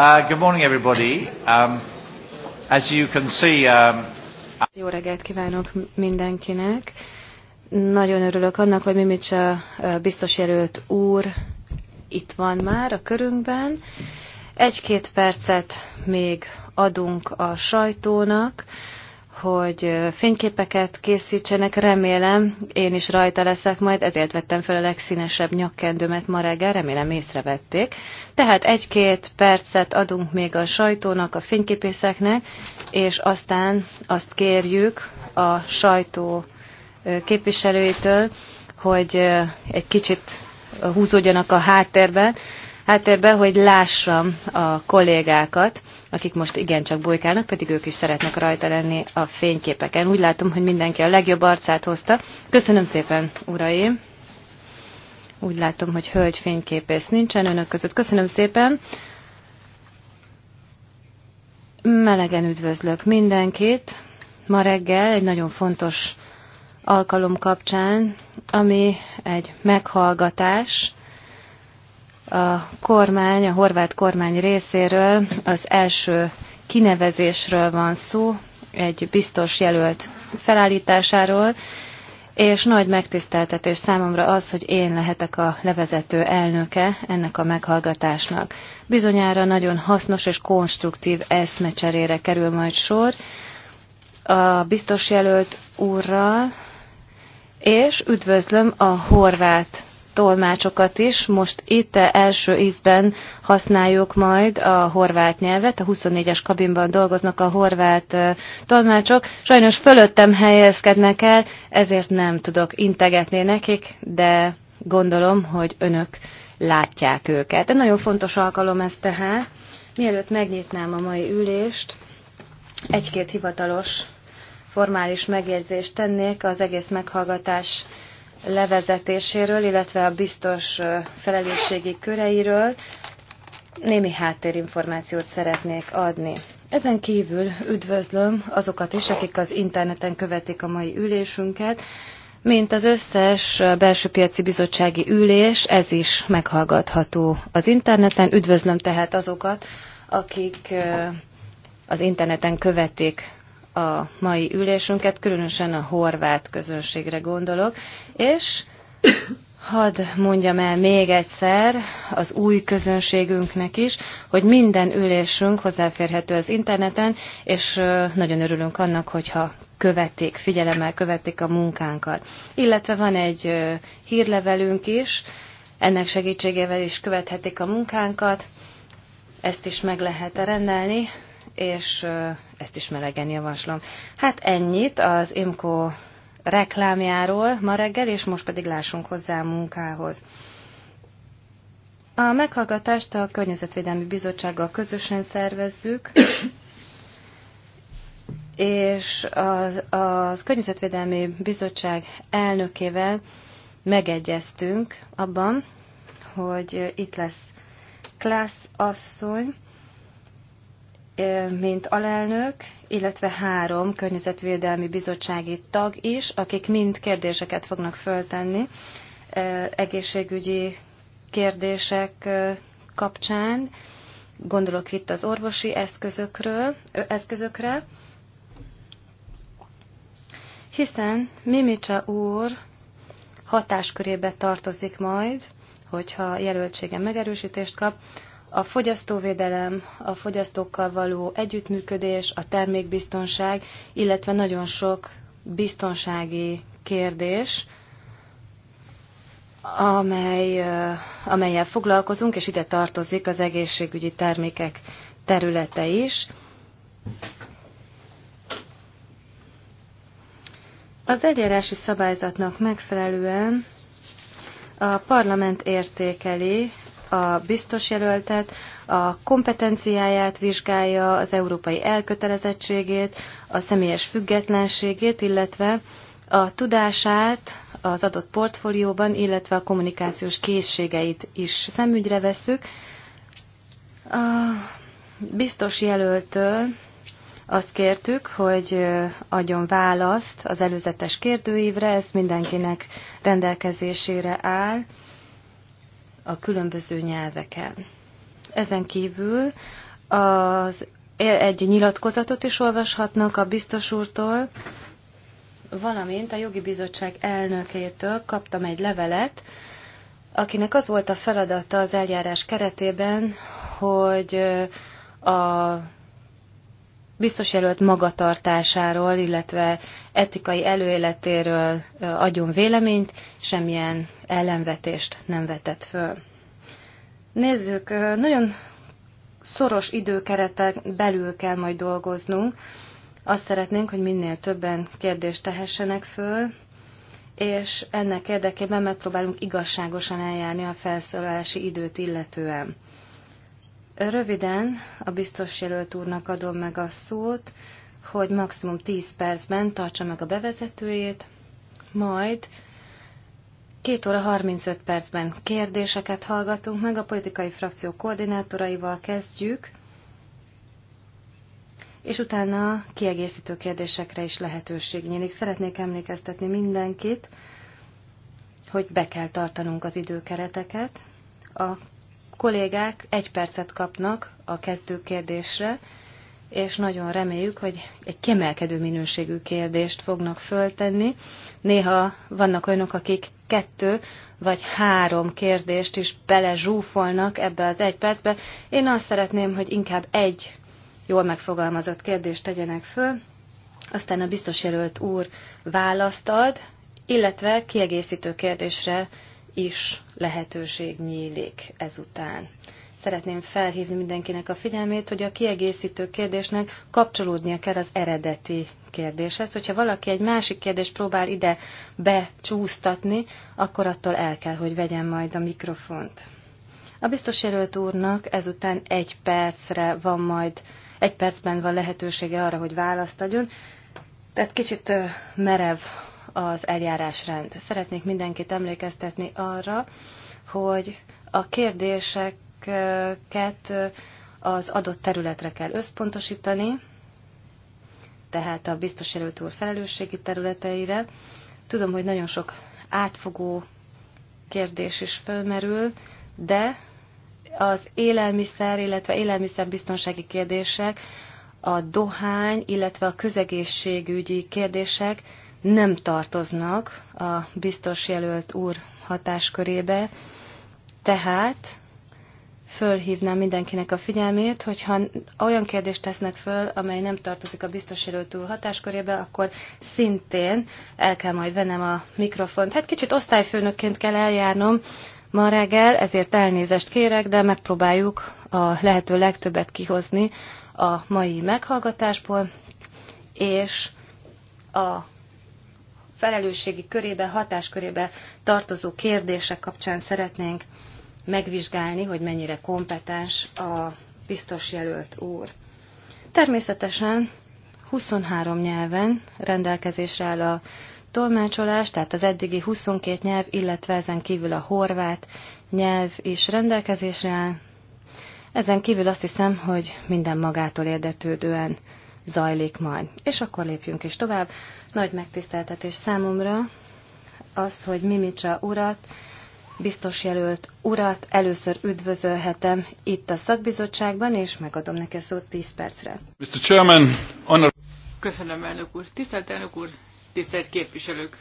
Uh, good morning, everybody. Um, as you can see, um, Jó reggelt kívánok mindenkinek. Nagyon örülök annak, hogy Mimicsa uh, biztos jelölt úr itt van már a körünkben. Egy-két percet még adunk a sajtónak, hogy fényképeket készítsenek, remélem én is rajta leszek majd, ezért vettem fel a legszínesebb nyakkendőmet ma reggel, remélem észrevették. Tehát egy-két percet adunk még a sajtónak, a fényképészeknek, és aztán azt kérjük a sajtó képviselőitől, hogy egy kicsit húzódjanak a háttérben, háttérben, hogy lássam a kollégákat akik most igencsak bolykálnak, pedig ők is szeretnek rajta lenni a fényképeken. Úgy látom, hogy mindenki a legjobb arcát hozta. Köszönöm szépen, uraim! Úgy látom, hogy hölgy fényképész nincsen önök között. Köszönöm szépen! Melegen üdvözlök mindenkit. Ma reggel egy nagyon fontos alkalom kapcsán, ami egy meghallgatás, a kormány, a horvát kormány részéről az első kinevezésről van szó, egy biztos jelölt felállításáról, és nagy megtiszteltetés számomra az, hogy én lehetek a levezető elnöke ennek a meghallgatásnak. Bizonyára nagyon hasznos és konstruktív eszmecserére kerül majd sor a biztos jelölt úrral, és üdvözlöm a horvát tolmácsokat is. Most itt első ízben használjuk majd a horvát nyelvet. A 24-es kabinban dolgoznak a horvát tolmácsok. Sajnos fölöttem helyezkednek el, ezért nem tudok integetni nekik, de gondolom, hogy önök látják őket. De nagyon fontos alkalom ez tehát. Mielőtt megnyitnám a mai ülést, egy-két hivatalos formális megjegyzést tennék az egész meghallgatás levezetéséről, illetve a biztos felelősségi köreiről némi háttérinformációt szeretnék adni. Ezen kívül üdvözlöm azokat is, akik az interneten követik a mai ülésünket, mint az összes belső piaci bizottsági ülés, ez is meghallgatható az interneten. Üdvözlöm tehát azokat, akik az interneten követik a mai ülésünket, különösen a horvát közönségre gondolok, és hadd mondjam el még egyszer az új közönségünknek is, hogy minden ülésünk hozzáférhető az interneten, és nagyon örülünk annak, hogyha követik, figyelemmel követik a munkánkat. Illetve van egy hírlevelünk is, ennek segítségével is követhetik a munkánkat, ezt is meg lehet rendelni, és ezt is melegen javaslom. Hát ennyit az IMCO reklámjáról ma reggel, és most pedig lássunk hozzá a munkához. A meghallgatást a Környezetvédelmi Bizottsággal közösen szervezzük, és az, az Környezetvédelmi Bizottság elnökével megegyeztünk abban, hogy itt lesz Klász asszony, mint alelnök, illetve három környezetvédelmi bizottsági tag is, akik mind kérdéseket fognak föltenni egészségügyi kérdések kapcsán. Gondolok itt az orvosi eszközökről, eszközökre, hiszen Mimicsa úr hatáskörébe tartozik majd, hogyha jelöltsége megerősítést kap, a fogyasztóvédelem, a fogyasztókkal való együttműködés, a termékbiztonság, illetve nagyon sok biztonsági kérdés, amely, amelyel foglalkozunk, és ide tartozik az egészségügyi termékek területe is. Az eljárási szabályzatnak megfelelően a parlament értékeli a biztos jelöltet, a kompetenciáját vizsgálja, az európai elkötelezettségét, a személyes függetlenségét, illetve a tudását az adott portfólióban, illetve a kommunikációs készségeit is szemügyre veszük. A biztos jelöltől azt kértük, hogy adjon választ az előzetes kérdőívre, ez mindenkinek rendelkezésére áll a különböző nyelveken. Ezen kívül az, egy nyilatkozatot is olvashatnak a biztos úrtól, valamint a jogi bizottság elnökétől kaptam egy levelet, akinek az volt a feladata az eljárás keretében, hogy a biztos jelölt magatartásáról, illetve etikai előéletéről adjon véleményt, semmilyen ellenvetést nem vetett föl. Nézzük, nagyon szoros időkeretek belül kell majd dolgoznunk. Azt szeretnénk, hogy minél többen kérdést tehessenek föl, és ennek érdekében megpróbálunk igazságosan eljárni a felszólalási időt illetően. Röviden a biztos jelölt úrnak adom meg a szót, hogy maximum 10 percben tartsa meg a bevezetőjét, majd 2 óra 35 percben kérdéseket hallgatunk meg, a politikai frakció koordinátoraival kezdjük, és utána kiegészítő kérdésekre is lehetőség nyílik. Szeretnék emlékeztetni mindenkit, hogy be kell tartanunk az időkereteket. A kollégák egy percet kapnak a kezdő kérdésre, és nagyon reméljük, hogy egy kiemelkedő minőségű kérdést fognak föltenni. Néha vannak olyanok, akik kettő vagy három kérdést is belezsúfolnak ebbe az egy percbe. Én azt szeretném, hogy inkább egy jól megfogalmazott kérdést tegyenek föl, aztán a biztos jelölt úr választ ad, illetve kiegészítő kérdésre is lehetőség nyílik ezután. Szeretném felhívni mindenkinek a figyelmét, hogy a kiegészítő kérdésnek kapcsolódnia kell az eredeti kérdéshez. Hogyha valaki egy másik kérdést próbál ide becsúsztatni, akkor attól el kell, hogy vegyen majd a mikrofont. A biztos jelölt úrnak ezután egy percre van majd, egy percben van lehetősége arra, hogy választ adjon. Tehát kicsit merev az eljárásrend. Szeretnék mindenkit emlékeztetni arra, hogy a kérdéseket az adott területre kell összpontosítani, tehát a biztos jelölt úr felelősségi területeire. Tudom, hogy nagyon sok átfogó kérdés is fölmerül, de az élelmiszer, illetve élelmiszerbiztonsági kérdések, a dohány, illetve a közegészségügyi kérdések nem tartoznak a biztos jelölt úr hatáskörébe, tehát fölhívnám mindenkinek a figyelmét, hogyha olyan kérdést tesznek föl, amely nem tartozik a biztos jelölt úr hatáskörébe, akkor szintén el kell majd vennem a mikrofont. Hát kicsit osztályfőnökként kell eljárnom ma reggel, ezért elnézést kérek, de megpróbáljuk a lehető legtöbbet kihozni a mai meghallgatásból, és a felelősségi körébe, hatáskörébe tartozó kérdések kapcsán szeretnénk megvizsgálni, hogy mennyire kompetens a biztos jelölt úr. Természetesen 23 nyelven rendelkezésre áll a tolmácsolás, tehát az eddigi 22 nyelv, illetve ezen kívül a horvát nyelv is rendelkezésre áll. Ezen kívül azt hiszem, hogy minden magától érdetődően zajlik majd. És akkor lépjünk is tovább. Nagy megtiszteltetés számomra az, hogy Mimicsa urat, biztos jelölt urat először üdvözölhetem itt a szakbizottságban, és megadom neki a szót 10 percre. Mr. Chairman, honor... Köszönöm, elnök úr. Tisztelt elnök úr, tisztelt képviselők.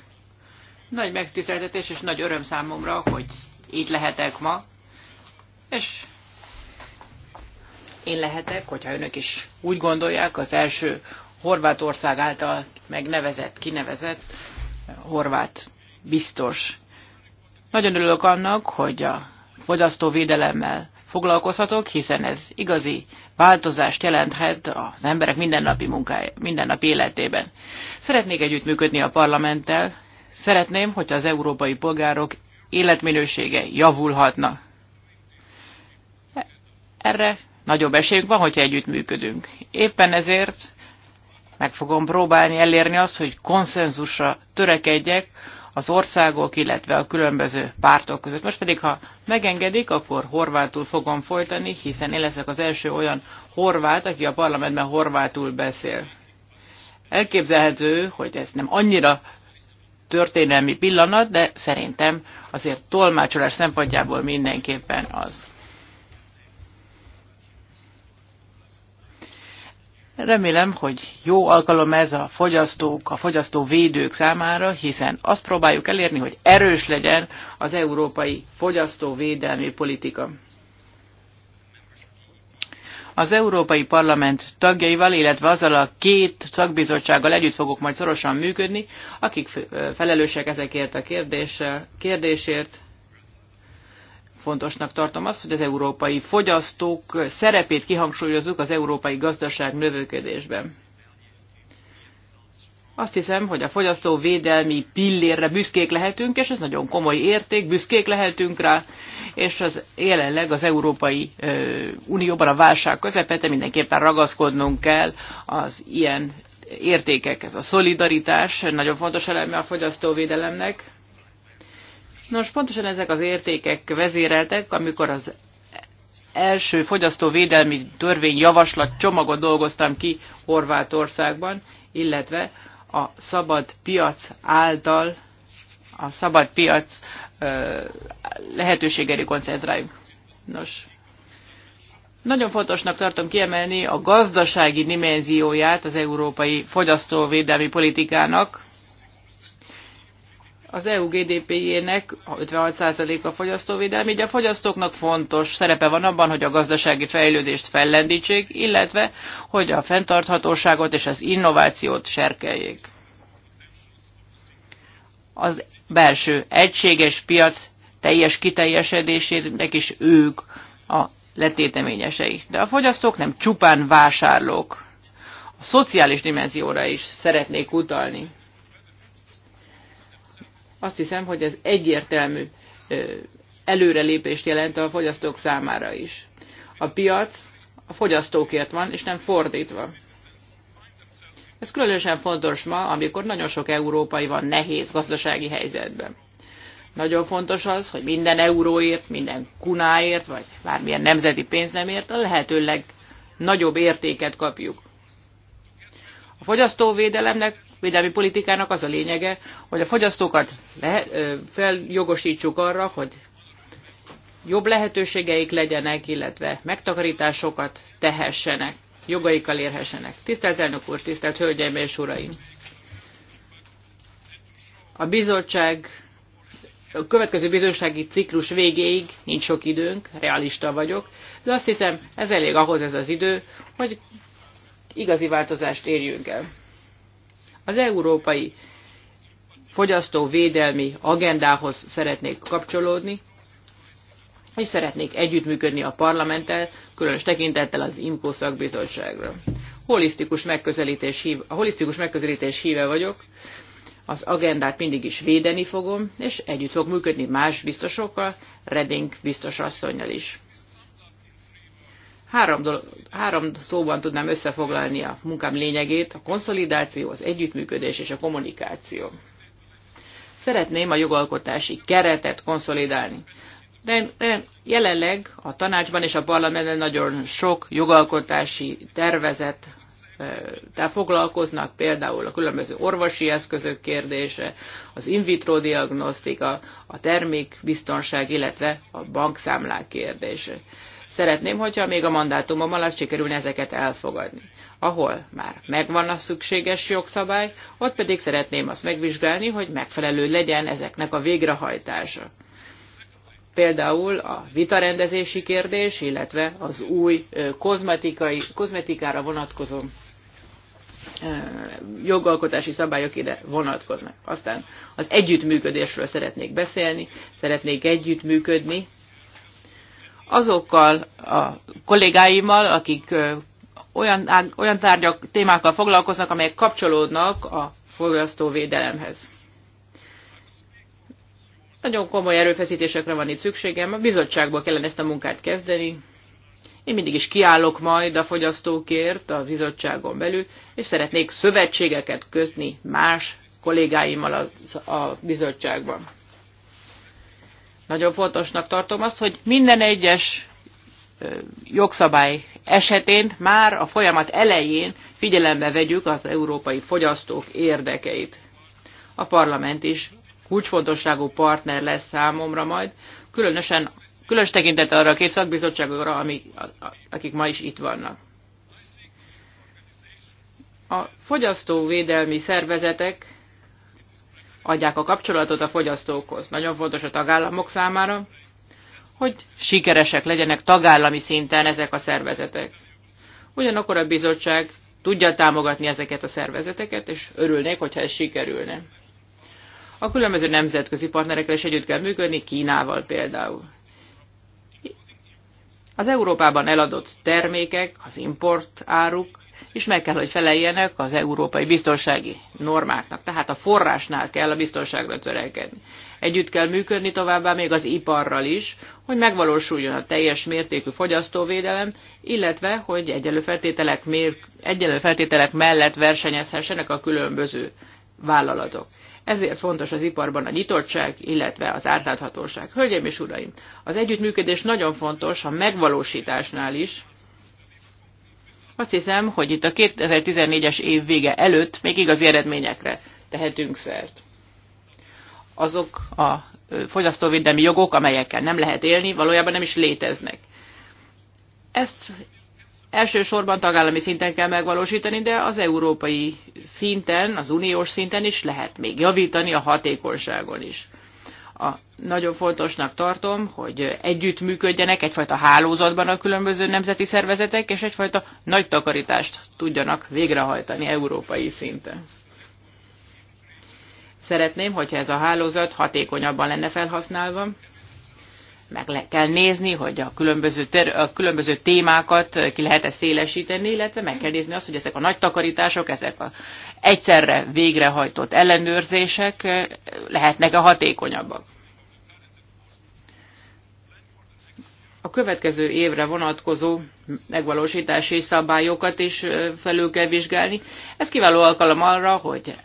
Nagy megtiszteltetés és nagy öröm számomra, hogy így lehetek ma, és én lehetek, hogyha önök is úgy gondolják, az első Horvátország által megnevezett, kinevezett eh, horvát biztos. Nagyon örülök annak, hogy a fogyasztóvédelemmel foglalkozhatok, hiszen ez igazi változást jelenthet az emberek mindennapi, munkája, mindennapi életében. Szeretnék együttműködni a parlamenttel, szeretném, hogy az európai polgárok életminősége javulhatna. Erre nagyobb esélyünk van, hogyha együttműködünk. Éppen ezért meg fogom próbálni elérni azt, hogy konszenzusra törekedjek az országok, illetve a különböző pártok között. Most pedig, ha megengedik, akkor horvátul fogom folytani, hiszen én leszek az első olyan horvát, aki a parlamentben horvátul beszél. Elképzelhető, hogy ez nem annyira történelmi pillanat, de szerintem azért tolmácsolás szempontjából mindenképpen az. Remélem, hogy jó alkalom ez a fogyasztók, a fogyasztóvédők számára, hiszen azt próbáljuk elérni, hogy erős legyen az európai fogyasztóvédelmi politika. Az Európai Parlament tagjaival, illetve azzal a két szakbizottsággal együtt fogok majd szorosan működni, akik felelősek ezekért a kérdésért, fontosnak tartom azt, hogy az európai fogyasztók szerepét kihangsúlyozzuk az európai gazdaság növekedésben. Azt hiszem, hogy a fogyasztó védelmi pillérre büszkék lehetünk, és ez nagyon komoly érték, büszkék lehetünk rá, és az jelenleg az Európai Unióban a válság közepete mindenképpen ragaszkodnunk kell az ilyen értékekhez. A szolidaritás nagyon fontos eleme a fogyasztóvédelemnek, Nos, pontosan ezek az értékek vezéreltek, amikor az első fogyasztóvédelmi törvényjavaslat csomagot dolgoztam ki Horvátországban, illetve a szabad piac által, a szabad piac lehetőségeri koncentráljunk. Nos, nagyon fontosnak tartom kiemelni a gazdasági dimenzióját az európai fogyasztóvédelmi politikának, az EU GDP-jének 56%-a fogyasztóvédelmi, így a fogyasztóknak fontos szerepe van abban, hogy a gazdasági fejlődést fellendítsék, illetve hogy a fenntarthatóságot és az innovációt serkeljék. Az belső egységes piac teljes kiteljesedésének is ők a letéteményesei. De a fogyasztók nem csupán vásárlók. A szociális dimenzióra is szeretnék utalni. Azt hiszem, hogy ez egyértelmű előrelépést jelent a fogyasztók számára is. A piac a fogyasztókért van, és nem fordítva. Ez különösen fontos ma, amikor nagyon sok európai van nehéz gazdasági helyzetben. Nagyon fontos az, hogy minden euróért, minden kunáért, vagy bármilyen nemzeti pénz a lehetőleg nagyobb értéket kapjuk fogyasztóvédelemnek, védelmi politikának az a lényege, hogy a fogyasztókat le, feljogosítsuk arra, hogy jobb lehetőségeik legyenek, illetve megtakarításokat tehessenek, jogaikkal érhessenek. Tisztelt elnök úr, tisztelt hölgyeim és uraim! A bizottság a következő bizottsági ciklus végéig nincs sok időnk, realista vagyok, de azt hiszem ez elég ahhoz ez az idő, hogy igazi változást érjünk el. Az európai fogyasztóvédelmi agendához szeretnék kapcsolódni, és szeretnék együttműködni a parlamenttel, különös tekintettel az IMCO szakbizottságra. Holisztikus megközelítés hív, a holisztikus megközelítés híve vagyok, az agendát mindig is védeni fogom, és együtt fog működni más biztosokkal, Reding biztos asszonynal is. Három, dolog, három szóban tudnám összefoglalni a munkám lényegét, a konszolidáció, az együttműködés és a kommunikáció. Szeretném a jogalkotási keretet konszolidálni. De, jelenleg a tanácsban és a parlamentben nagyon sok jogalkotási tervezet de foglalkoznak például a különböző orvosi eszközök kérdése, az in vitro diagnosztika, a termékbiztonság, illetve a bankszámlák kérdése. Szeretném, hogyha még a mandátumom alatt sikerülne ezeket elfogadni. Ahol már megvan a szükséges jogszabály, ott pedig szeretném azt megvizsgálni, hogy megfelelő legyen ezeknek a végrehajtása. Például a vitarendezési kérdés, illetve az új kozmetikai, kozmetikára vonatkozó jogalkotási szabályok ide vonatkoznak. Aztán az együttműködésről szeretnék beszélni, szeretnék együttműködni azokkal a kollégáimmal, akik olyan, olyan tárgyak, témákkal foglalkoznak, amelyek kapcsolódnak a fogyasztóvédelemhez. Nagyon komoly erőfeszítésekre van itt szükségem, a bizottságból kellene ezt a munkát kezdeni. Én mindig is kiállok majd a fogyasztókért a bizottságon belül, és szeretnék szövetségeket kötni más kollégáimmal a, a bizottságban. Nagyon fontosnak tartom azt, hogy minden egyes jogszabály esetén már a folyamat elején figyelembe vegyük az európai fogyasztók érdekeit. A parlament is kulcsfontosságú partner lesz számomra majd, különösen különös tekintet arra a két szakbizottságra, amik, akik ma is itt vannak. A fogyasztóvédelmi szervezetek adják a kapcsolatot a fogyasztókhoz. Nagyon fontos a tagállamok számára, hogy sikeresek legyenek tagállami szinten ezek a szervezetek. Ugyanakkor a bizottság tudja támogatni ezeket a szervezeteket, és örülnék, hogyha ez sikerülne. A különböző nemzetközi partnerekkel is együtt kell működni, Kínával például. Az Európában eladott termékek, az import áruk és meg kell, hogy feleljenek az európai biztonsági normáknak. Tehát a forrásnál kell a biztonságra törekedni. Együtt kell működni továbbá még az iparral is, hogy megvalósuljon a teljes mértékű fogyasztóvédelem, illetve hogy egyenlő feltételek, mér, egyenlő feltételek mellett versenyezhessenek a különböző vállalatok. Ezért fontos az iparban a nyitottság, illetve az átláthatóság. Hölgyeim és uraim, az együttműködés nagyon fontos a megvalósításnál is, azt hiszem, hogy itt a 2014-es év vége előtt még igazi eredményekre tehetünk szert. Azok a fogyasztóvédelmi jogok, amelyekkel nem lehet élni, valójában nem is léteznek. Ezt elsősorban tagállami szinten kell megvalósítani, de az európai szinten, az uniós szinten is lehet még javítani a hatékonyságon is. A, nagyon fontosnak tartom, hogy együttműködjenek egyfajta hálózatban a különböző nemzeti szervezetek, és egyfajta nagy takarítást tudjanak végrehajtani európai szinten. Szeretném, hogyha ez a hálózat hatékonyabban lenne felhasználva. Meg le kell nézni, hogy a különböző, ter- a különböző témákat ki lehet-e szélesíteni, illetve meg kell nézni azt, hogy ezek a nagy takarítások, ezek a egyszerre végrehajtott ellenőrzések eh, lehetnek a hatékonyabbak. A következő évre vonatkozó megvalósítási szabályokat is eh, felül kell vizsgálni. Ez kiváló alkalom arra, hogy,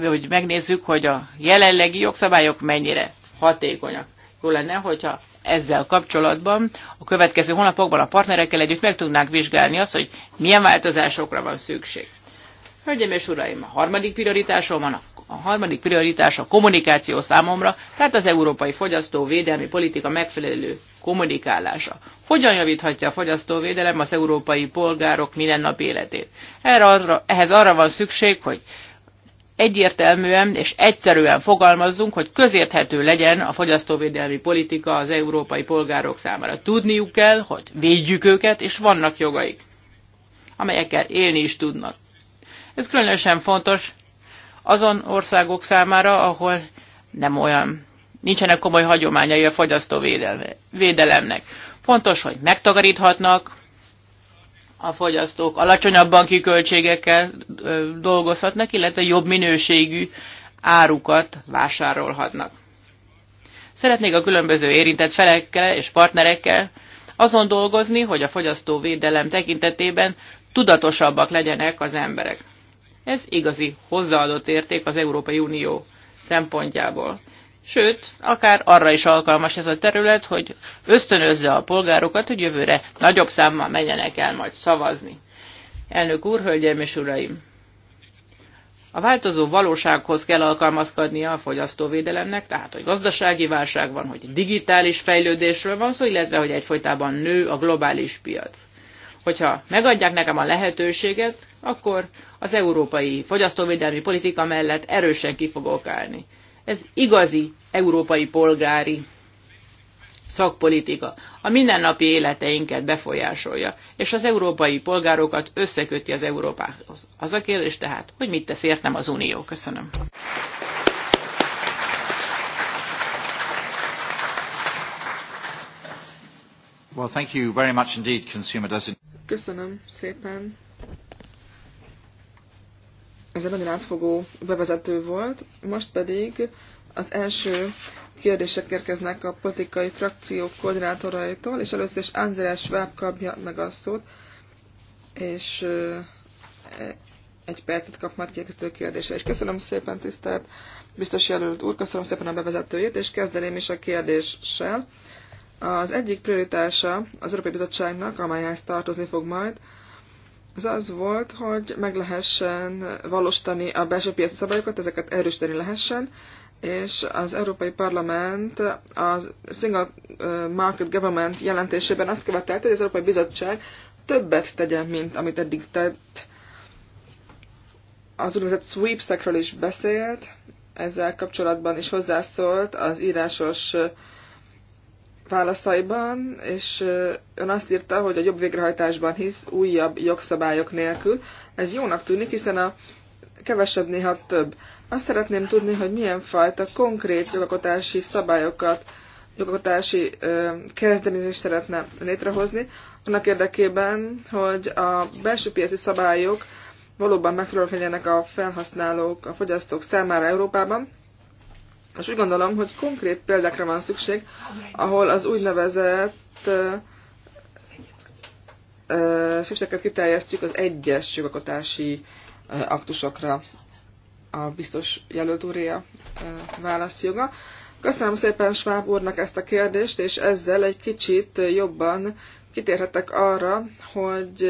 hogy megnézzük, hogy a jelenlegi jogszabályok mennyire hatékonyak. Jó lenne, hogyha ezzel kapcsolatban a következő hónapokban a partnerekkel együtt meg tudnánk vizsgálni azt, hogy milyen változásokra van szükség. Hölgyeim és uraim, a harmadik prioritásom van, a harmadik prioritás a kommunikáció számomra, tehát az európai fogyasztóvédelmi politika megfelelő kommunikálása. Hogyan javíthatja a fogyasztóvédelem az európai polgárok mindennapi életét? Erre azra, ehhez arra van szükség, hogy egyértelműen és egyszerűen fogalmazzunk, hogy közérthető legyen a fogyasztóvédelmi politika az európai polgárok számára. Tudniuk kell, hogy védjük őket, és vannak jogaik, amelyekkel élni is tudnak. Ez különösen fontos azon országok számára, ahol nem olyan, nincsenek komoly hagyományai a fogyasztóvédelemnek. Fontos, hogy megtakaríthatnak, a fogyasztók alacsonyabb banki költségekkel dolgozhatnak, illetve jobb minőségű árukat vásárolhatnak. Szeretnék a különböző érintett felekkel és partnerekkel azon dolgozni, hogy a fogyasztóvédelem tekintetében tudatosabbak legyenek az emberek. Ez igazi hozzáadott érték az Európai Unió szempontjából. Sőt, akár arra is alkalmas ez a terület, hogy ösztönözze a polgárokat, hogy jövőre nagyobb számmal menjenek el majd szavazni. Elnök úr, hölgyeim és uraim! A változó valósághoz kell alkalmazkodnia a fogyasztóvédelemnek, tehát hogy gazdasági válság van, hogy digitális fejlődésről van szó, illetve hogy egyfolytában nő a globális piac. Hogyha megadják nekem a lehetőséget, akkor az európai fogyasztóvédelmi politika mellett erősen ki fogok állni. Ez igazi európai polgári szakpolitika, a mindennapi életeinket befolyásolja, és az európai polgárokat összeköti az Európához. Az a kérdés tehát, hogy mit tesz értem az Unió. Köszönöm. Well, thank you very much indeed, consumer doesn't... Köszönöm szépen. Ez egy nagyon átfogó bevezető volt. Most pedig az első kérdések érkeznek a politikai frakciók koordinátoraitól, és először is András Schwab kapja meg a szót, és e, egy percet kap majd kérdező kérdése. És köszönöm szépen, tisztelt biztos jelölt úr, köszönöm szépen a bevezetőjét, és kezdeném is a kérdéssel. Az egyik prioritása az Európai Bizottságnak, amelyhez tartozni fog majd, az az volt, hogy meg lehessen valósítani a belső piaci szabályokat, ezeket erősíteni lehessen, és az Európai Parlament a Single Market Government jelentésében azt követelte, hogy az Európai Bizottság többet tegyen, mint amit eddig tett. Az úgynevezett sweepsekről is beszélt, ezzel kapcsolatban is hozzászólt az írásos válaszaiban, és ön azt írta, hogy a jobb végrehajtásban hisz újabb jogszabályok nélkül. Ez jónak tűnik, hiszen a kevesebb néha több. Azt szeretném tudni, hogy milyen fajta konkrét jogalkotási szabályokat, jogalkotási kezdeményezést szeretne létrehozni, annak érdekében, hogy a belső piaci szabályok valóban megfelelők legyenek a felhasználók, a fogyasztók számára Európában, és úgy gondolom, hogy konkrét példákra van szükség, ahol az úgynevezett szükségeket kiterjesztjük az egyes jogakotási aktusokra a biztos jelölt úrja válaszjoga. Köszönöm szépen Schwab úrnak ezt a kérdést, és ezzel egy kicsit jobban kitérhetek arra, hogy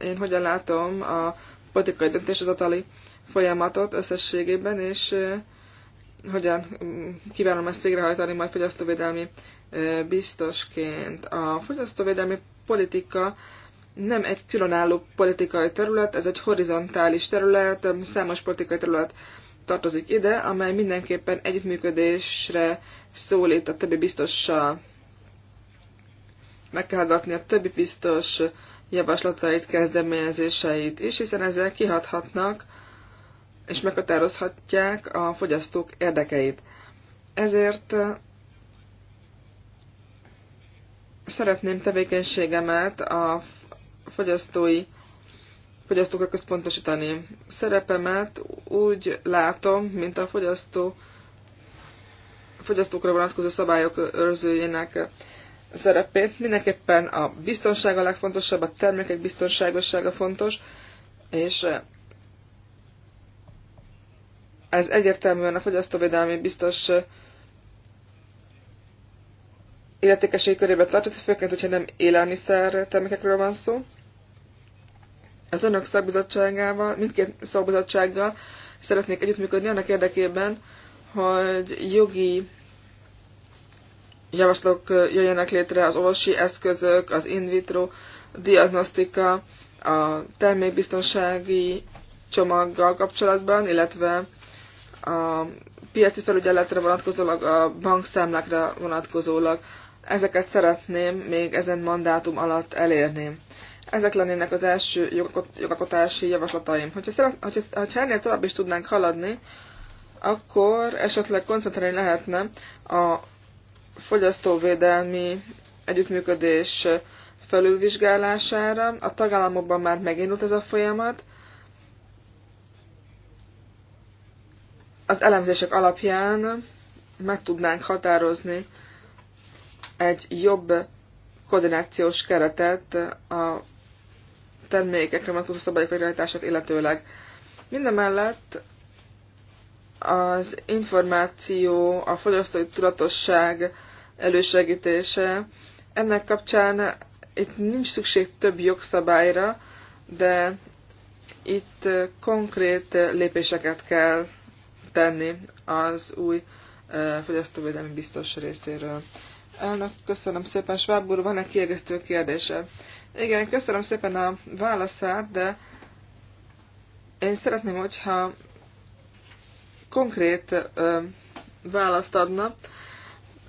én hogyan látom a politikai döntéshozatali folyamatot összességében, és hogyan mm, kívánom ezt végrehajtani majd fogyasztóvédelmi biztosként. A fogyasztóvédelmi politika nem egy különálló politikai terület, ez egy horizontális terület, számos politikai terület tartozik ide, amely mindenképpen együttműködésre szólít a többi biztossal. Meg kell hallgatni a többi biztos javaslatait, kezdeményezéseit is, hiszen ezzel kihathatnak és meghatározhatják a fogyasztók érdekeit. Ezért szeretném tevékenységemet a fogyasztói fogyasztókra központosítani. Szerepemet úgy látom, mint a fogyasztó fogyasztókra vonatkozó szabályok őrzőjének szerepét. Mindenképpen a biztonság a legfontosabb, a termékek biztonságossága fontos, és ez egyértelműen a fogyasztóvédelmi biztos illetékesség körébe tartozik, főként, hogyha nem élelmiszer termékekről van szó. Az önök szakbizottságával, mindkét szakbizottsággal szeretnék együttműködni annak érdekében, hogy jogi javaslók jöjjenek létre az orvosi eszközök, az in vitro diagnosztika, a termékbiztonsági csomaggal kapcsolatban, illetve a piaci felügyeletre vonatkozólag, a bankszámlákra vonatkozólag. Ezeket szeretném még ezen mandátum alatt elérni. Ezek lennének az első jogalkotási javaslataim. Hogyha, szeret, hogyha, hogyha ennél tovább is tudnánk haladni, akkor esetleg koncentrálni lehetne a fogyasztóvédelmi együttműködés felülvizsgálására. A tagállamokban már megindult ez a folyamat, az elemzések alapján meg tudnánk határozni egy jobb koordinációs keretet a termékekre vonatkozó szabályok végrehajtását illetőleg. Mindemellett az információ, a fogyasztói tudatosság elősegítése, ennek kapcsán itt nincs szükség több jogszabályra, de itt konkrét lépéseket kell tenni az új fogyasztóvédelmi biztos részéről. Elnök, köszönöm szépen. Schwab úr, van-e kiegészítő kérdése? Igen, köszönöm szépen a válaszát, de én szeretném, hogyha konkrét ö, választ adna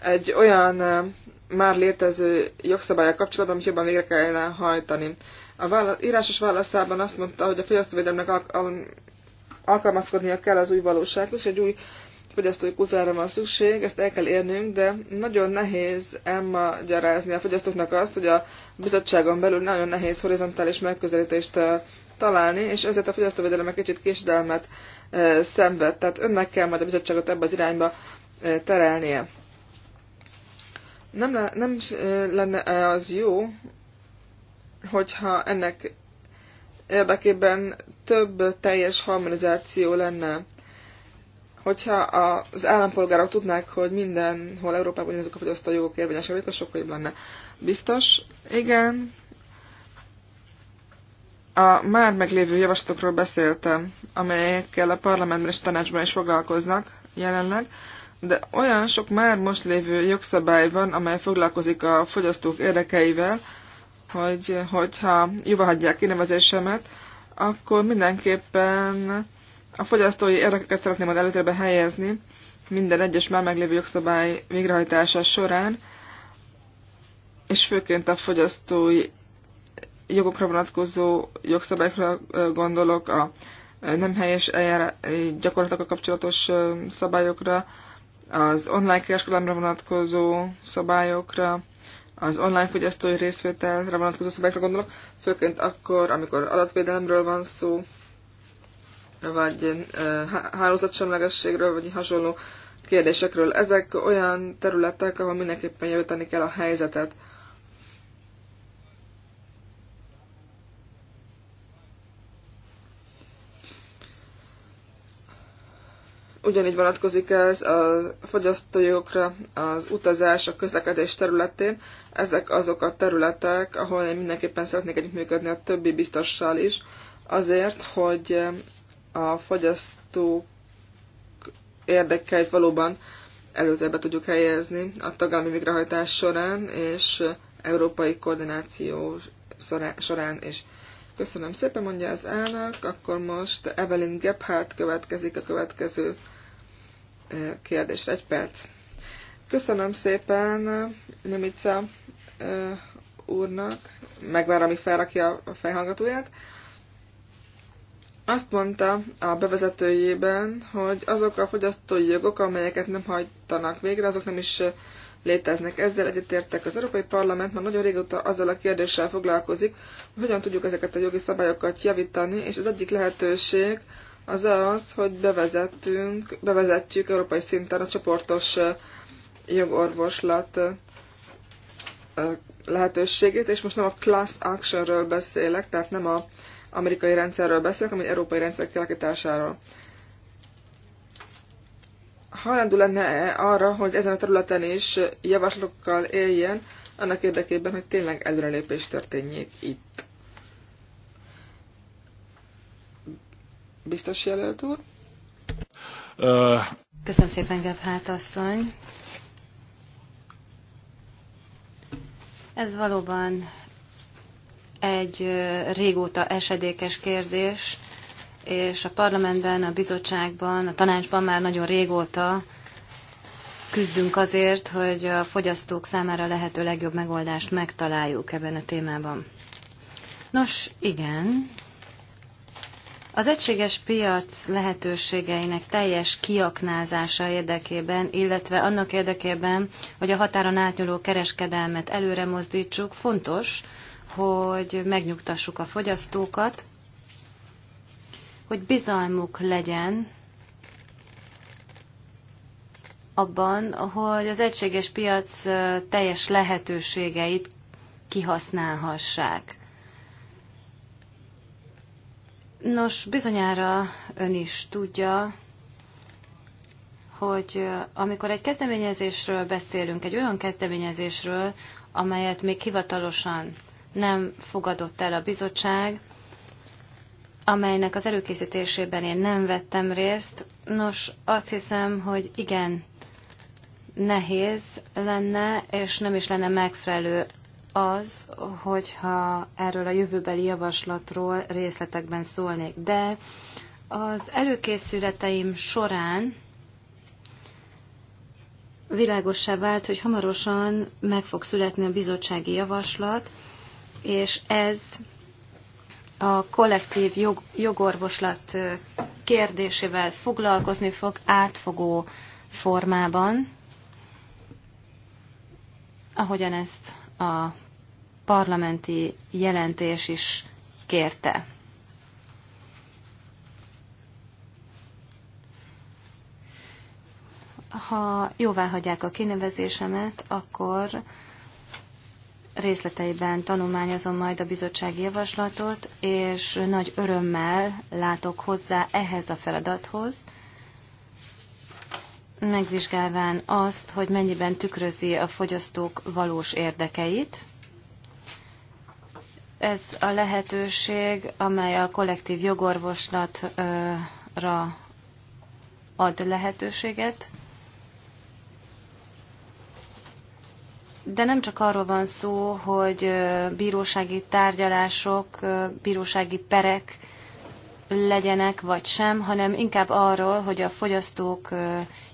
egy olyan ö, már létező jogszabályok kapcsolatban, amit jobban végre kellene hajtani. A vála- írásos válaszában azt mondta, hogy a fogyasztóvédelemnek al- alkalmazkodnia kell az új valósághoz, és egy új fogyasztói kultúrára van szükség, ezt el kell érnünk, de nagyon nehéz elmagyarázni a fogyasztóknak azt, hogy a bizottságon belül nagyon nehéz horizontális megközelítést találni, és ezért a fogyasztóvédelem egy kicsit késedelmet szenved. Tehát önnek kell majd a bizottságot ebbe az irányba terelnie. Nem, le, nem lenne -e az jó, hogyha ennek érdekében több teljes harmonizáció lenne. Hogyha az állampolgárok tudnák, hogy mindenhol Európában ezek a fogyasztói jogok érvényesek, akkor sokkal jobb lenne. Biztos? Igen. A már meglévő javaslatokról beszéltem, amelyekkel a parlamentben és tanácsban is foglalkoznak jelenleg, de olyan sok már most lévő jogszabály van, amely foglalkozik a fogyasztók érdekeivel, hogy, hogyha hagyják kinevezésemet, akkor mindenképpen a fogyasztói érdekeket szeretném az előtérbe helyezni minden egyes már meglévő jogszabály végrehajtása során, és főként a fogyasztói jogokra vonatkozó jogszabályokra gondolok, a nem helyes gyakorlatokkal kapcsolatos szabályokra, az online kereskedelemre vonatkozó szabályokra, az online fogyasztói részvételre vonatkozó szabályokra gondolok, főként akkor, amikor adatvédelemről van szó, vagy hálózatsemlegességről, vagy hasonló kérdésekről. Ezek olyan területek, ahol mindenképpen javítani kell a helyzetet. Ugyanígy vonatkozik ez a fogyasztójogokra, az utazás, a közlekedés területén. Ezek azok a területek, ahol én mindenképpen szeretnék együttműködni a többi biztossal is, azért, hogy a fogyasztók érdekeit valóban előtérbe tudjuk helyezni a tagállami végrehajtás során és európai koordináció során is. Köszönöm szépen, mondja az elnök, akkor most Evelyn Gebhardt következik a következő kérdésre. Egy perc. Köszönöm szépen Mimica úrnak. megvár, ami felrakja a fejhallgatóját. Azt mondta a bevezetőjében, hogy azok a fogyasztói jogok, amelyeket nem hajtanak végre, azok nem is léteznek. Ezzel egyetértek. Az Európai Parlament már nagyon régóta azzal a kérdéssel foglalkozik, hogy hogyan tudjuk ezeket a jogi szabályokat javítani, és az egyik lehetőség, az az, hogy bevezettünk, bevezetjük európai szinten a csoportos jogorvoslat lehetőségét, és most nem a class actionről beszélek, tehát nem a amerikai rendszerről beszélek, hanem egy európai rendszer kialakításáról. Hajlandó lenne -e arra, hogy ezen a területen is javaslókkal éljen, annak érdekében, hogy tényleg előrelépés történjék itt. Biztos jelölt úr? Uh... Köszönöm szépen, Gebhát asszony. Ez valóban egy régóta esedékes kérdés, és a parlamentben, a bizottságban, a tanácsban már nagyon régóta küzdünk azért, hogy a fogyasztók számára lehető legjobb megoldást megtaláljuk ebben a témában. Nos, igen, az egységes piac lehetőségeinek teljes kiaknázása érdekében, illetve annak érdekében, hogy a határon átnyúló kereskedelmet előre mozdítsuk, fontos, hogy megnyugtassuk a fogyasztókat, hogy bizalmuk legyen abban, hogy az egységes piac teljes lehetőségeit kihasználhassák. Nos, bizonyára ön is tudja, hogy amikor egy kezdeményezésről beszélünk, egy olyan kezdeményezésről, amelyet még hivatalosan nem fogadott el a bizottság, amelynek az előkészítésében én nem vettem részt. Nos, azt hiszem, hogy igen, nehéz lenne, és nem is lenne megfelelő az, hogyha erről a jövőbeli javaslatról részletekben szólnék. De az előkészületeim során világosá vált, hogy hamarosan meg fog születni a bizottsági javaslat, és ez a kollektív jog, jogorvoslat kérdésével foglalkozni fog átfogó formában, ahogyan ezt a parlamenti jelentés is kérte. Ha jóvá hagyják a kinevezésemet, akkor részleteiben tanulmányozom majd a bizottsági javaslatot, és nagy örömmel látok hozzá ehhez a feladathoz, megvizsgálván azt, hogy mennyiben tükrözi a fogyasztók valós érdekeit. Ez a lehetőség, amely a kollektív jogorvoslatra ad lehetőséget. De nem csak arról van szó, hogy bírósági tárgyalások, bírósági perek legyenek, vagy sem, hanem inkább arról, hogy a fogyasztók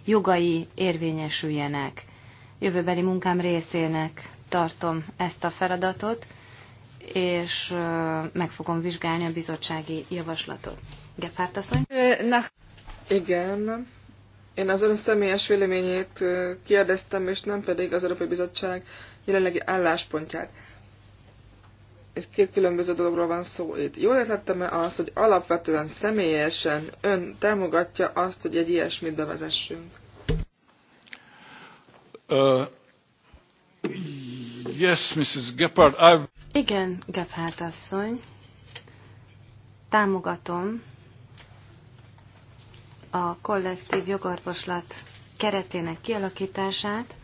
jogai érvényesüljenek. Jövőbeli munkám részének tartom ezt a feladatot, és meg fogom vizsgálni a bizottsági javaslatot. Gepárt asszony? Na. Igen. Én az ön személyes véleményét kérdeztem, és nem pedig az Európai Bizottság jelenlegi álláspontját és két különböző dologról van szó itt. Jól értettem-e azt, hogy alapvetően személyesen ön támogatja azt, hogy egy ilyesmit bevezessünk? Uh, yes, Mrs. Gephardt, I've... Igen, Gephardt asszony. Támogatom a kollektív jogorvoslat keretének kialakítását.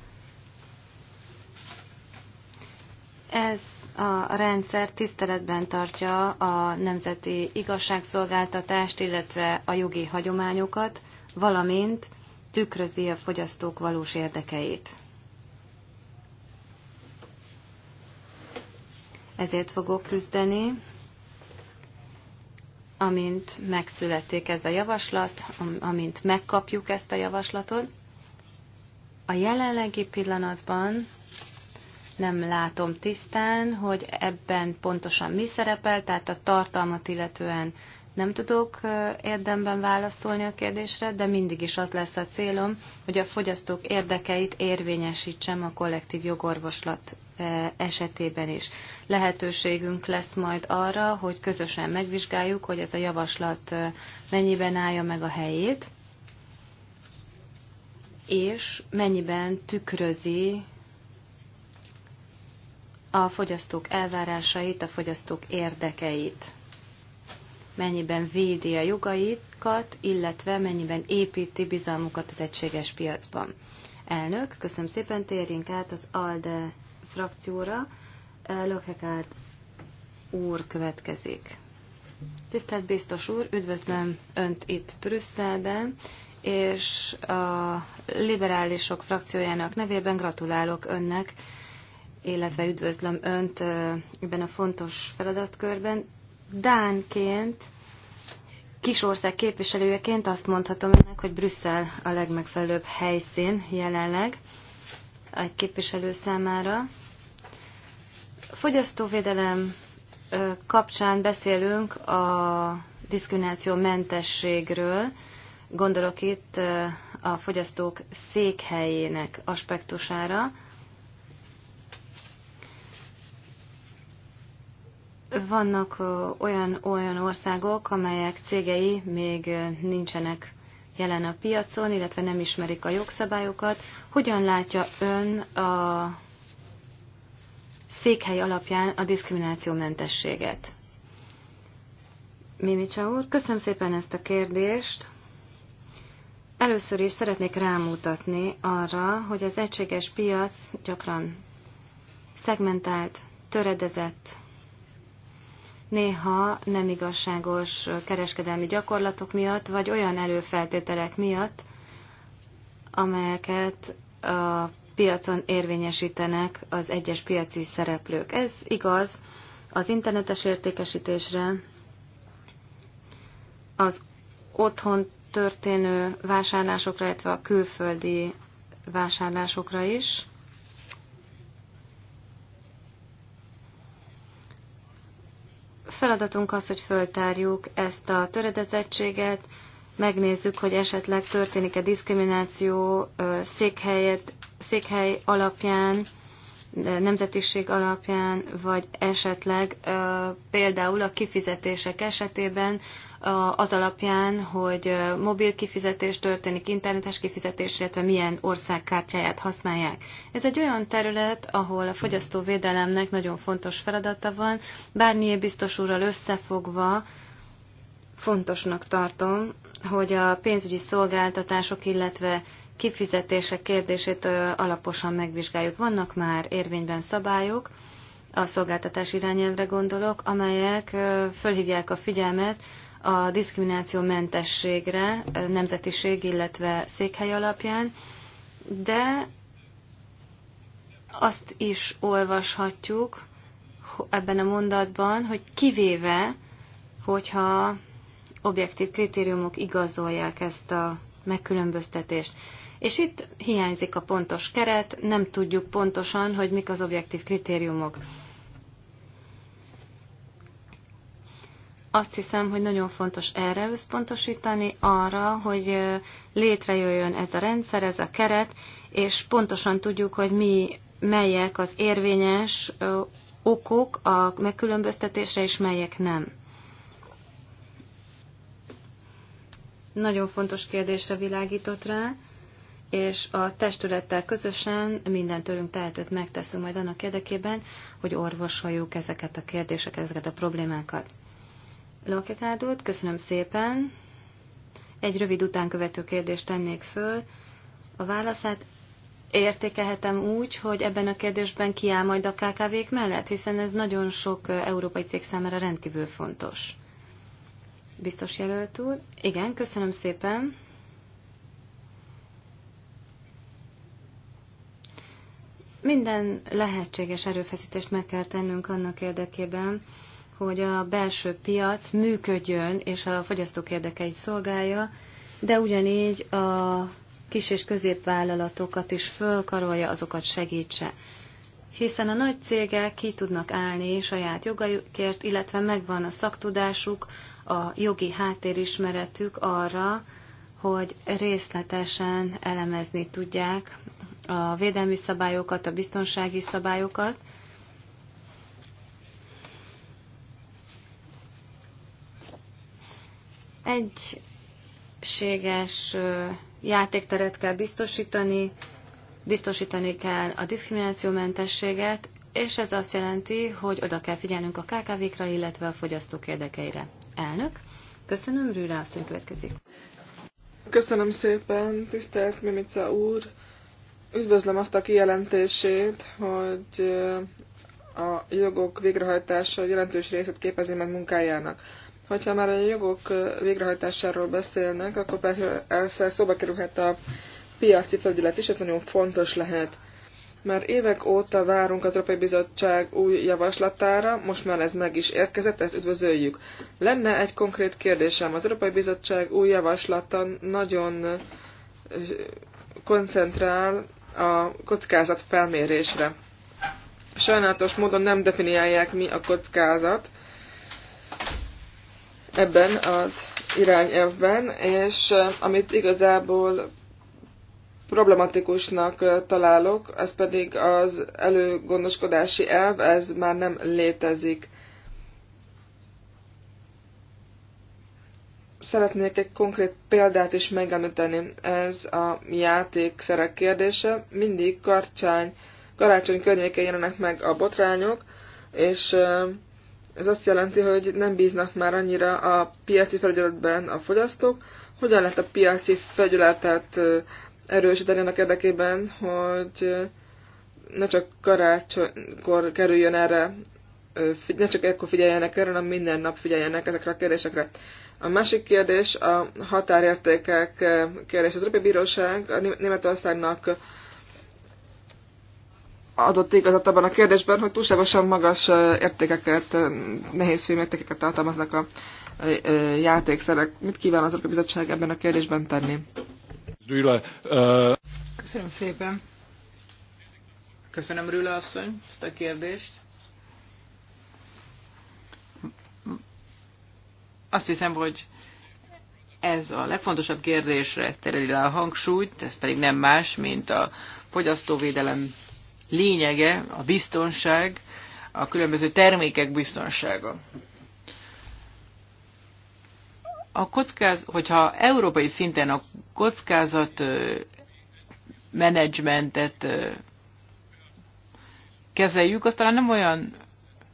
Ez a rendszer tiszteletben tartja a nemzeti igazságszolgáltatást, illetve a jogi hagyományokat, valamint tükrözi a fogyasztók valós érdekeit. Ezért fogok küzdeni, amint megszületik ez a javaslat, amint megkapjuk ezt a javaslatot. A jelenlegi pillanatban nem látom tisztán, hogy ebben pontosan mi szerepel, tehát a tartalmat illetően nem tudok érdemben válaszolni a kérdésre, de mindig is az lesz a célom, hogy a fogyasztók érdekeit érvényesítsem a kollektív jogorvoslat esetében is. Lehetőségünk lesz majd arra, hogy közösen megvizsgáljuk, hogy ez a javaslat mennyiben állja meg a helyét, és mennyiben tükrözi a fogyasztók elvárásait, a fogyasztók érdekeit. Mennyiben védi a jogaikat, illetve mennyiben építi bizalmukat az egységes piacban. Elnök, köszönöm szépen, térjünk át az ALDE frakcióra. Lökekát úr következik. Tisztelt biztos úr, üdvözlöm Önt itt Brüsszelben, és a liberálisok frakciójának nevében gratulálok Önnek illetve üdvözlöm Önt ebben a fontos feladatkörben. Dánként, kisország képviselőjeként azt mondhatom Önnek, hogy Brüsszel a legmegfelelőbb helyszín jelenleg egy képviselő számára. Fogyasztóvédelem kapcsán beszélünk a diszkrimináció mentességről, gondolok itt a fogyasztók székhelyének aspektusára. Vannak olyan, olyan országok, amelyek cégei még nincsenek jelen a piacon, illetve nem ismerik a jogszabályokat. Hogyan látja ön a székhely alapján a diszkriminációmentességet? Mimi úr, köszönöm szépen ezt a kérdést. Először is szeretnék rámutatni arra, hogy az egységes piac gyakran szegmentált, töredezett néha nem igazságos kereskedelmi gyakorlatok miatt, vagy olyan előfeltételek miatt, amelyeket a piacon érvényesítenek az egyes piaci szereplők. Ez igaz az internetes értékesítésre, az otthon történő vásárlásokra, illetve a külföldi vásárlásokra is. feladatunk az, hogy föltárjuk ezt a töredezettséget, megnézzük, hogy esetleg történik-e diszkrimináció székhelyet, székhely alapján, nemzetiség alapján, vagy esetleg például a kifizetések esetében az alapján, hogy mobil kifizetés történik, internetes kifizetés, illetve milyen ország kártyáját használják. Ez egy olyan terület, ahol a fogyasztóvédelemnek nagyon fontos feladata van. Bárnyié biztos úrral összefogva fontosnak tartom, hogy a pénzügyi szolgáltatások, illetve kifizetések kérdését alaposan megvizsgáljuk. Vannak már érvényben szabályok, a szolgáltatás irányelvre gondolok, amelyek fölhívják a figyelmet a diszkrimináció mentességre, nemzetiség, illetve székhely alapján, de azt is olvashatjuk ebben a mondatban, hogy kivéve, hogyha objektív kritériumok igazolják ezt a megkülönböztetést. És itt hiányzik a pontos keret, nem tudjuk pontosan, hogy mik az objektív kritériumok. Azt hiszem, hogy nagyon fontos erre összpontosítani, arra, hogy létrejöjjön ez a rendszer, ez a keret, és pontosan tudjuk, hogy mi melyek az érvényes okok a megkülönböztetésre, és melyek nem. Nagyon fontos kérdésre világított rá, és a testülettel közösen minden tőlünk tehetőt megteszünk majd annak érdekében, hogy orvosoljuk ezeket a kérdéseket, ezeket a problémákat. Lokekádót, köszönöm szépen. Egy rövid után követő kérdést tennék föl. A válaszát értékelhetem úgy, hogy ebben a kérdésben kiáll majd a KKV-k mellett, hiszen ez nagyon sok európai cég számára rendkívül fontos. Biztos jelölt úr? Igen, köszönöm szépen. Minden lehetséges erőfeszítést meg kell tennünk annak érdekében, hogy a belső piac működjön és a fogyasztók érdekeit szolgálja, de ugyanígy a kis- és középvállalatokat is fölkarolja, azokat segítse. Hiszen a nagy cégek ki tudnak állni saját jogaikért, illetve megvan a szaktudásuk, a jogi háttérismeretük arra, hogy részletesen elemezni tudják a védelmi szabályokat, a biztonsági szabályokat, egységes játékteret kell biztosítani, biztosítani kell a diszkriminációmentességet, és ez azt jelenti, hogy oda kell figyelnünk a KKV-kra, illetve a fogyasztók érdekeire. Elnök, köszönöm, Rűra asszony következik. Köszönöm szépen, tisztelt Mimica úr! Üdvözlöm azt a kijelentését, hogy a jogok végrehajtása jelentős részét képezi meg munkájának. Hogyha már a jogok végrehajtásáról beszélnek, akkor persze ezzel szóba kerülhet a piaci felügyelet is, ez nagyon fontos lehet. Már évek óta várunk az Európai Bizottság új javaslatára, most már ez meg is érkezett, ezt üdvözöljük. Lenne egy konkrét kérdésem, az Európai Bizottság új javaslata nagyon koncentrál a kockázat felmérésre. Sajnálatos módon nem definiálják mi a kockázat, ebben az irányelvben, és eh, amit igazából problematikusnak eh, találok, ez pedig az előgondoskodási elv, ez már nem létezik. Szeretnék egy konkrét példát is megemlíteni. Ez a játékszerek kérdése. Mindig karcsány, karácsony környékén jelennek meg a botrányok, és eh, ez azt jelenti, hogy nem bíznak már annyira a piaci felügyeletben a fogyasztók. Hogyan lehet a piaci felügyeletet erősíteni annak érdekében, hogy ne csak karácsonykor kerüljön erre, ne csak ekkor figyeljenek erre, hanem minden nap figyeljenek ezekre a kérdésekre. A másik kérdés a határértékek kérdés. Az Európai Bíróság a Németországnak adott igazat abban a kérdésben, hogy túlságosan magas értékeket, nehéz filmértékeket tartalmaznak a játékszerek. Mit kíván az a bizottság ebben a kérdésben tenni? Uh, Köszönöm szépen. Köszönöm Rüle asszony ezt a kérdést. Azt hiszem, hogy ez a legfontosabb kérdésre tereli le a hangsúlyt, ez pedig nem más, mint a fogyasztóvédelem lényege a biztonság, a különböző termékek biztonsága. A kockáz, hogyha európai szinten a kockázat menedzsmentet kezeljük, az talán nem olyan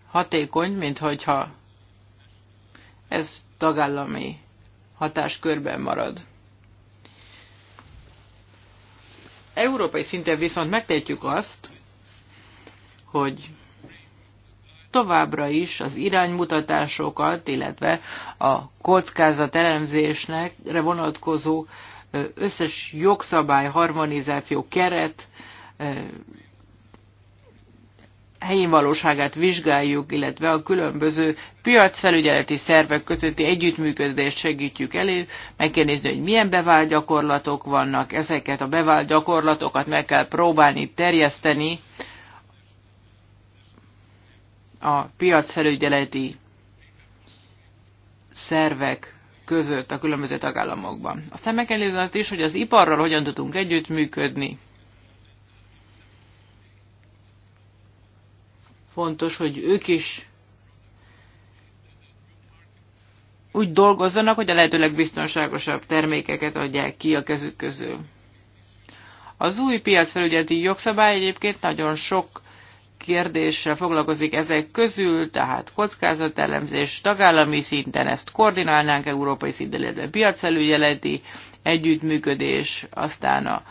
hatékony, mint hogyha ez tagállami hatáskörben marad. Európai szinten viszont megtehetjük azt, hogy továbbra is az iránymutatásokat, illetve a kockázat elemzésnekre vonatkozó összes jogszabály, harmonizáció, keret helyén valóságát vizsgáljuk, illetve a különböző piacfelügyeleti szervek közötti együttműködést segítjük elő, meg kell nézni, hogy milyen bevált gyakorlatok vannak, ezeket a bevált gyakorlatokat meg kell próbálni terjeszteni a piacfelügyeleti szervek között a különböző tagállamokban. Aztán meg kell nézni azt is, hogy az iparral hogyan tudunk együttműködni. Fontos, hogy ők is úgy dolgozzanak, hogy a lehetőleg biztonságosabb termékeket adják ki a kezük közül. Az új piacfelügyeleti jogszabály egyébként nagyon sok kérdéssel foglalkozik ezek közül, tehát kockázatelemzés tagállami szinten, ezt koordinálnánk európai szinten, illetve piacfelügyeleti együttműködés, aztán a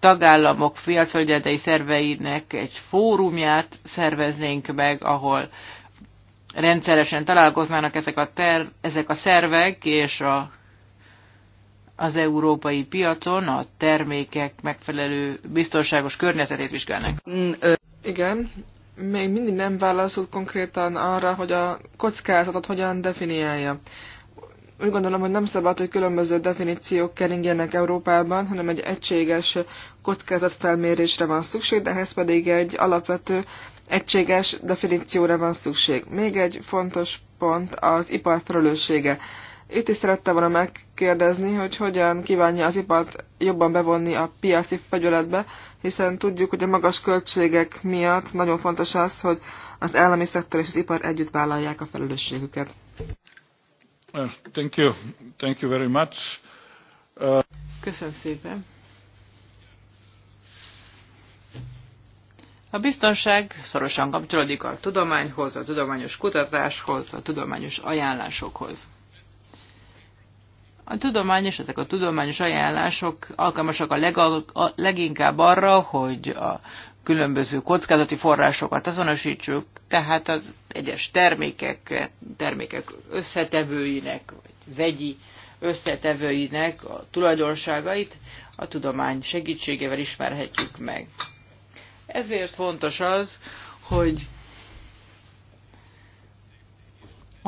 tagállamok piacfelügyeleti szerveinek egy fórumját szerveznénk meg, ahol rendszeresen találkoznának ezek a, ter, ezek a szervek, és a, az európai piacon a termékek megfelelő biztonságos környezetét vizsgálnak. Mm, Igen, még mindig nem válaszolt konkrétan arra, hogy a kockázatot hogyan definiálja. Úgy gondolom, hogy nem szabad, hogy különböző definíciók keringjenek Európában, hanem egy egységes kockázatfelmérésre van szükség, de ehhez pedig egy alapvető egységes definícióra van szükség. Még egy fontos pont az ipar felelőssége. Itt is szerettem volna megkérdezni, hogy hogyan kívánja az ipart jobban bevonni a piaci fegyületbe, hiszen tudjuk, hogy a magas költségek miatt nagyon fontos az, hogy az állami szektor és az ipar együtt vállalják a felelősségüket. Thank you. Thank you very much. Uh... Köszönöm szépen. A biztonság szorosan kapcsolódik a tudományhoz, a tudományos kutatáshoz, a tudományos ajánlásokhoz. A tudományos, ezek a tudományos ajánlások alkalmasak a, legal, a leginkább arra, hogy a különböző kockázati forrásokat azonosítsuk, tehát az egyes termékek, termékek összetevőinek, vagy vegyi összetevőinek a tulajdonságait a tudomány segítségével ismerhetjük meg. Ezért fontos az, hogy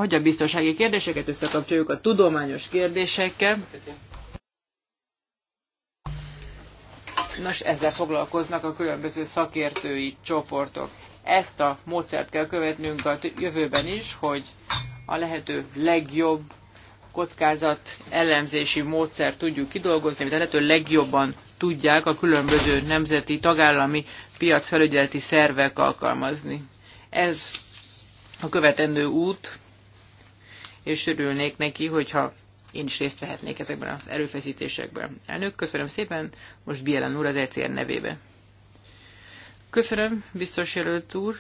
hogy a biztonsági kérdéseket összekapcsoljuk a tudományos kérdésekkel. Nos, ezzel foglalkoznak a különböző szakértői csoportok. Ezt a módszert kell követnünk a jövőben is, hogy a lehető legjobb kockázat elemzési módszert tudjuk kidolgozni, amit a lehető legjobban tudják a különböző nemzeti, tagállami piacfelügyeleti szervek alkalmazni. Ez a követendő út, és örülnék neki, hogyha én is részt vehetnék ezekben az erőfeszítésekben. Elnök, köszönöm szépen, most Bielen úr az ECR nevébe. Köszönöm, biztos jelölt úr.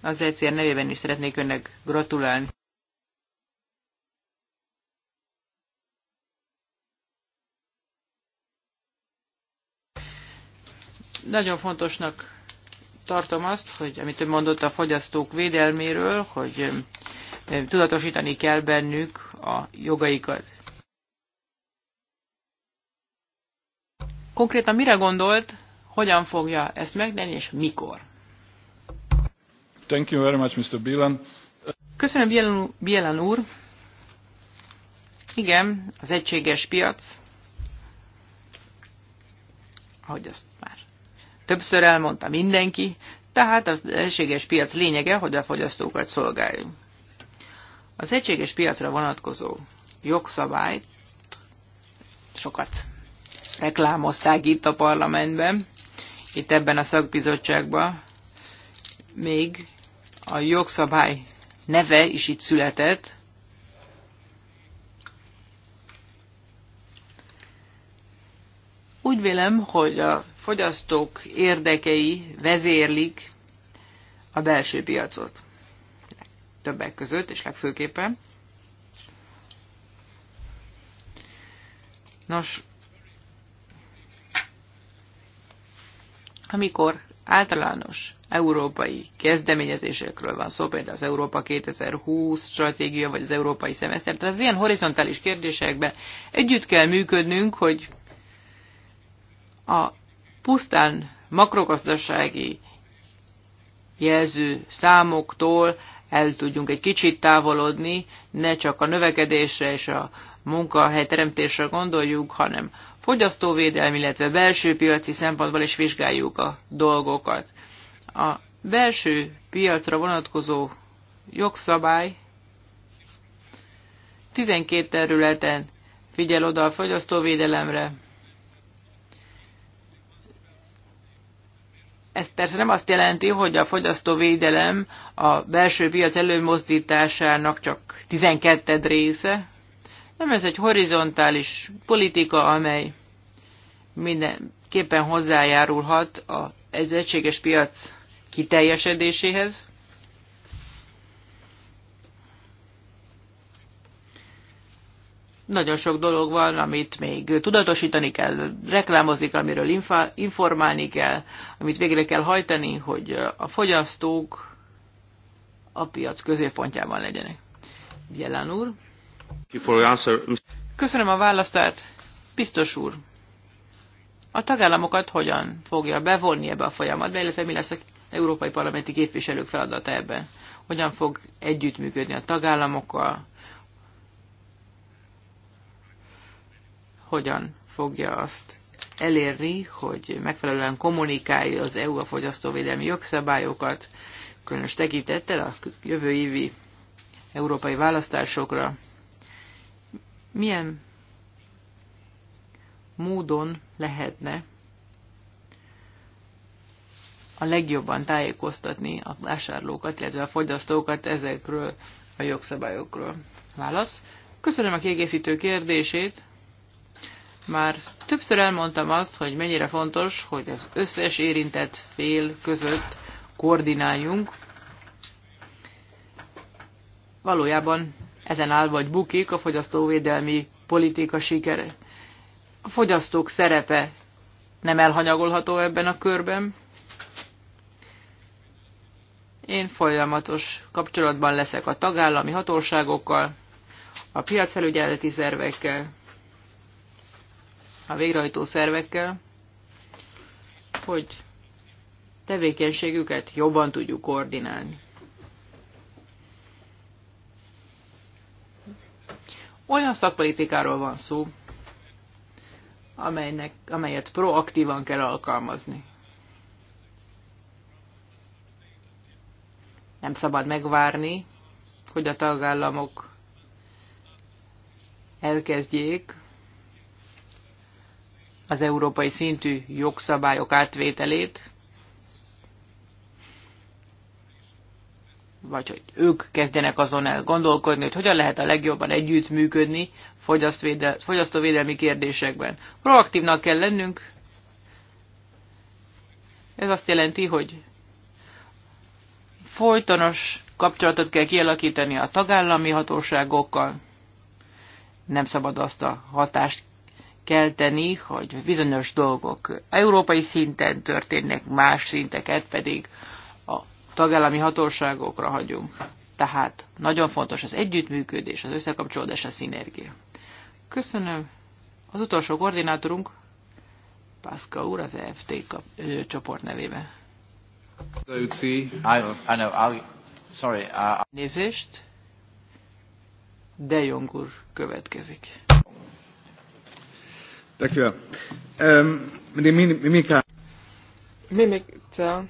Az ECR nevében is szeretnék önnek gratulálni. Nagyon fontosnak tartom azt, hogy amit ő mondott a fogyasztók védelméről, hogy tudatosítani kell bennük a jogaikat. Konkrétan mire gondolt, hogyan fogja ezt megtenni, és mikor? Thank you very much, Mr. Bielan. Köszönöm, Bielan, Bielan úr. Igen, az egységes piac, ahogy azt már többször elmondta mindenki, tehát az egységes piac lényege, hogy a fogyasztókat szolgáljunk. Az egységes piacra vonatkozó jogszabályt sokat reklámozták itt a parlamentben, itt ebben a szakbizottságban, még a jogszabály neve is itt született, úgy vélem, hogy a fogyasztók érdekei vezérlik a belső piacot többek között, és legfőképpen. Nos, amikor általános európai kezdeményezésekről van szó, például az Európa 2020 stratégia, vagy az európai szemeszter, tehát az ilyen horizontális kérdésekben együtt kell működnünk, hogy a pusztán makrogazdasági jelző számoktól el tudjunk egy kicsit távolodni, ne csak a növekedésre és a munkahely teremtésre gondoljuk, hanem fogyasztóvédelmi, illetve belső piaci szempontból is vizsgáljuk a dolgokat. A belső piacra vonatkozó jogszabály 12 területen figyel oda a fogyasztóvédelemre, Ez persze nem azt jelenti, hogy a fogyasztóvédelem a belső piac előmozdításának csak 12 része. Nem, ez egy horizontális politika, amely mindenképpen hozzájárulhat az egységes piac kiteljesedéséhez. Nagyon sok dolog van, amit még tudatosítani kell, reklámozni kell, amiről informálni kell, amit végre kell hajtani, hogy a fogyasztók a piac középpontjában legyenek. Jelen úr. Köszönöm a választát. Biztos úr, a tagállamokat hogyan fogja bevonni ebbe a folyamatba, illetve mi lesz az európai parlamenti képviselők feladata ebben? Hogyan fog együttműködni a tagállamokkal? hogyan fogja azt elérni, hogy megfelelően kommunikálja az EU a fogyasztóvédelmi jogszabályokat, különös tekintettel a jövő évi európai választásokra. Milyen módon lehetne a legjobban tájékoztatni a vásárlókat, illetve a fogyasztókat ezekről a jogszabályokról? Válasz. Köszönöm a kiegészítő kérdését. Már többször elmondtam azt, hogy mennyire fontos, hogy az összes érintett fél között koordináljunk. Valójában ezen áll vagy bukik a fogyasztóvédelmi politika sikere. A fogyasztók szerepe nem elhanyagolható ebben a körben. Én folyamatos kapcsolatban leszek a tagállami hatóságokkal, a piacfelügyeleti szervekkel, a végrehajtó szervekkel, hogy tevékenységüket jobban tudjuk koordinálni. Olyan szakpolitikáról van szó, amelynek, amelyet proaktívan kell alkalmazni. Nem szabad megvárni, hogy a tagállamok elkezdjék az európai szintű jogszabályok átvételét, vagy hogy ők kezdjenek azon el gondolkodni, hogy hogyan lehet a legjobban együttműködni fogyasztóvédelmi kérdésekben. Proaktívnak kell lennünk. Ez azt jelenti, hogy folytonos kapcsolatot kell kialakítani a tagállami hatóságokkal. Nem szabad azt a hatást kell tenni, hogy bizonyos dolgok európai szinten történnek, más szinteket pedig a tagállami hatóságokra hagyunk. Tehát nagyon fontos az együttműködés, az összekapcsolódás, a szinergia. Köszönöm. Az utolsó koordinátorunk Pászka úr az EFT kap, ö, csoport nevében. Uh, Nézést. De Jong úr következik. Dankjewel. Um, meneer Mimica. Mimica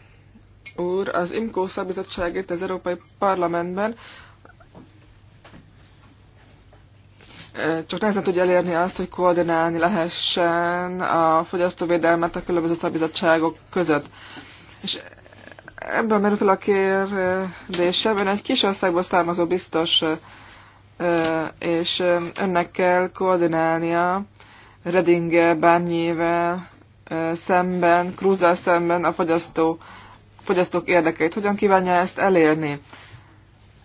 úr, az IMCO szakbizottságért az Európai Parlamentben csak nehezen tudja elérni azt, hogy koordinálni lehessen a fogyasztóvédelmet a különböző szabizottságok között. És ebben merül fel a kérdésem, ön egy kis országból származó biztos, és önnek kell koordinálnia Redinggel, bányével szemben, Krúzzal szemben a fogyasztó, fogyasztók érdekeit. Hogyan kívánja ezt elérni?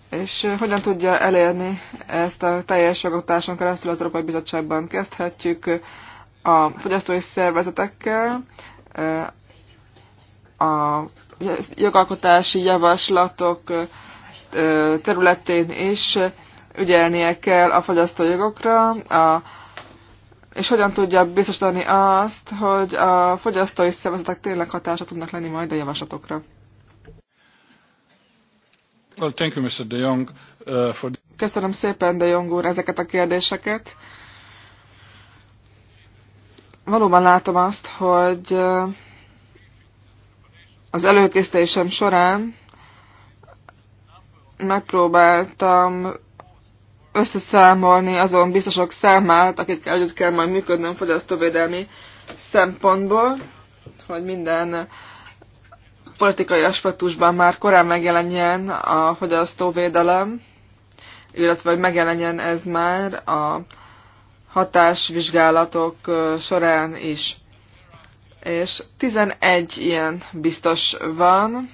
És hogyan tudja elérni ezt a teljes jogotáson keresztül az Európai Bizottságban? Kezdhetjük a fogyasztói szervezetekkel, a jogalkotási javaslatok területén is ügyelnie kell a fogyasztójogokra, a és hogyan tudja biztosítani azt, hogy a fogyasztói szervezetek tényleg hatása tudnak lenni majd a javaslatokra? Well, thank you, Mr. De Jong, uh, for... Köszönöm szépen, De Jong úr, ezeket a kérdéseket. Valóban látom azt, hogy uh, az előkészítésem során megpróbáltam összeszámolni azon biztosok számát, akik együtt kell majd működnöm fogyasztóvédelmi szempontból, hogy minden politikai aspektusban már korán megjelenjen a fogyasztóvédelem, illetve hogy megjelenjen ez már a hatásvizsgálatok során is. És 11 ilyen biztos van,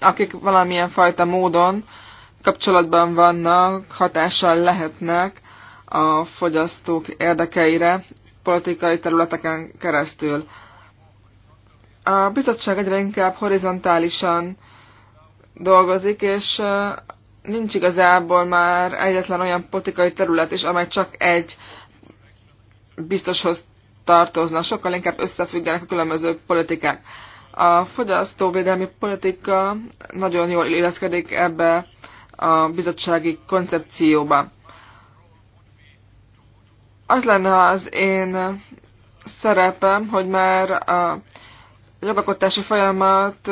akik valamilyen fajta módon kapcsolatban vannak, hatással lehetnek a fogyasztók érdekeire politikai területeken keresztül. A bizottság egyre inkább horizontálisan dolgozik, és nincs igazából már egyetlen olyan politikai terület is, amely csak egy biztoshoz tartozna, sokkal inkább összefüggenek a különböző politikák. A fogyasztóvédelmi politika nagyon jól illeszkedik ebbe a bizottsági koncepcióba. Az lenne az én szerepem, hogy már a jogalkotási folyamat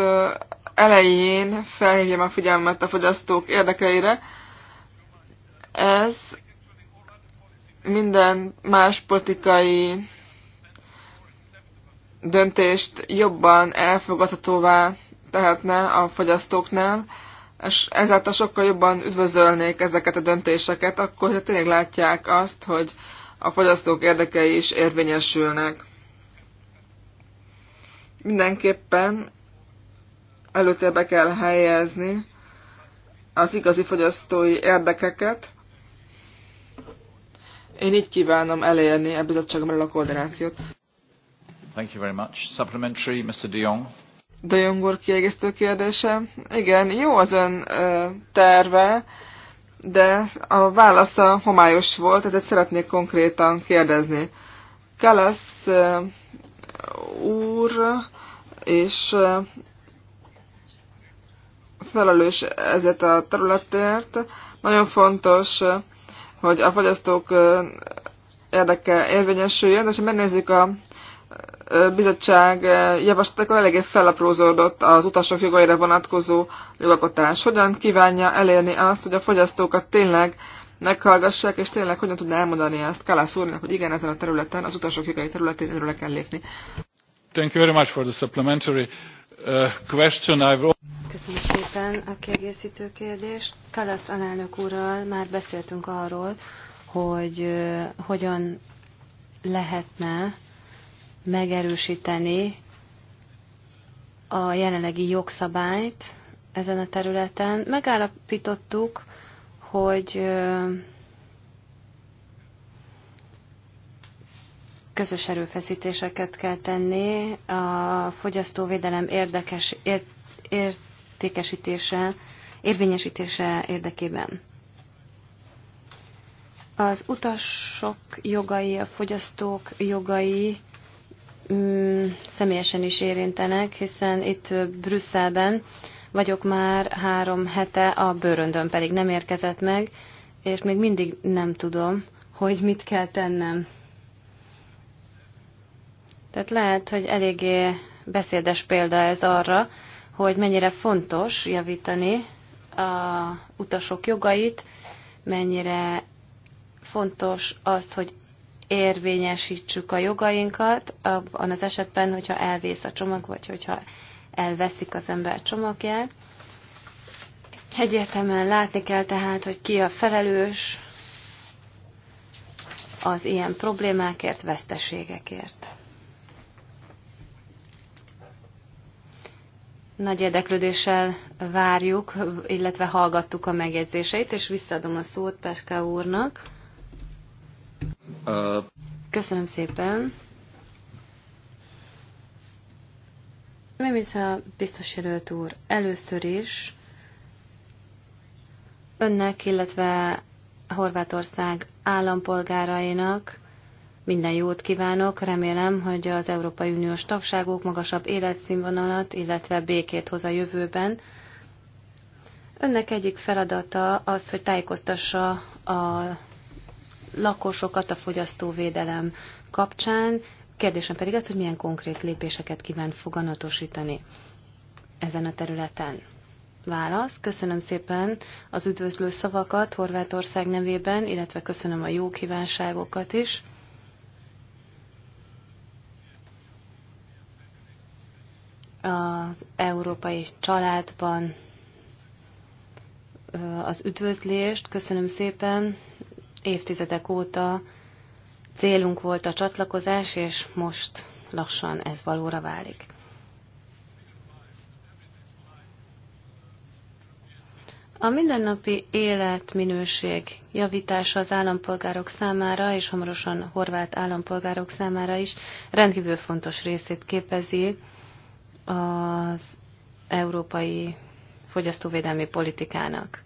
elején felhívjam a figyelmet a fogyasztók érdekeire. Ez minden más politikai döntést jobban elfogadhatóvá tehetne a fogyasztóknál, és ezáltal sokkal jobban üdvözölnék ezeket a döntéseket, akkor hogy tényleg látják azt, hogy a fogyasztók érdekei is érvényesülnek. Mindenképpen előtérbe kell helyezni az igazi fogyasztói érdekeket. Én így kívánom elérni a bizottságomra a koordinációt. Thank you very much. Supplementary, Mr. De Jong. Dajongor kiegészítő kérdése. Igen, jó az ön ö, terve, de a válasza homályos volt, ezért szeretnék konkrétan kérdezni. Kalasz ö, úr és ö, felelős ezért a területért. Nagyon fontos, hogy a fogyasztók érdeke érvényesüljön, és ha megnézzük a bizottság javaslatok eléggé felaprózódott az utasok jogaira vonatkozó jogalkotás. Hogyan kívánja elérni azt, hogy a fogyasztókat tényleg meghallgassák, és tényleg hogyan tudná elmondani ezt Kalász úrnak, hogy igen, ezen a területen, az utasok jogai területén előre kell lépni. Thank you very much for the supplementary uh, question. I've... Köszönöm szépen a kiegészítő kérdést. Kalász alelnök úrral már beszéltünk arról, hogy hogyan lehetne megerősíteni a jelenlegi jogszabályt ezen a területen. Megállapítottuk, hogy közös erőfeszítéseket kell tenni a fogyasztóvédelem érdekes, értékesítése, érvényesítése érdekében. Az utasok jogai, a fogyasztók jogai Mm, személyesen is érintenek, hiszen itt Brüsszelben vagyok már három hete, a bőröndön pedig nem érkezett meg, és még mindig nem tudom, hogy mit kell tennem. Tehát lehet, hogy eléggé beszédes példa ez arra, hogy mennyire fontos javítani a utasok jogait, mennyire fontos az, hogy érvényesítsük a jogainkat, abban az esetben, hogyha elvész a csomag, vagy hogyha elveszik az ember csomagját. Egyértelműen látni kell tehát, hogy ki a felelős az ilyen problémákért, veszteségekért. Nagy érdeklődéssel várjuk, illetve hallgattuk a megjegyzéseit, és visszaadom a szót Peska úrnak. Köszönöm szépen. a biztos jelölt úr, először is önnek, illetve Horvátország állampolgárainak minden jót kívánok, remélem, hogy az Európai Uniós tagságok magasabb életszínvonalat, illetve békét hoz a jövőben. Önnek egyik feladata az, hogy tájékoztassa a lakosokat a fogyasztóvédelem kapcsán. Kérdésem pedig az, hogy milyen konkrét lépéseket kíván foganatosítani ezen a területen. Válasz. Köszönöm szépen az üdvözlő szavakat Horvátország nevében, illetve köszönöm a jó kívánságokat is. Az európai családban az üdvözlést. Köszönöm szépen évtizedek óta célunk volt a csatlakozás, és most lassan ez valóra válik. A mindennapi életminőség javítása az állampolgárok számára, és hamarosan horvát állampolgárok számára is rendkívül fontos részét képezi az európai fogyasztóvédelmi politikának.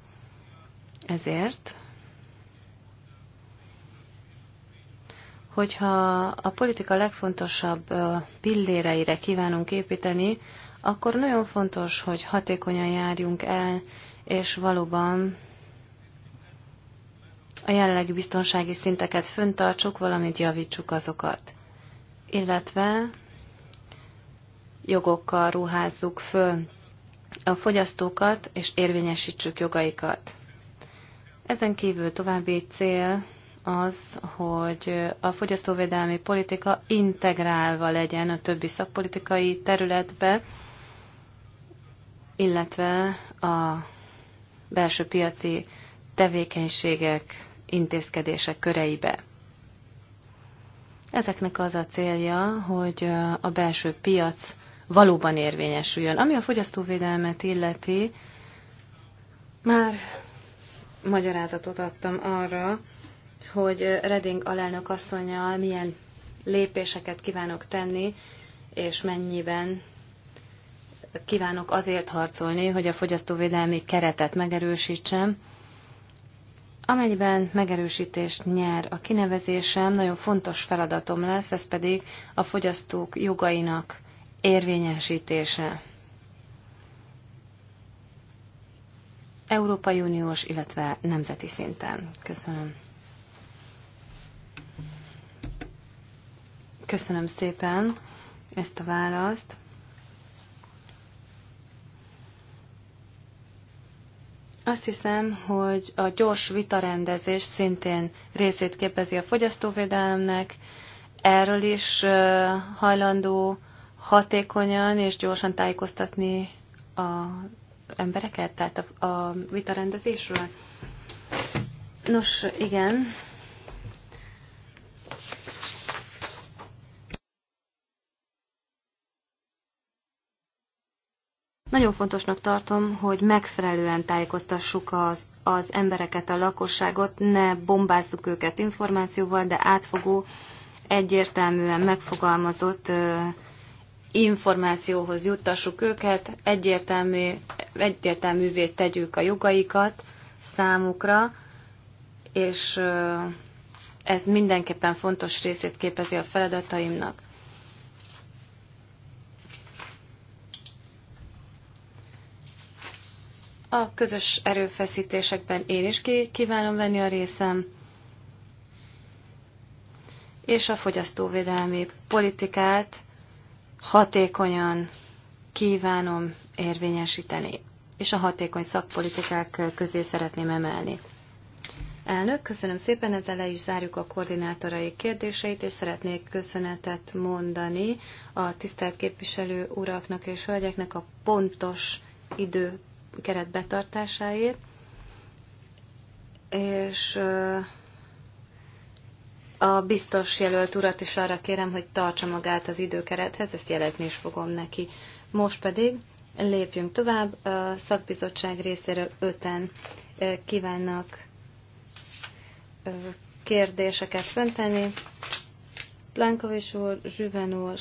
Ezért hogyha a politika legfontosabb pilléreire kívánunk építeni, akkor nagyon fontos, hogy hatékonyan járjunk el, és valóban a jelenlegi biztonsági szinteket föntartsuk, valamint javítsuk azokat. Illetve jogokkal ruházzuk föl a fogyasztókat, és érvényesítsük jogaikat. Ezen kívül további cél az, hogy a fogyasztóvédelmi politika integrálva legyen a többi szakpolitikai területbe, illetve a belső piaci tevékenységek, intézkedések köreibe. Ezeknek az a célja, hogy a belső piac valóban érvényesüljön. Ami a fogyasztóvédelmet illeti, már magyarázatot adtam arra, hogy Reding alelnök asszonyjal milyen lépéseket kívánok tenni, és mennyiben kívánok azért harcolni, hogy a fogyasztóvédelmi keretet megerősítsem, amelyben megerősítést nyer a kinevezésem, nagyon fontos feladatom lesz, ez pedig a fogyasztók jogainak érvényesítése. Európai Uniós, illetve nemzeti szinten. Köszönöm. Köszönöm szépen ezt a választ. Azt hiszem, hogy a gyors vitarendezés szintén részét képezi a fogyasztóvédelemnek. Erről is hajlandó hatékonyan és gyorsan tájékoztatni az embereket, tehát a, a vitarendezésről. Nos, igen, Nagyon fontosnak tartom, hogy megfelelően tájékoztassuk az, az embereket, a lakosságot, ne bombázzuk őket információval, de átfogó, egyértelműen megfogalmazott ö, információhoz juttassuk őket, egyértelmű, egyértelművé tegyük a jogaikat számukra, és ö, ez mindenképpen fontos részét képezi a feladataimnak. A közös erőfeszítésekben én is ki kívánom venni a részem, és a fogyasztóvédelmi politikát hatékonyan kívánom érvényesíteni, és a hatékony szakpolitikák közé szeretném emelni. Elnök, köszönöm szépen, ezzel le is zárjuk a koordinátorai kérdéseit, és szeretnék köszönetet mondani a tisztelt képviselő uraknak és hölgyeknek a pontos idő keret betartásáért, és a biztos jelölt urat is arra kérem, hogy tartsa magát az időkerethez, ezt jelezni is fogom neki. Most pedig lépjünk tovább, a szakbizottság részéről öten kívánnak kérdéseket fönteni. Plankovics úr, Zsüven úr,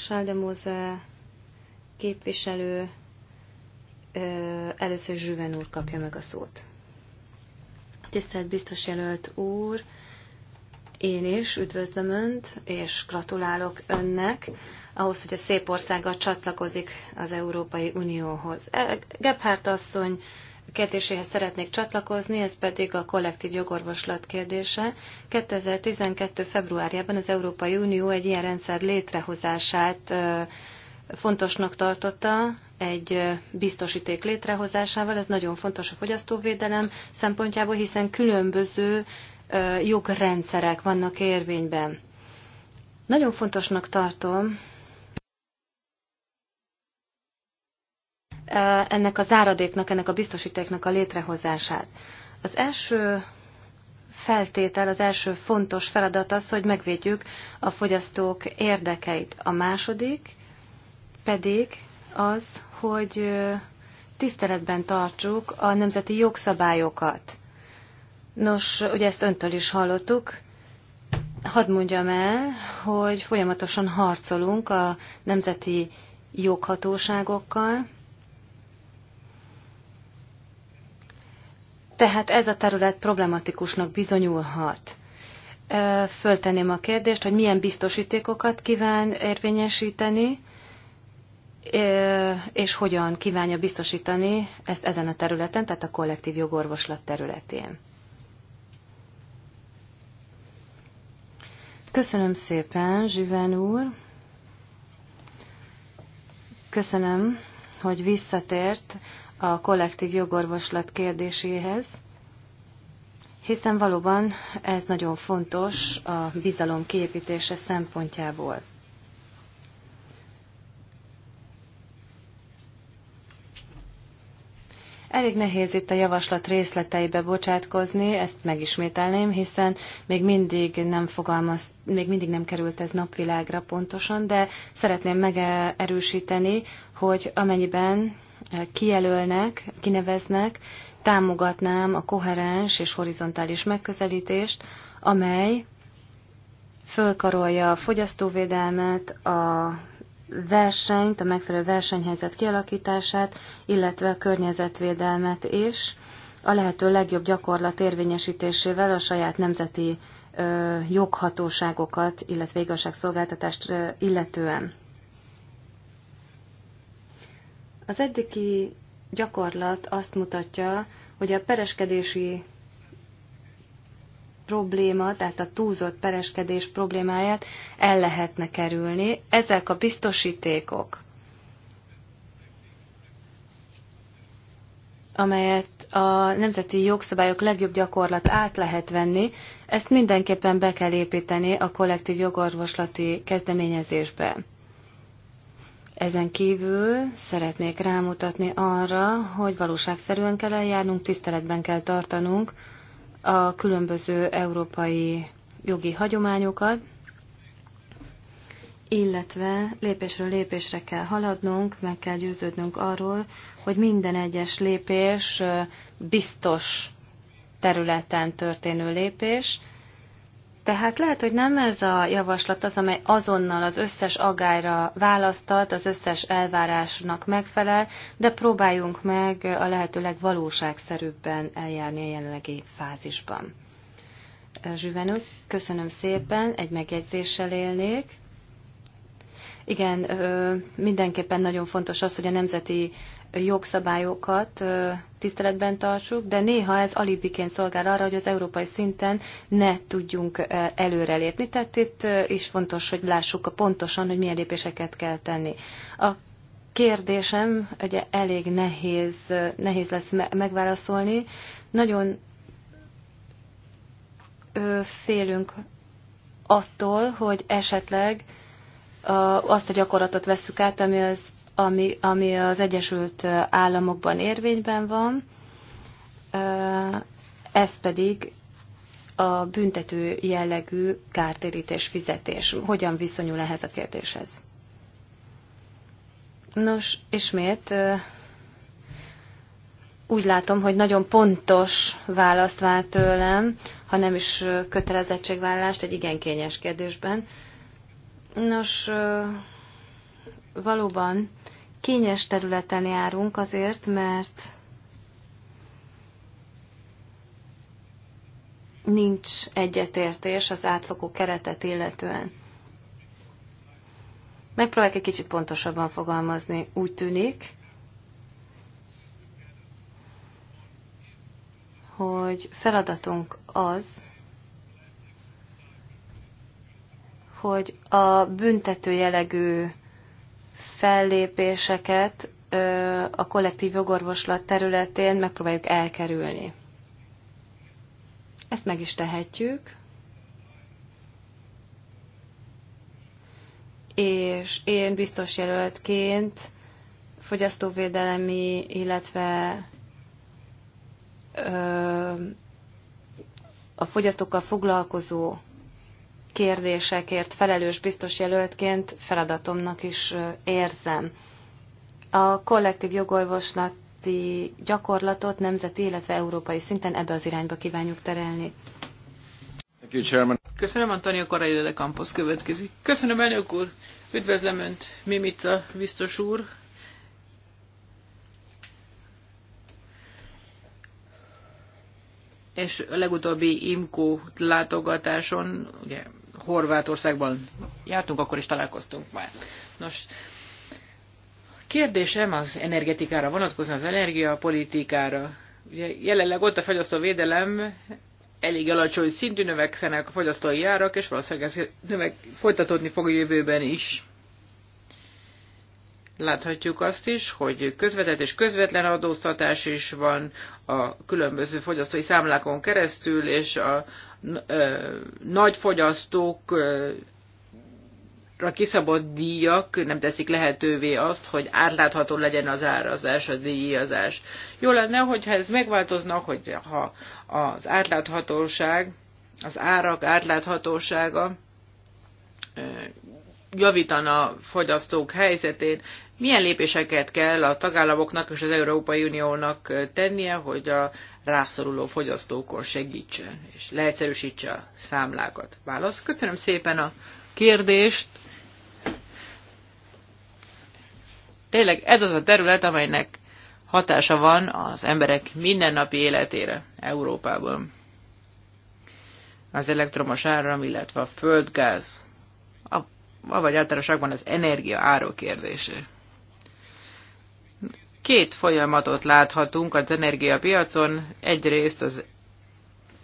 képviselő, Először Zsüven úr kapja meg a szót. Tisztelt biztos jelölt úr, én is üdvözlöm Önt, és gratulálok Önnek ahhoz, hogy a szép országgal csatlakozik az Európai Unióhoz. E, Gebhardt asszony kérdéséhez szeretnék csatlakozni, ez pedig a kollektív jogorvoslat kérdése. 2012. februárjában az Európai Unió egy ilyen rendszer létrehozását fontosnak tartotta, egy biztosíték létrehozásával. Ez nagyon fontos a fogyasztóvédelem szempontjából, hiszen különböző jogrendszerek vannak érvényben. Nagyon fontosnak tartom ennek a záradéknak, ennek a biztosítéknak a létrehozását. Az első feltétel, az első fontos feladat az, hogy megvédjük a fogyasztók érdekeit. A második pedig az, hogy tiszteletben tartsuk a nemzeti jogszabályokat. Nos, ugye ezt öntől is hallottuk. Hadd mondjam el, hogy folyamatosan harcolunk a nemzeti joghatóságokkal. Tehát ez a terület problematikusnak bizonyulhat föltenném a kérdést, hogy milyen biztosítékokat kíván érvényesíteni és hogyan kívánja biztosítani ezt ezen a területen, tehát a kollektív jogorvoslat területén. Köszönöm szépen, Zsüven úr. Köszönöm, hogy visszatért a kollektív jogorvoslat kérdéséhez, hiszen valóban ez nagyon fontos a bizalom kiépítése szempontjából. Elég nehéz itt a javaslat részleteibe bocsátkozni, ezt megismételném, hiszen még mindig nem fogalmaz, még mindig nem került ez napvilágra pontosan, de szeretném megerősíteni, hogy amennyiben eh, kijelölnek, kineveznek, támogatnám a koherens és horizontális megközelítést, amely fölkarolja a fogyasztóvédelmet, a versenyt, a megfelelő versenyhelyzet kialakítását, illetve a környezetvédelmet is, a lehető legjobb gyakorlat érvényesítésével a saját nemzeti ö, joghatóságokat, illetve igazságszolgáltatást ö, illetően. Az eddigi gyakorlat azt mutatja, hogy a pereskedési probléma, tehát a túlzott pereskedés problémáját el lehetne kerülni. Ezek a biztosítékok, amelyet a nemzeti jogszabályok legjobb gyakorlat át lehet venni, ezt mindenképpen be kell építeni a kollektív jogorvoslati kezdeményezésbe. Ezen kívül szeretnék rámutatni arra, hogy valóságszerűen kell eljárnunk, tiszteletben kell tartanunk a különböző európai jogi hagyományokat, illetve lépésről lépésre kell haladnunk, meg kell győződnünk arról, hogy minden egyes lépés biztos területen történő lépés, tehát lehet, hogy nem ez a javaslat az, amely azonnal az összes agályra választat, az összes elvárásnak megfelel, de próbáljunk meg a lehetőleg legvalóságszerűbben eljárni a jelenlegi fázisban. Zsüvenük, köszönöm szépen, egy megjegyzéssel élnék. Igen, mindenképpen nagyon fontos az, hogy a nemzeti jogszabályokat tiszteletben tartsuk, de néha ez alibiként szolgál arra, hogy az európai szinten ne tudjunk előrelépni. Tehát itt is fontos, hogy lássuk pontosan, hogy milyen lépéseket kell tenni. A kérdésem ugye elég nehéz, nehéz lesz megválaszolni. Nagyon félünk attól, hogy esetleg azt a gyakorlatot vesszük át, ami az ami, ami az Egyesült Államokban érvényben van, ez pedig a büntető jellegű kártérítés fizetés. Hogyan viszonyul ehhez a kérdéshez? Nos, ismét úgy látom, hogy nagyon pontos választ vált tőlem, ha nem is kötelezettségvállalást egy igen kényes kérdésben. Nos, valóban kényes területen járunk azért, mert nincs egyetértés az átfogó keretet illetően. Megpróbálok egy kicsit pontosabban fogalmazni. Úgy tűnik, hogy feladatunk az, hogy a büntető jellegű fellépéseket a kollektív jogorvoslat területén megpróbáljuk elkerülni. Ezt meg is tehetjük. És én biztos jelöltként fogyasztóvédelemi, illetve a fogyasztókkal foglalkozó kérdésekért felelős biztos jelöltként feladatomnak is érzem. A kollektív jogorvoslati gyakorlatot nemzeti, illetve európai szinten ebbe az irányba kívánjuk terelni. Köszönöm, Antonio Correa de Campos következik. Köszönöm, elnök úr! Üdvözlöm Önt, Mimita biztos úr! És a legutóbbi IMCO látogatáson, ugye, Horvátországban jártunk, akkor is találkoztunk már. Nos, kérdésem az energetikára vonatkozna, az energiapolitikára. Ugye jelenleg ott a fogyasztóvédelem elég alacsony szintű, növekszenek a fogyasztói árak, és valószínűleg ez növek, folytatódni fog a jövőben is. Láthatjuk azt is, hogy közvetett és közvetlen adóztatás is van a különböző fogyasztói számlákon keresztül, és a ö, nagy fogyasztókra kiszabott díjak nem teszik lehetővé azt, hogy átlátható legyen az árazás, a díjazás. Jó lenne, hogyha ez megváltozna, hogy ha az átláthatóság, az árak átláthatósága javítana a fogyasztók helyzetén, milyen lépéseket kell a tagállamoknak és az Európai Uniónak tennie, hogy a rászoruló fogyasztókon segítsen és leegyszerűsítse a számlákat? Válasz. Köszönöm szépen a kérdést. Tényleg ez az a terület, amelynek hatása van az emberek mindennapi életére Európában. Az elektromos áram, illetve a földgáz, a, vagy általánosságban az energia áró kérdése. Két folyamatot láthatunk az energiapiacon, egyrészt az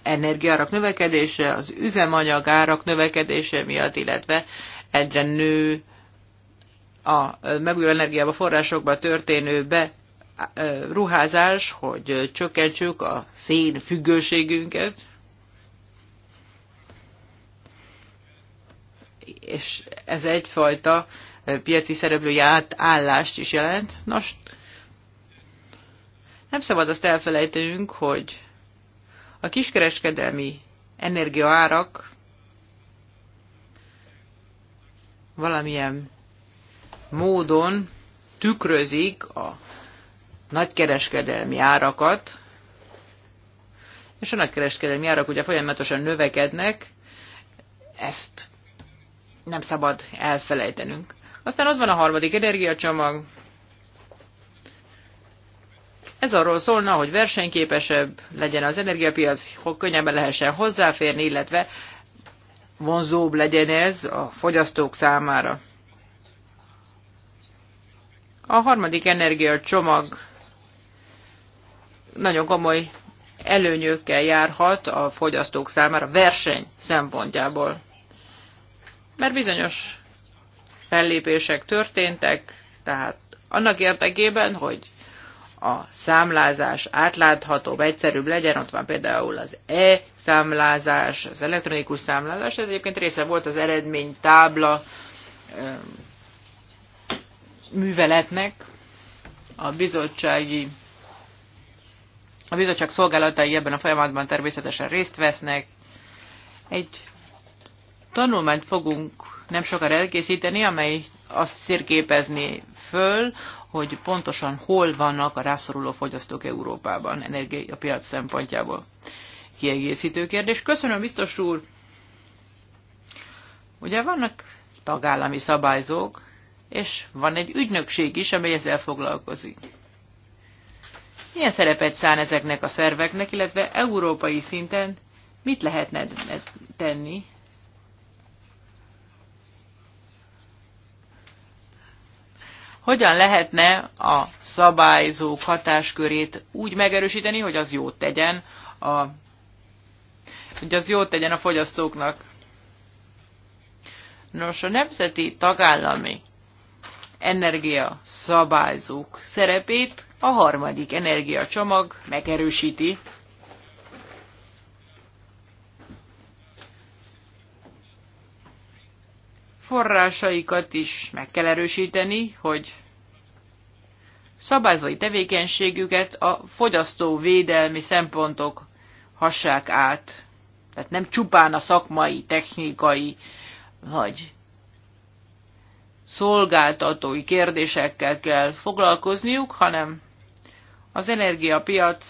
energiárak növekedése, az üzemanyag árak növekedése miatt, illetve egyre nő a megújuló energiába forrásokba történő be ruházás, hogy csökkentsük a szén függőségünket, és ez egyfajta piaci szereplői átállást is jelent. Nos, nem szabad azt elfelejtenünk, hogy a kiskereskedelmi energiaárak valamilyen módon tükrözik a nagykereskedelmi árakat, és a nagykereskedelmi árak ugye folyamatosan növekednek, ezt nem szabad elfelejtenünk. Aztán ott van a harmadik energiacsomag, ez arról szólna, hogy versenyképesebb legyen az energiapiac, hogy könnyebben lehessen hozzáférni, illetve vonzóbb legyen ez a fogyasztók számára. A harmadik energiacsomag nagyon komoly előnyökkel járhat a fogyasztók számára verseny szempontjából. Mert bizonyos fellépések történtek, tehát annak érdekében, hogy a számlázás átláthatóbb, egyszerűbb legyen. Ott van például az e-számlázás, az elektronikus számlázás. Ez egyébként része volt az eredmény tábla műveletnek. A bizottsági a bizottság szolgálatai ebben a folyamatban természetesen részt vesznek. Egy tanulmányt fogunk nem sokára elkészíteni, amely azt szérképezni föl, hogy pontosan hol vannak a rászoruló fogyasztók Európában energiapiac szempontjából. Kiegészítő kérdés. Köszönöm, biztos úr! Ugye vannak tagállami szabályzók, és van egy ügynökség is, amely ezzel foglalkozik. Milyen szerepet szán ezeknek a szerveknek, illetve európai szinten mit lehetne tenni hogyan lehetne a szabályzók hatáskörét úgy megerősíteni, hogy az jót tegyen a, hogy az jót tegyen a fogyasztóknak. Nos, a nemzeti tagállami energia szabályzók szerepét a harmadik energiacsomag megerősíti. forrásaikat is meg kell erősíteni, hogy szabályzói tevékenységüket a fogyasztóvédelmi szempontok hassák át. Tehát nem csupán a szakmai, technikai vagy szolgáltatói kérdésekkel kell foglalkozniuk, hanem az energiapiac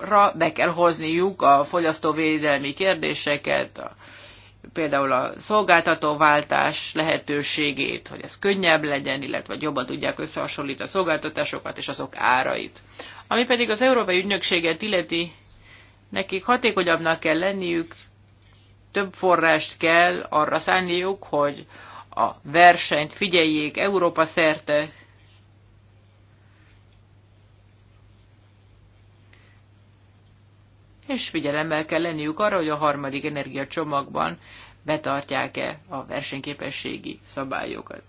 ra be kell hozniuk a fogyasztóvédelmi kérdéseket, a, például a szolgáltatóváltás lehetőségét, hogy ez könnyebb legyen, illetve jobban tudják összehasonlítani a szolgáltatásokat és azok árait. Ami pedig az Európai Ügynökséget illeti, nekik hatékonyabbnak kell lenniük, több forrást kell arra szánniuk, hogy a versenyt figyeljék Európa szerte, és figyelemmel kell lenniük arra, hogy a harmadik energiacsomagban betartják-e a versenyképességi szabályokat.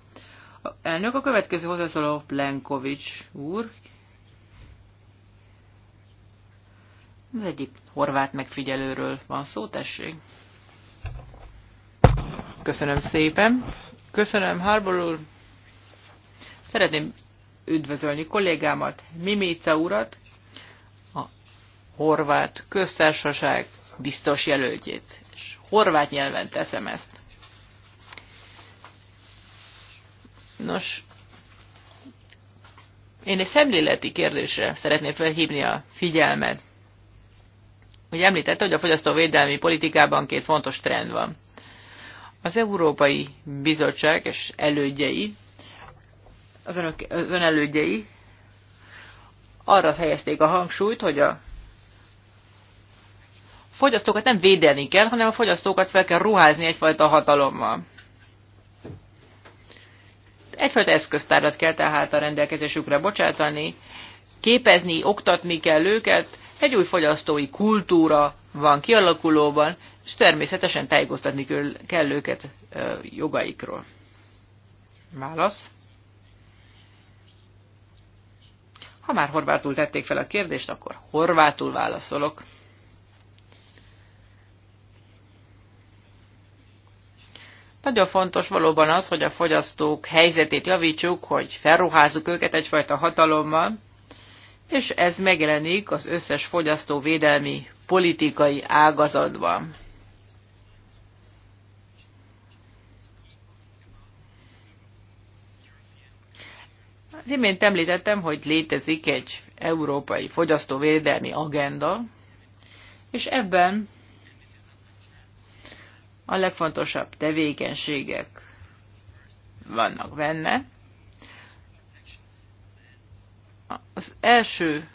A elnök a következő hozzászóló Plenkovics úr. Az egyik horvát megfigyelőről van szó, tessék. Köszönöm szépen. Köszönöm, Harbor úr. Szeretném üdvözölni kollégámat, Mimica urat, horvát köztársaság biztos jelöltjét. És horvát nyelven teszem ezt. Nos, én egy szemléleti kérdésre szeretném felhívni a figyelmet. Hogy említette, hogy a fogyasztóvédelmi politikában két fontos trend van. Az Európai Bizottság és elődjei, az, önök, az elődjei arra helyezték a hangsúlyt, hogy a fogyasztókat nem védeni kell, hanem a fogyasztókat fel kell ruházni egyfajta hatalommal. Egyfajta eszköztárat kell tehát a rendelkezésükre bocsátani, képezni, oktatni kell őket, egy új fogyasztói kultúra van kialakulóban, és természetesen tájékoztatni kell őket jogaikról. Válasz. Ha már horvátul tették fel a kérdést, akkor horvátul válaszolok. Nagyon fontos valóban az, hogy a fogyasztók helyzetét javítsuk, hogy felruházzuk őket egyfajta hatalommal, és ez megjelenik az összes fogyasztóvédelmi politikai ágazatban. Az imént említettem, hogy létezik egy európai fogyasztóvédelmi agenda, és ebben a legfontosabb tevékenységek vannak benne. Az első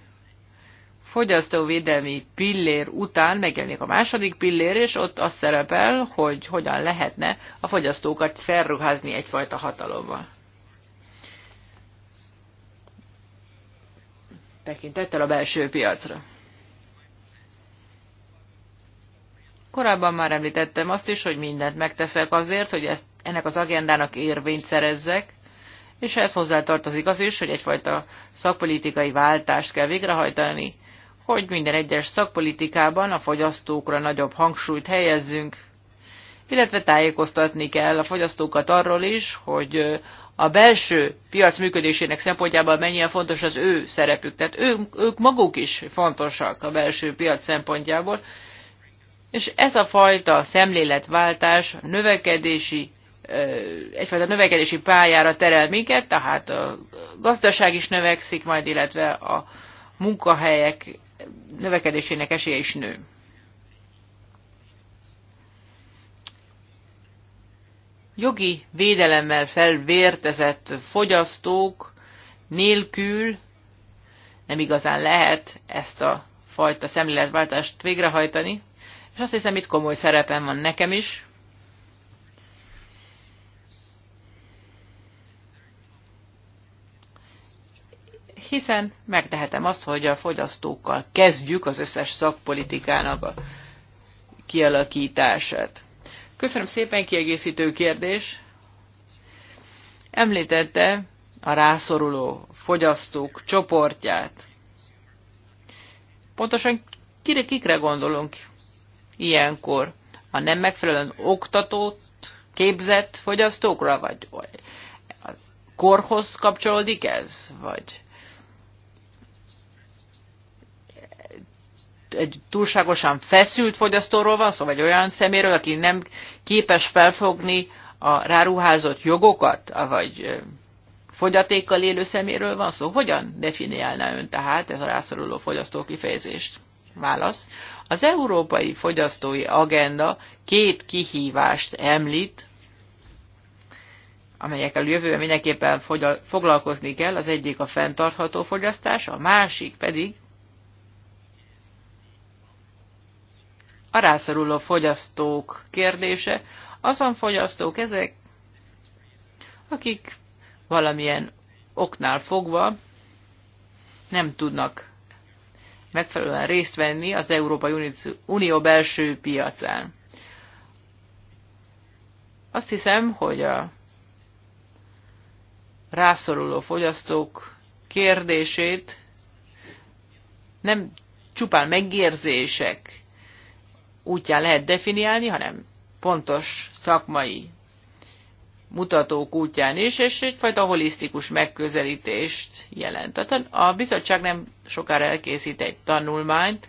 fogyasztóvédelmi pillér után megjelenik a második pillér, és ott az szerepel, hogy hogyan lehetne a fogyasztókat felruházni egyfajta hatalommal. Tekintettel a belső piacra. Korábban már említettem azt is, hogy mindent megteszek azért, hogy ezt, ennek az agendának érvényt szerezzek, és ehhez hozzátartozik az is, hogy egyfajta szakpolitikai váltást kell végrehajtani, hogy minden egyes szakpolitikában a fogyasztókra nagyobb hangsúlyt helyezzünk, illetve tájékoztatni kell a fogyasztókat arról is, hogy a belső piac működésének szempontjából mennyire fontos az ő szerepük. Tehát ők, ők maguk is fontosak a belső piac szempontjából, és ez a fajta szemléletváltás növekedési, egyfajta növekedési pályára terel minket, tehát a gazdaság is növekszik majd, illetve a munkahelyek növekedésének esélye is nő. Jogi védelemmel felvértezett fogyasztók nélkül nem igazán lehet ezt a fajta szemléletváltást végrehajtani, és azt hiszem, itt komoly szerepem van nekem is. Hiszen megtehetem azt, hogy a fogyasztókkal kezdjük az összes szakpolitikának a kialakítását. Köszönöm szépen, kiegészítő kérdés. Említette a rászoruló fogyasztók csoportját. Pontosan kire, kikre gondolunk? ilyenkor? A nem megfelelően oktatót, képzett fogyasztókra, vagy, vagy a korhoz kapcsolódik ez, vagy egy túlságosan feszült fogyasztóról van szó, vagy olyan szeméről, aki nem képes felfogni a ráruházott jogokat, vagy fogyatékkal élő szeméről van szó? Hogyan definiálná ön tehát ez a rászoruló fogyasztó kifejezést? Válasz. Az Európai Fogyasztói Agenda két kihívást említ, amelyekkel jövőre mindenképpen foglalkozni kell. Az egyik a fenntartható fogyasztás, a másik pedig a rászoruló fogyasztók kérdése. Azon fogyasztók ezek, akik valamilyen oknál fogva nem tudnak megfelelően részt venni az Európai Unió belső piacán. Azt hiszem, hogy a rászoruló fogyasztók kérdését nem csupán megérzések útján lehet definiálni, hanem pontos szakmai mutatók útján is, és egyfajta holisztikus megközelítést jelent. Tehát a bizottság nem sokára elkészít egy tanulmányt,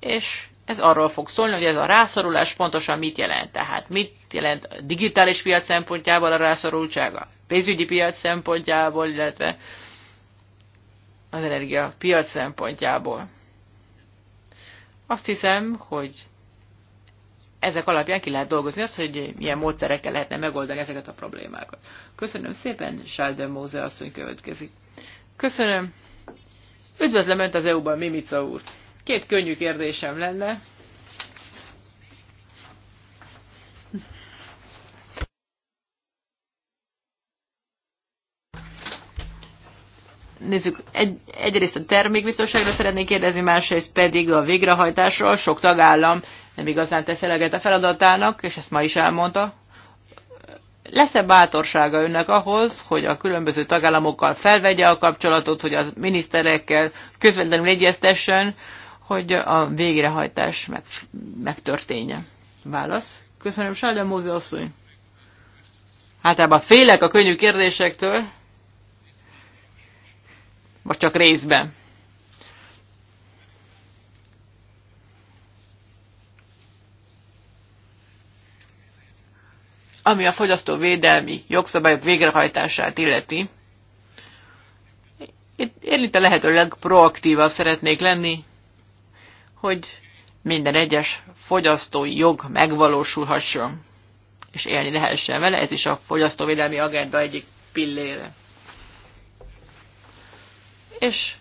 és ez arról fog szólni, hogy ez a rászorulás pontosan mit jelent. Tehát mit jelent a digitális piac szempontjából a rászorultság, a pénzügyi piac szempontjából, illetve az energia piac szempontjából. Azt hiszem, hogy ezek alapján ki lehet dolgozni azt, hogy milyen módszerekkel lehetne megoldani ezeket a problémákat. Köszönöm szépen, Sheldon Móze asszony következik. Köszönöm. Üdvözlöm Önt az EU-ban, Mimica úr. Két könnyű kérdésem lenne. nézzük, egy, egyrészt a termékbiztonságra szeretnék kérdezni, másrészt pedig a végrehajtásról. Sok tagállam nem igazán tesz eleget a feladatának, és ezt ma is elmondta. Lesz-e bátorsága önnek ahhoz, hogy a különböző tagállamokkal felvegye a kapcsolatot, hogy a miniszterekkel közvetlenül egyeztessen, hogy a végrehajtás meg, megtörténje? Válasz. Köszönöm, Sáldem Móze asszony. ebben félek a könnyű kérdésektől, vagy csak részben. Ami a fogyasztóvédelmi jogszabályok végrehajtását illeti, itt a lehetőleg legproaktívabb szeretnék lenni, hogy minden egyes fogyasztói jog megvalósulhasson, és élni lehessen vele, ez is a fogyasztóvédelmi agenda egyik pillére. És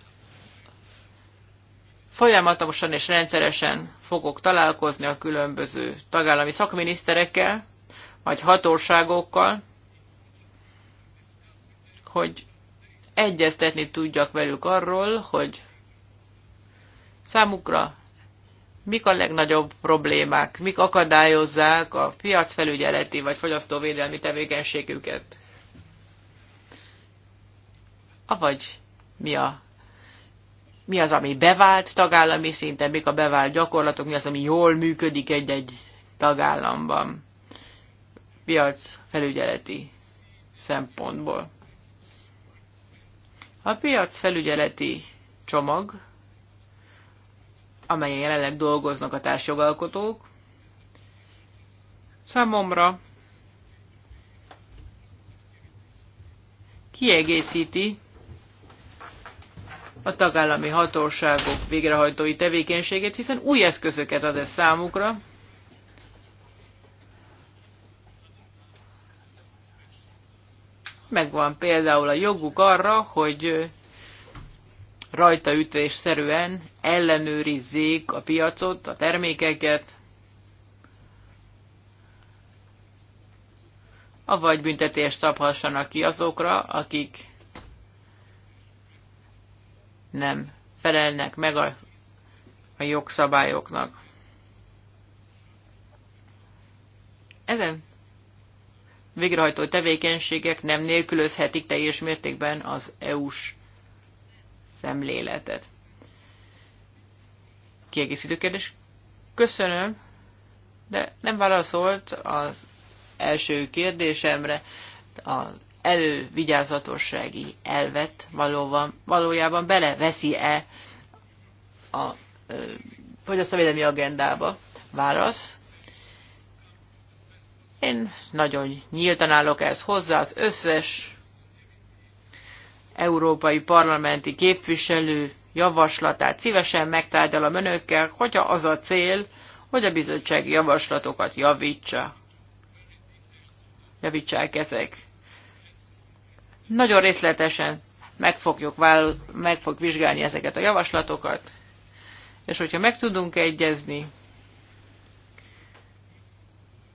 folyamatosan és rendszeresen fogok találkozni a különböző tagállami szakminiszterekkel, vagy hatóságokkal, hogy egyeztetni tudjak velük arról, hogy számukra mik a legnagyobb problémák, mik akadályozzák a piacfelügyeleti vagy fogyasztóvédelmi tevékenységüket. Avagy mi, a, mi az, ami bevált tagállami szinten, mik a bevált gyakorlatok, mi az, ami jól működik egy-egy tagállamban piac felügyeleti szempontból. A piac felügyeleti csomag, amelyen jelenleg dolgoznak a társjogalkotók, számomra kiegészíti a tagállami hatóságok végrehajtói tevékenységét, hiszen új eszközöket ad ez számukra, megvan például a joguk arra, hogy rajtaütésszerűen ellenőrizzék a piacot, a termékeket, avagy büntetést szabhassanak ki azokra, akik nem felelnek meg a, a jogszabályoknak. Ezen végrehajtó tevékenységek nem nélkülözhetik teljes mértékben az EU-s szemléletet. Kiegészítő kérdés. Köszönöm, de nem válaszolt az első kérdésemre. Az elővigyázatossági elvet valóban, valójában beleveszi-e a fogyasztóvédelmi agendába? Válasz. Én nagyon nyíltan állok ehhez hozzá, az összes európai parlamenti képviselő javaslatát szívesen megtárgyalom önökkel, hogyha az a cél, hogy a bizottság javaslatokat javítsa. Javítsák ezek. Nagyon részletesen meg, fogjuk vállal, meg fog vizsgálni ezeket a javaslatokat, és hogyha meg tudunk egyezni,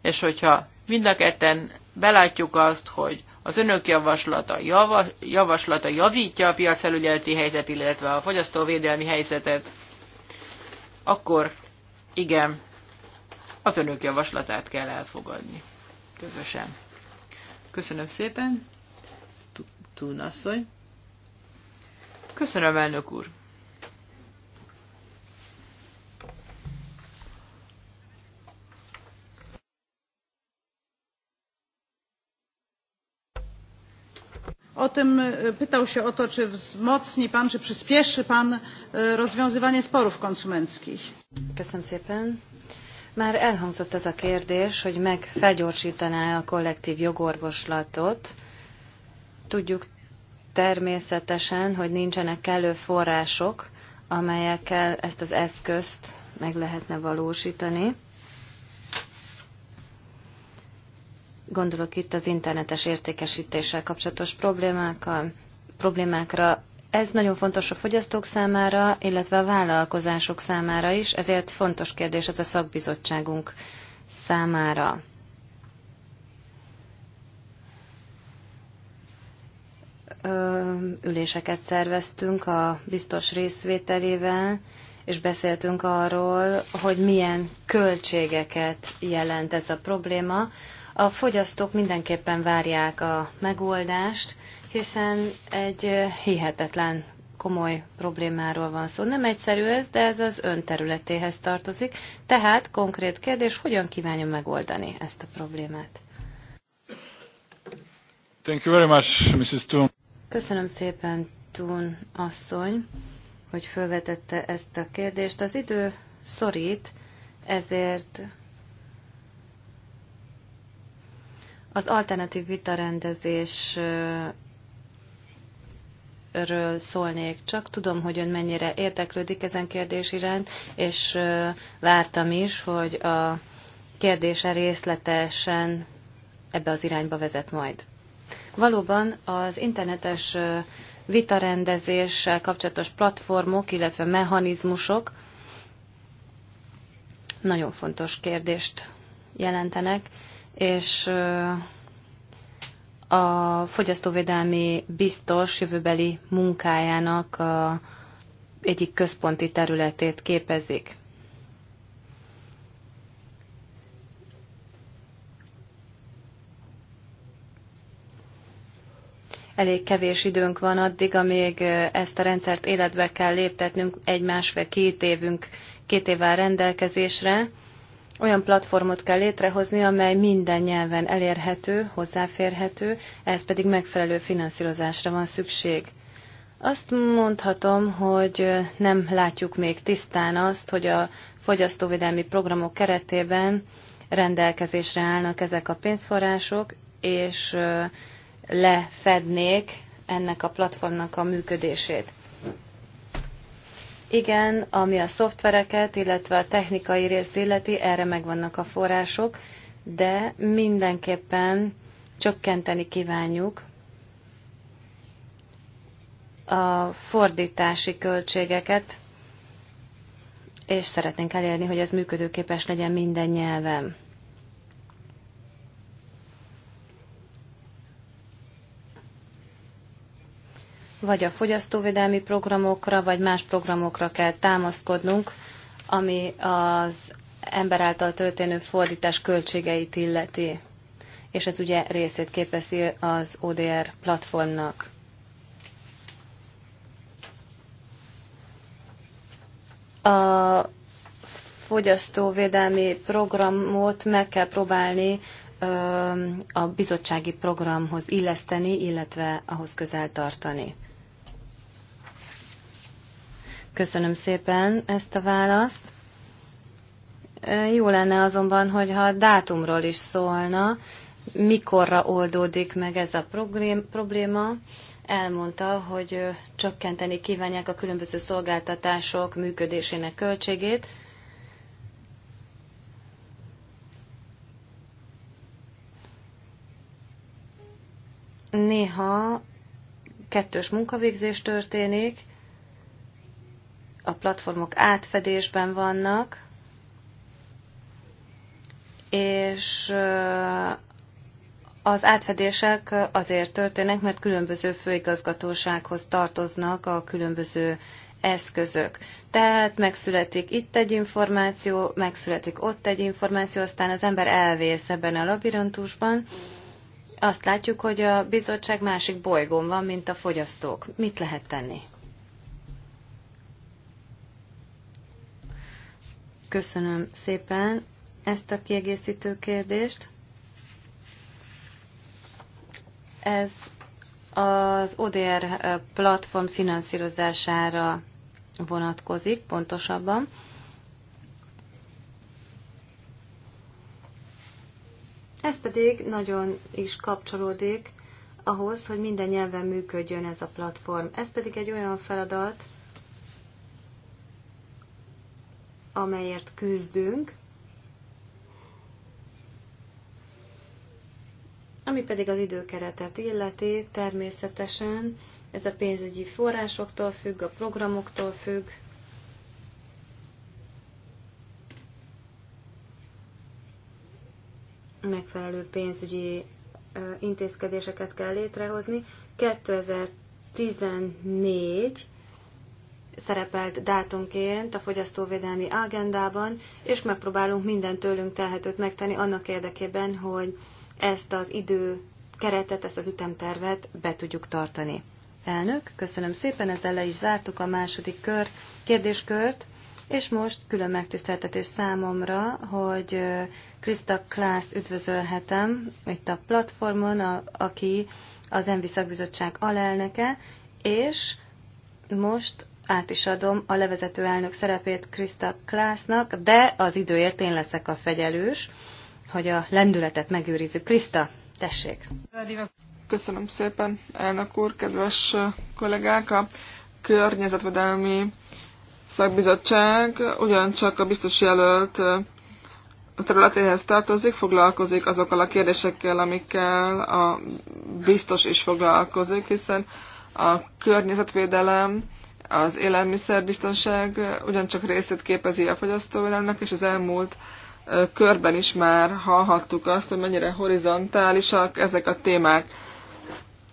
és hogyha Mind a ketten belátjuk azt, hogy az önök javaslata, java, javaslata javítja a piacfelügyeleti helyzet, illetve a fogyasztóvédelmi helyzetet, akkor igen, az önök javaslatát kell elfogadni közösen. Köszönöm szépen, Tún Köszönöm, elnök úr. tym e, pytał się o to czy wzmocni pan czy przyspieszy pan e, rozwiązywanie sporów konsumenckich. Már elhangzott az a kérdés, hogy meg felgyorsítaná a kollektív jogorvoslatot. Tudjuk természetesen, hogy nincsenek kellő források, amelyekkel ezt az eszközt meg lehetne valósítani. Gondolok itt az internetes értékesítéssel kapcsolatos problémákkal, problémákra. Ez nagyon fontos a fogyasztók számára, illetve a vállalkozások számára is, ezért fontos kérdés ez a szakbizottságunk számára. üléseket szerveztünk a biztos részvételével, és beszéltünk arról, hogy milyen költségeket jelent ez a probléma. A fogyasztók mindenképpen várják a megoldást, hiszen egy hihetetlen komoly problémáról van szó. Nem egyszerű ez, de ez az ön területéhez tartozik. Tehát konkrét kérdés, hogyan kívánja megoldani ezt a problémát? Thank you very much, Mrs. Thun. Köszönöm szépen, Tun asszony, hogy felvetette ezt a kérdést. Az idő szorít, ezért Az alternatív vitarendezésről szólnék, csak tudom, hogy ön mennyire érteklődik ezen kérdés iránt, és vártam is, hogy a kérdése részletesen ebbe az irányba vezet majd. Valóban az internetes vitarendezéssel kapcsolatos platformok, illetve mechanizmusok nagyon fontos kérdést jelentenek, és a fogyasztóvédelmi biztos jövőbeli munkájának a egyik központi területét képezik. Elég kevés időnk van addig, amíg ezt a rendszert életbe kell léptetnünk egy másfél-két évünk, két évvel rendelkezésre olyan platformot kell létrehozni, amely minden nyelven elérhető, hozzáférhető, ehhez pedig megfelelő finanszírozásra van szükség. Azt mondhatom, hogy nem látjuk még tisztán azt, hogy a fogyasztóvédelmi programok keretében rendelkezésre állnak ezek a pénzforrások, és lefednék ennek a platformnak a működését. Igen, ami a szoftvereket, illetve a technikai részt illeti, erre megvannak a források, de mindenképpen csökkenteni kívánjuk a fordítási költségeket, és szeretnénk elérni, hogy ez működőképes legyen minden nyelven. vagy a fogyasztóvédelmi programokra, vagy más programokra kell támaszkodnunk, ami az ember által történő fordítás költségeit illeti. És ez ugye részét képezi az ODR platformnak. A fogyasztóvédelmi programot meg kell próbálni a bizottsági programhoz illeszteni, illetve ahhoz közel tartani. Köszönöm szépen ezt a választ. Jó lenne azonban, hogyha a dátumról is szólna, mikorra oldódik meg ez a probléma. Elmondta, hogy csökkenteni kívánják a különböző szolgáltatások működésének költségét. Néha kettős munkavégzés történik, a platformok átfedésben vannak, és az átfedések azért történnek, mert különböző főigazgatósághoz tartoznak a különböző eszközök. Tehát megszületik itt egy információ, megszületik ott egy információ, aztán az ember elvész ebben a labirintusban. Azt látjuk, hogy a bizottság másik bolygón van, mint a fogyasztók. Mit lehet tenni? Köszönöm szépen ezt a kiegészítő kérdést. Ez az ODR platform finanszírozására vonatkozik pontosabban. Ez pedig nagyon is kapcsolódik ahhoz, hogy minden nyelven működjön ez a platform. Ez pedig egy olyan feladat, amelyért küzdünk, Ami pedig az időkeretet illeti, természetesen ez a pénzügyi forrásoktól függ, a programoktól függ. Megfelelő pénzügyi intézkedéseket kell létrehozni. 2014 szerepelt dátumként a fogyasztóvédelmi agendában, és megpróbálunk minden tőlünk telhetőt megtenni annak érdekében, hogy ezt az idő keretet, ezt az ütemtervet be tudjuk tartani. Elnök, köszönöm szépen, ezzel le is zártuk a második kör, kérdéskört, és most külön megtiszteltetés számomra, hogy Krista Klász üdvözölhetem itt a platformon, a, aki az Envi Szakbizottság alelnöke, és most át is adom a levezető elnök szerepét Krista Klásznak, de az időért én leszek a fegyelős, hogy a lendületet megőrizzük. Krista, tessék! Köszönöm szépen, elnök úr, kedves kollégák! A környezetvédelmi szakbizottság ugyancsak a biztos jelölt területéhez tartozik, foglalkozik azokkal a kérdésekkel, amikkel a biztos is foglalkozik, hiszen a környezetvédelem az élelmiszerbiztonság ugyancsak részét képezi a fogyasztóvédelemnek, és az elmúlt körben is már hallhattuk azt, hogy mennyire horizontálisak ezek a témák.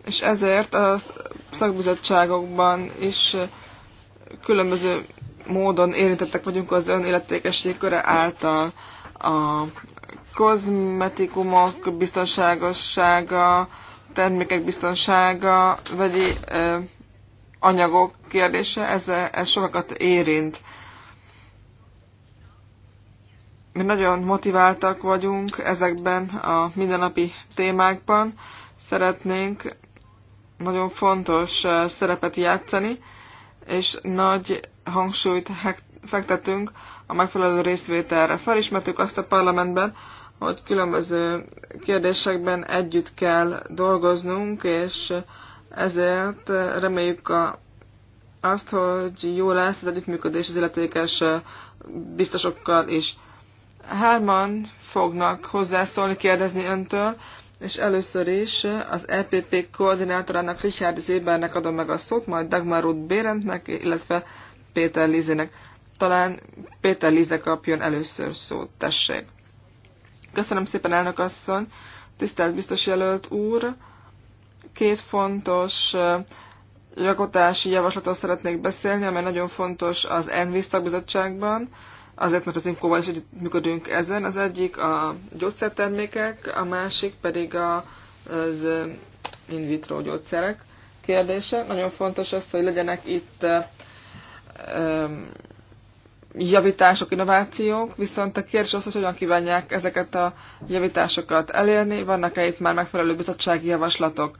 És ezért a szakbizottságokban is különböző módon érintettek vagyunk az életékesség köre által. A kozmetikumok biztonságossága, termékek biztonsága, vagy anyagok kérdése, ez, ez sokakat érint. Mi nagyon motiváltak vagyunk ezekben a mindennapi témákban. Szeretnénk nagyon fontos eh, szerepet játszani, és nagy hangsúlyt fektetünk a megfelelő részvételre. Felismertük azt a parlamentben, hogy különböző kérdésekben együtt kell dolgoznunk, és ezért eh, reméljük a, azt, hogy jó lesz az együttműködés az illetékes eh, biztosokkal is. Hárman fognak hozzászólni, kérdezni öntől, és először is az EPP koordinátorának Richard Zébernek adom meg a szót, majd Dagmar Ruth Bérentnek, illetve Péter Lizének. Talán Péter Lize kapjon először szót, tessék. Köszönöm szépen, elnök asszony, tisztelt biztos jelölt úr, Két fontos jogotási javaslatot szeretnék beszélni, amely nagyon fontos az ENVI szakbizottságban, azért, mert az IMCO-val is működünk ezen. Az egyik a gyógyszertermékek, a másik pedig az in vitro gyógyszerek kérdése. Nagyon fontos az, hogy legyenek itt javítások, innovációk, viszont a kérdés az, hogy hogyan kívánják ezeket a javításokat elérni, vannak-e itt már megfelelő bizottsági javaslatok.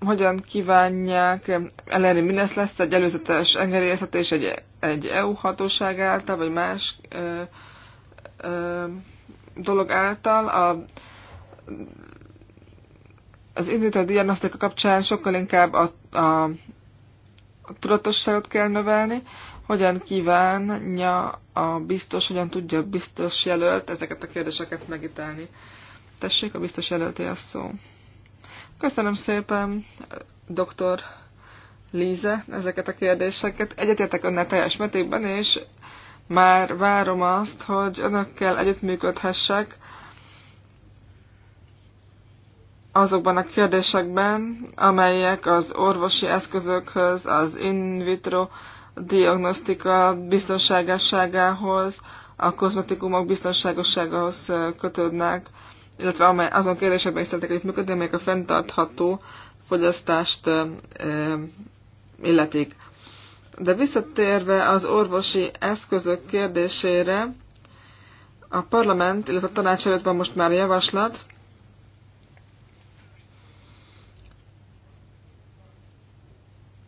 hogyan kívánják elérni, mi lesz, lesz egy előzetes engedélyeztetés egy, egy EU hatóság által, vagy más ö, ö, dolog által. A, az indítő diagnosztika kapcsán sokkal inkább a, a, a tudatosságot kell növelni, hogyan kívánja a biztos, hogyan tudja a biztos jelölt ezeket a kérdéseket megítélni. Tessék, a biztos jelölté a szó. Köszönöm szépen, doktor Líze, ezeket a kérdéseket. Egyetértek önnel teljes mértékben, és már várom azt, hogy önökkel együttműködhessek azokban a kérdésekben, amelyek az orvosi eszközökhöz, az in vitro diagnosztika biztonságosságához, a kozmetikumok biztonságosságához kötődnek illetve amely, azon kérdésekben is szeretnék működni, amelyek a fenntartható fogyasztást ö, illetik. De visszatérve az orvosi eszközök kérdésére, a parlament, illetve a tanács előtt van most már a javaslat,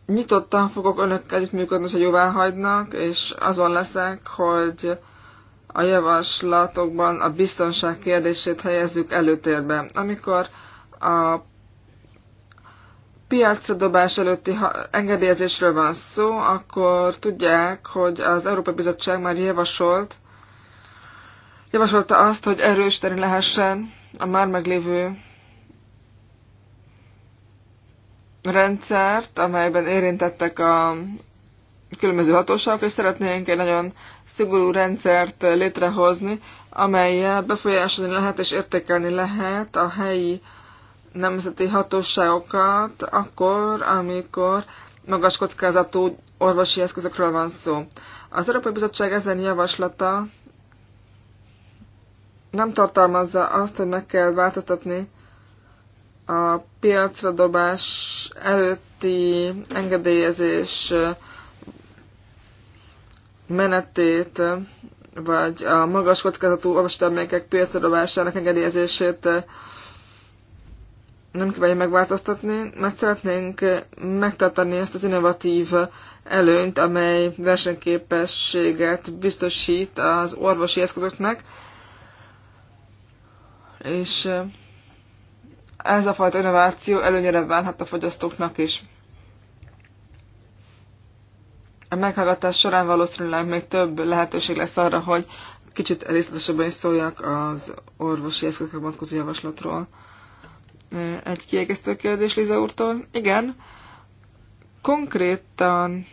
nyitottan fogok önökkel együttműködni, ha jóvá hagynak, és azon leszek, hogy a javaslatokban a biztonság kérdését helyezzük előtérbe. Amikor a piacra dobás előtti engedélyezésről van szó, akkor tudják, hogy az Európai Bizottság már javasolt, javasolta azt, hogy erősíteni lehessen a már meglévő rendszert, amelyben érintettek a különböző hatóságok, és szeretnénk egy nagyon szigorú rendszert létrehozni, amelyel befolyásolni lehet és értékelni lehet a helyi nemzeti hatóságokat akkor, amikor magas kockázatú orvosi eszközökről van szó. Az Európai Bizottság ezen javaslata nem tartalmazza azt, hogy meg kell változtatni a piacra dobás előtti engedélyezés menetét, vagy a magas kockázatú olvastermékek piacra dobásának engedélyezését nem kívánja megváltoztatni, mert szeretnénk megtartani ezt az innovatív előnyt, amely versenyképességet biztosít az orvosi eszközöknek, és ez a fajta innováció előnyére válhat a fogyasztóknak is a meghallgatás során valószínűleg még több lehetőség lesz arra, hogy kicsit részletesebben is szóljak az orvosi eszközökre vonatkozó javaslatról. Egy kiegészítő kérdés Liza úrtól. Igen, konkrétan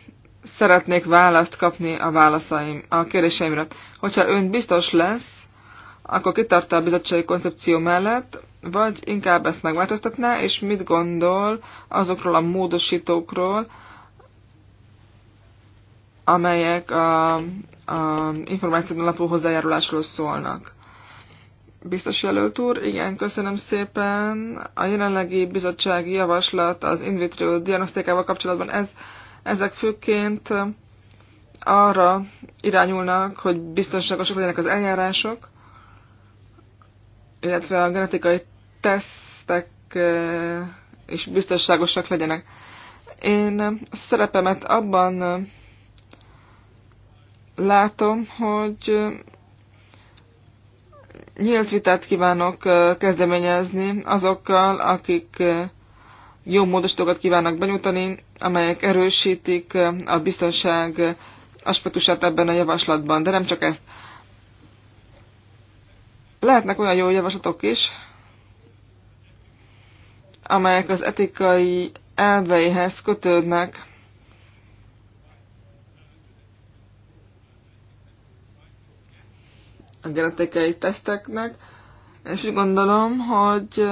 szeretnék választ kapni a válaszaim, a kérdéseimre. Hogyha ön biztos lesz, akkor kitart a bizottsági koncepció mellett, vagy inkább ezt megváltoztatná, és mit gondol azokról a módosítókról, amelyek a, a információn alapú hozzájárulásról szólnak. Biztos jelölt úr, igen, köszönöm szépen. A jelenlegi bizottsági javaslat az in vitro diagnosztikával kapcsolatban ez, ezek főként arra irányulnak, hogy biztonságosak legyenek az eljárások, illetve a genetikai tesztek e, is biztonságosak legyenek. Én szerepemet abban látom, hogy nyílt vitát kívánok kezdeményezni azokkal, akik jó módosítókat kívánnak benyújtani, amelyek erősítik a biztonság aspektusát ebben a javaslatban, de nem csak ezt. Lehetnek olyan jó javaslatok is, amelyek az etikai elveihez kötődnek genetikai teszteknek, és úgy gondolom, hogy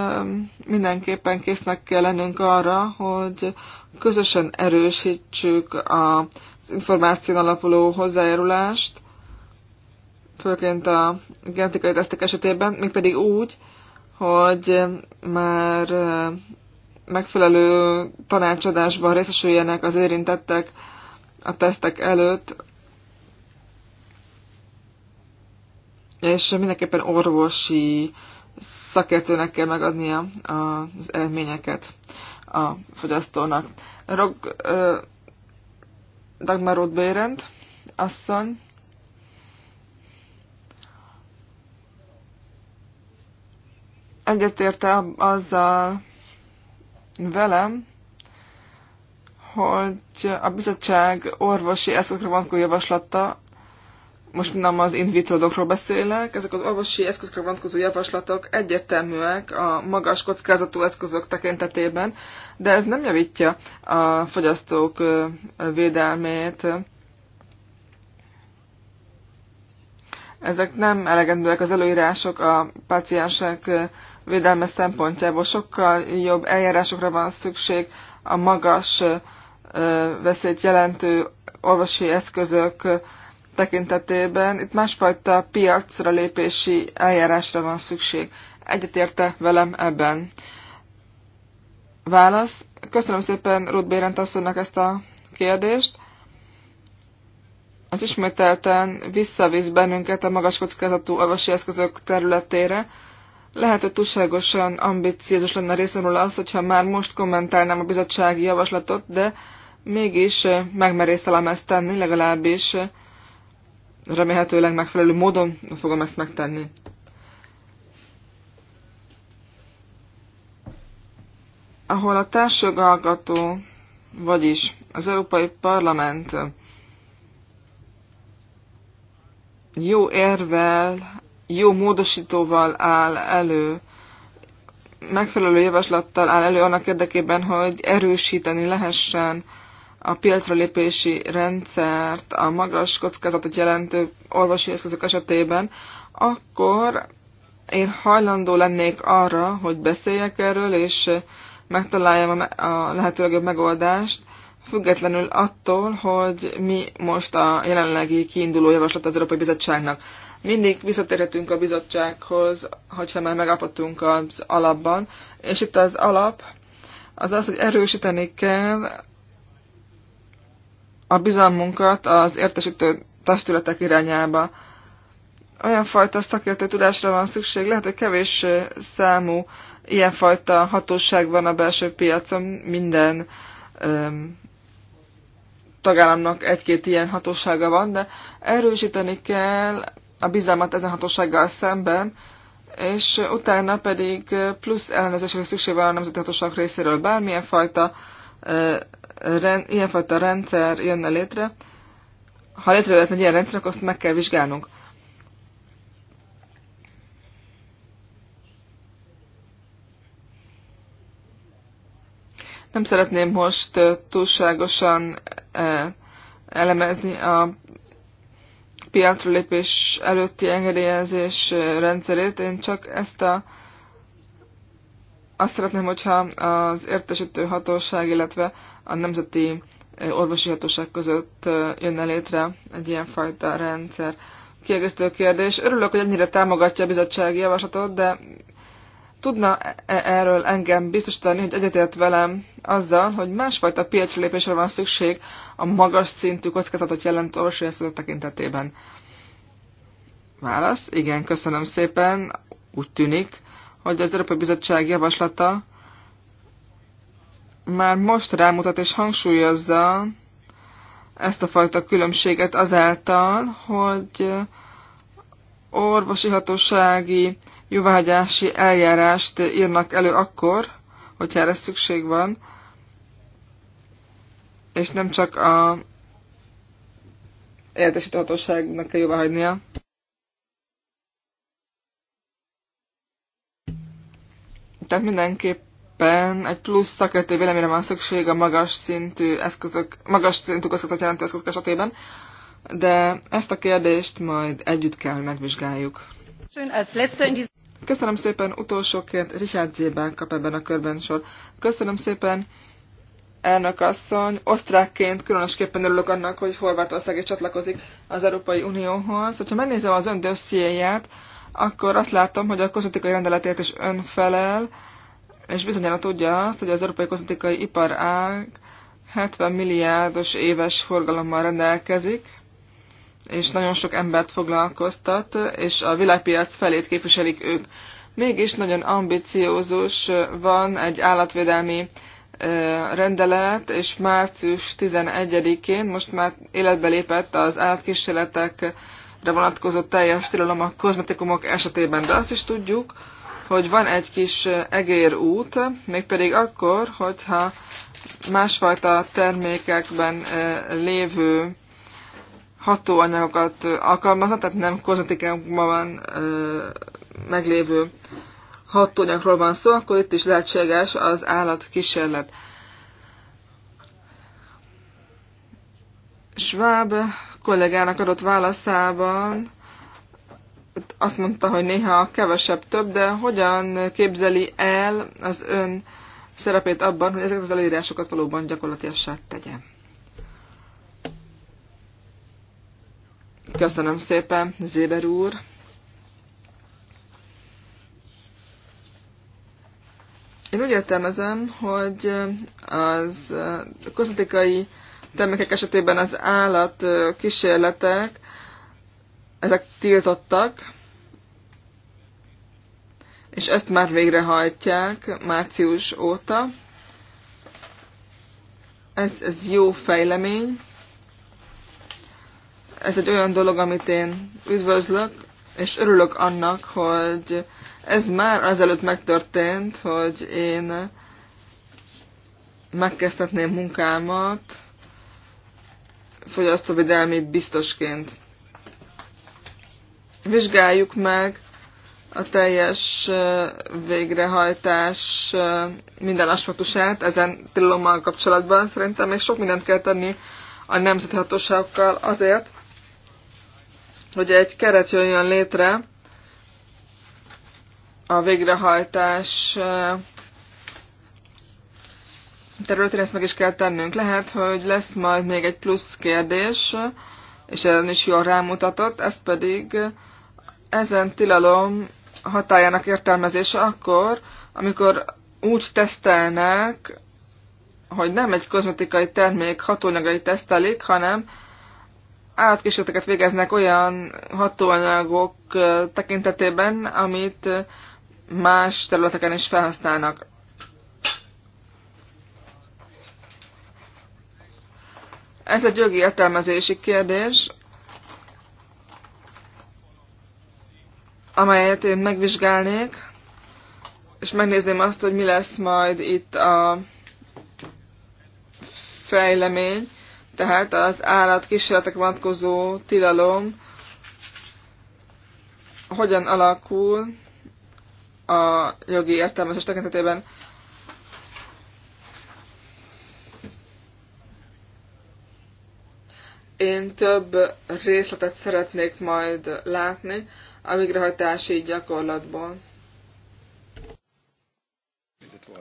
mindenképpen késznek kell lennünk arra, hogy közösen erősítsük az információn alapuló hozzájárulást, főként a genetikai tesztek esetében, mégpedig úgy, hogy már megfelelő tanácsadásban részesüljenek az érintettek a tesztek előtt, és mindenképpen orvosi szakértőnek kell megadnia az eredményeket a fogyasztónak. Rog, uh, Dagmar Ruth Bérend, asszony, egyetérte azzal velem, hogy a bizottság orvosi eszközökre vonatkozó javaslata most nem az in vitrodokról beszélek, ezek az orvosi eszközökre vonatkozó javaslatok egyértelműek a magas kockázatú eszközök tekintetében, de ez nem javítja a fogyasztók védelmét. Ezek nem elegendőek az előírások a páciensek védelme szempontjából. Sokkal jobb eljárásokra van szükség a magas veszélyt jelentő orvosi eszközök tekintetében itt másfajta piacra lépési eljárásra van szükség. Egyetérte velem ebben. Válasz. Köszönöm szépen Ruth Bérent asszonynak ezt a kérdést. Az ismételten visszavisz bennünket a magas kockázatú avasi eszközök területére. Lehet, hogy túlságosan ambiciózus lenne részemről az, hogyha már most kommentálnám a bizottsági javaslatot, de mégis megmerészelem ezt tenni, legalábbis remélhetőleg megfelelő módon fogom ezt megtenni. Ahol a társjogalkató, vagyis az Európai Parlament jó érvel, jó módosítóval áll elő, megfelelő javaslattal áll elő annak érdekében, hogy erősíteni lehessen a piacra lépési rendszert, a magas kockázatot jelentő orvosi eszközök esetében, akkor én hajlandó lennék arra, hogy beszéljek erről, és megtaláljam a lehető legjobb megoldást, függetlenül attól, hogy mi most a jelenlegi kiinduló javaslat az Európai Bizottságnak. Mindig visszatérhetünk a bizottsághoz, hogyha már megállapodtunk az alapban, és itt az alap az az, hogy erősíteni kell a bizalmunkat az értesítő testületek irányába. Olyan fajta szakértő tudásra van szükség, lehet, hogy kevés számú ilyenfajta hatóság van a belső piacon, minden öm, tagállamnak egy-két ilyen hatósága van, de erősíteni kell a bizalmat ezen hatósággal szemben, és utána pedig plusz ellenőrzésre szükség van a nemzeti hatóság részéről bármilyen fajta rend, ilyenfajta rendszer jönne létre, ha létrejött egy ilyen rendszer, akkor azt meg kell vizsgálnunk. Nem szeretném most túlságosan elemezni a piacra lépés előtti engedélyezés rendszerét, én csak ezt a azt szeretném, hogyha az értesítő hatóság, illetve a Nemzeti Orvosi Hatóság között jönne létre egy ilyen fajta rendszer. Kiegészítő kérdés. Örülök, hogy ennyire támogatja a bizottsági javaslatot, de tudna e-, -e erről engem biztosítani, hogy egyetért velem azzal, hogy másfajta piacra lépésre van szükség a magas szintű kockázatot jelent orvosi tekintetében? Válasz, igen, köszönöm szépen. Úgy tűnik, hogy az Európai Bizottság javaslata már most rámutat és hangsúlyozza ezt a fajta különbséget azáltal, hogy orvosi hatósági jóváhagyási eljárást írnak elő akkor, hogyha erre szükség van, és nem csak a értesítő hatóságnak kell jóváhagynia. Tehát mindenképpen egy plusz szakértő véleményre van szükség a magas szintű eszközök, magas szintű kockázat jelentő eszközök esetében, de ezt a kérdést majd együtt kell megvizsgáljuk. Köszönöm szépen utolsóként Richard Zében kap ebben a körben sor. Köszönöm szépen elnök asszony. Osztrákként különösképpen örülök annak, hogy Horvátország is csatlakozik az Európai Unióhoz. Hogyha megnézem az ön dossziéját, akkor azt látom, hogy a kozmetikai rendeletért is önfelel, és bizonyára tudja azt, hogy az európai kozmetikai iparág 70 milliárdos éves forgalommal rendelkezik, és nagyon sok embert foglalkoztat, és a világpiac felét képviselik ők. Mégis nagyon ambiciózus van egy állatvédelmi rendelet, és március 11-én most már életbe lépett az állatkísérletek vonatkozott teljes tilalom a kozmetikumok esetében, de azt is tudjuk, hogy van egy kis egérút, mégpedig akkor, hogyha másfajta termékekben eh, lévő hatóanyagokat alkalmaznak, tehát nem kozmetikumban van eh, meglévő hatóanyagról van szó, akkor itt is lehetséges az állatkísérlet. Schwab kollégának adott válaszában azt mondta, hogy néha kevesebb több, de hogyan képzeli el az ön szerepét abban, hogy ezeket az előírásokat valóban gyakorlatilassá tegye? Köszönöm szépen, Zéber úr! Én úgy értelmezem, hogy az kozmetikai termékek esetében az állat kísérletek, ezek tiltottak, és ezt már végrehajtják március óta. Ez, ez jó fejlemény. Ez egy olyan dolog, amit én üdvözlök, és örülök annak, hogy ez már azelőtt megtörtént, hogy én megkezdhetném munkámat, fogyasztóvédelmi biztosként. Vizsgáljuk meg a teljes végrehajtás minden aspektusát ezen tilalommal kapcsolatban. Szerintem még sok mindent kell tenni a nemzeti hatóságokkal azért, hogy egy keret jöjjön létre a végrehajtás területén ezt meg is kell tennünk. Lehet, hogy lesz majd még egy plusz kérdés, és ez is jól rámutatott, ez pedig ezen tilalom hatájának értelmezése akkor, amikor úgy tesztelnek, hogy nem egy kozmetikai termék hatóanyagai tesztelik, hanem állatkísérleteket végeznek olyan hatóanyagok tekintetében, amit más területeken is felhasználnak. Ez egy jogi értelmezési kérdés, amelyet én megvizsgálnék, és megnézném azt, hogy mi lesz majd itt a fejlemény, tehát az állatkísérletek vonatkozó tilalom hogyan alakul a jogi értelmezés tekintetében. Én több részletet szeretnék majd látni a végrehajtási gyakorlatból.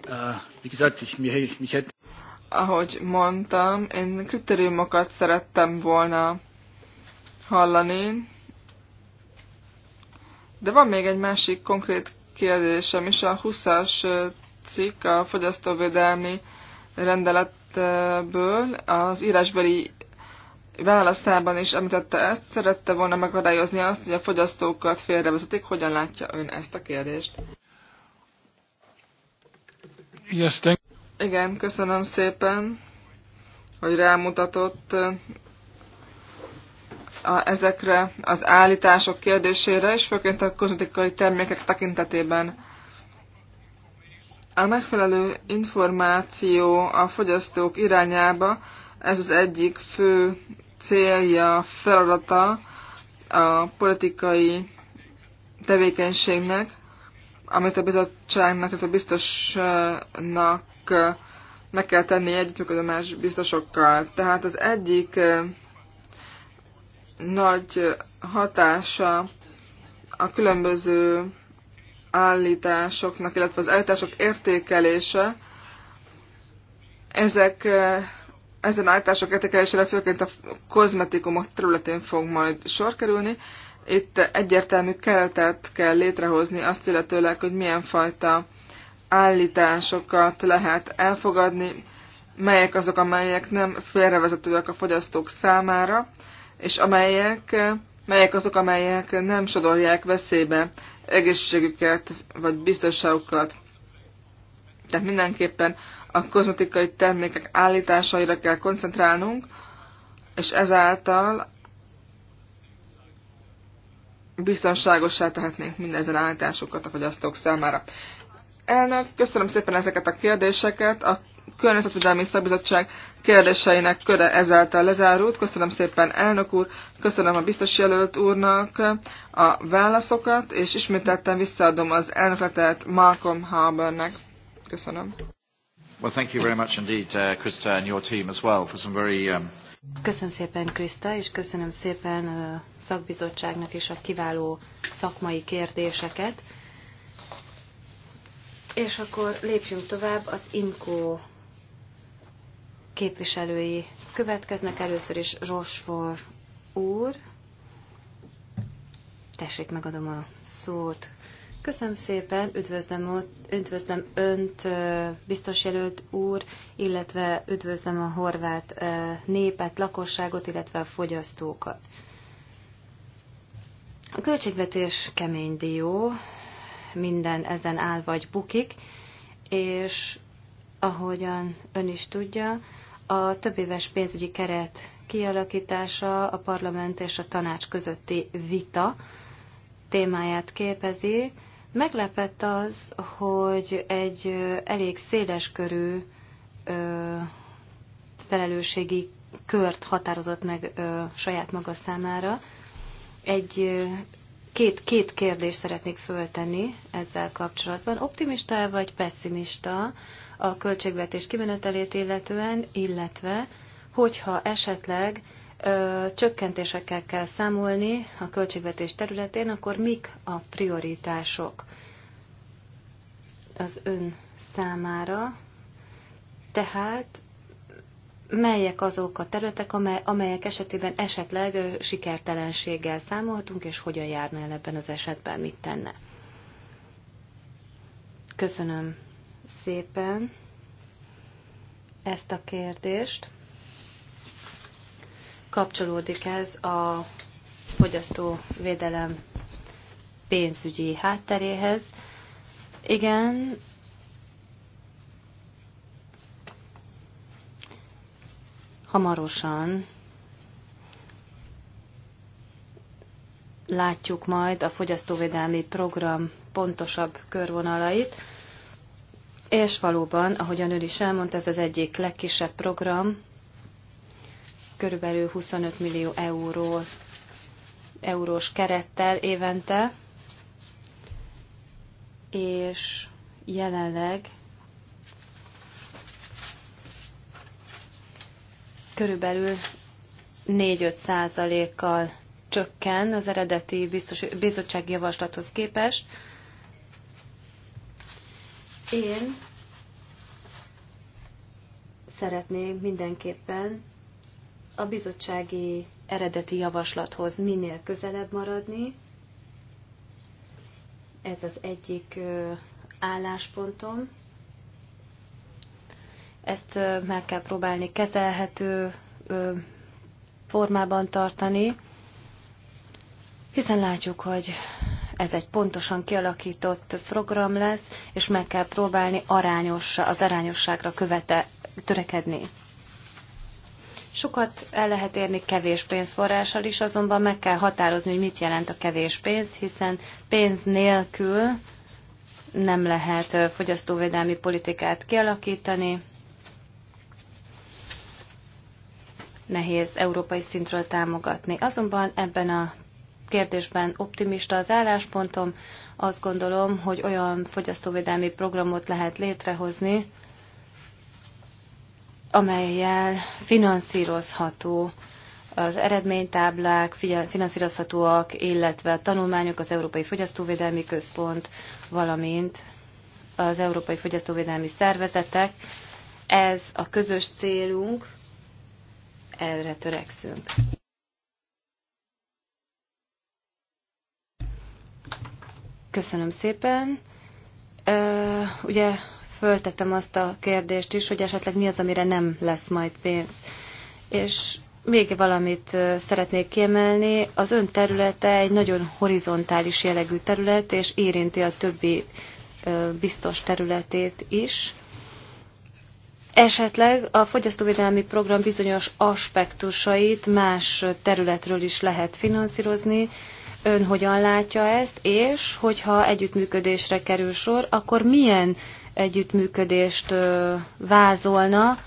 Uh, Ahogy mondtam, én kritériumokat szerettem volna hallani, de van még egy másik konkrét kérdésem is, a 20-as cikk a fogyasztóvédelmi rendeletből az írásbeli válaszában is említette ezt, szerette volna megadályozni azt, hogy a fogyasztókat félrevezetik. Hogyan látja ön ezt a kérdést? Yes, Igen, köszönöm szépen, hogy rámutatott eh, a, ezekre az állítások kérdésére, és főként a kozmetikai termékek tekintetében. A megfelelő információ a fogyasztók irányába, ez az egyik fő célja, feladata a politikai tevékenységnek, amit a bizottságnak, a biztosnak meg kell tenni együttműködő más biztosokkal. Tehát az egyik nagy hatása a különböző állításoknak, illetve az állítások értékelése, ezek ezen állítások értékelésére főként a kozmetikumok területén fog majd sor kerülni. Itt egyértelmű keretet kell létrehozni azt illetőleg, hogy milyen fajta állításokat lehet elfogadni, melyek azok, amelyek nem félrevezetőek a fogyasztók számára, és amelyek, melyek azok, amelyek nem sodorják veszélybe egészségüket vagy biztonságukat. Tehát mindenképpen a kozmetikai termékek állításaira kell koncentrálnunk, és ezáltal biztonságosá tehetnénk mindezen állításokat a fogyasztók számára. Elnök, köszönöm szépen ezeket a kérdéseket. A Környezetvédelmi Szakbizottság kérdéseinek köre ezáltal lezárult. Köszönöm szépen elnök úr, köszönöm a biztos jelölt úrnak a válaszokat, és ismételten visszaadom az elnökletet Malcolm Habernek. Köszönöm. Well, thank you very much indeed, uh, Krista, and your team as well for some very um... Köszönöm szépen, Krista, és köszönöm szépen a uh, szakbizottságnak és a kiváló szakmai kérdéseket. És akkor lépjünk tovább, az Inko képviselői következnek. Először is Rosfor úr. Tessék, megadom a szót. Köszönöm szépen, üdvözlöm, üdvözlöm Önt, biztos jelölt úr, illetve üdvözlöm a horvát népet, lakosságot, illetve a fogyasztókat. A költségvetés kemény dió, minden ezen áll vagy bukik, és ahogyan ön is tudja, a többéves pénzügyi keret kialakítása a parlament és a tanács közötti vita témáját képezi. Meglepett az, hogy egy elég széleskörű felelősségi kört határozott meg ö, saját maga számára. Egy ö, két, két kérdést szeretnék föltenni ezzel kapcsolatban. Optimista vagy pessimista a költségvetés kimenetelét illetően, illetve hogyha esetleg ö, csökkentésekkel kell számolni a költségvetés területén, akkor mik a prioritások az ön számára? Tehát melyek azok a területek, amelyek esetében esetleg sikertelenséggel számoltunk, és hogyan járna el ebben az esetben, mit tenne? Köszönöm szépen ezt a kérdést kapcsolódik ez a fogyasztóvédelem pénzügyi hátteréhez. Igen, hamarosan látjuk majd a fogyasztóvédelmi program pontosabb körvonalait, és valóban, ahogyan ő is elmondta, ez az egyik legkisebb program, körülbelül 25 millió euró, eurós kerettel évente, és jelenleg körülbelül 4-5 százalékkal csökken az eredeti biztos, bizottsági javaslathoz képest. Én szeretném mindenképpen a bizottsági eredeti javaslathoz minél közelebb maradni. Ez az egyik álláspontom. Ezt meg kell próbálni kezelhető formában tartani, hiszen látjuk, hogy ez egy pontosan kialakított program lesz, és meg kell próbálni arányos, az arányosságra követe, törekedni. Sokat el lehet érni kevés pénzforrással is, azonban meg kell határozni, hogy mit jelent a kevés pénz, hiszen pénz nélkül nem lehet fogyasztóvédelmi politikát kialakítani. Nehéz európai szintről támogatni. Azonban ebben a kérdésben optimista az álláspontom. Azt gondolom, hogy olyan fogyasztóvédelmi programot lehet létrehozni, amelyel finanszírozható az eredménytáblák, finanszírozhatóak, illetve a tanulmányok, az Európai Fogyasztóvédelmi Központ, valamint az Európai Fogyasztóvédelmi Szervezetek. Ez a közös célunk, erre törekszünk. Köszönöm szépen. ugye föltettem azt a kérdést is, hogy esetleg mi az, amire nem lesz majd pénz. És még valamit szeretnék kiemelni. Az ön területe egy nagyon horizontális jellegű terület, és érinti a többi biztos területét is. Esetleg a fogyasztóvédelmi program bizonyos aspektusait más területről is lehet finanszírozni. Ön hogyan látja ezt, és hogyha együttműködésre kerül sor, akkor milyen együttműködést vázolna,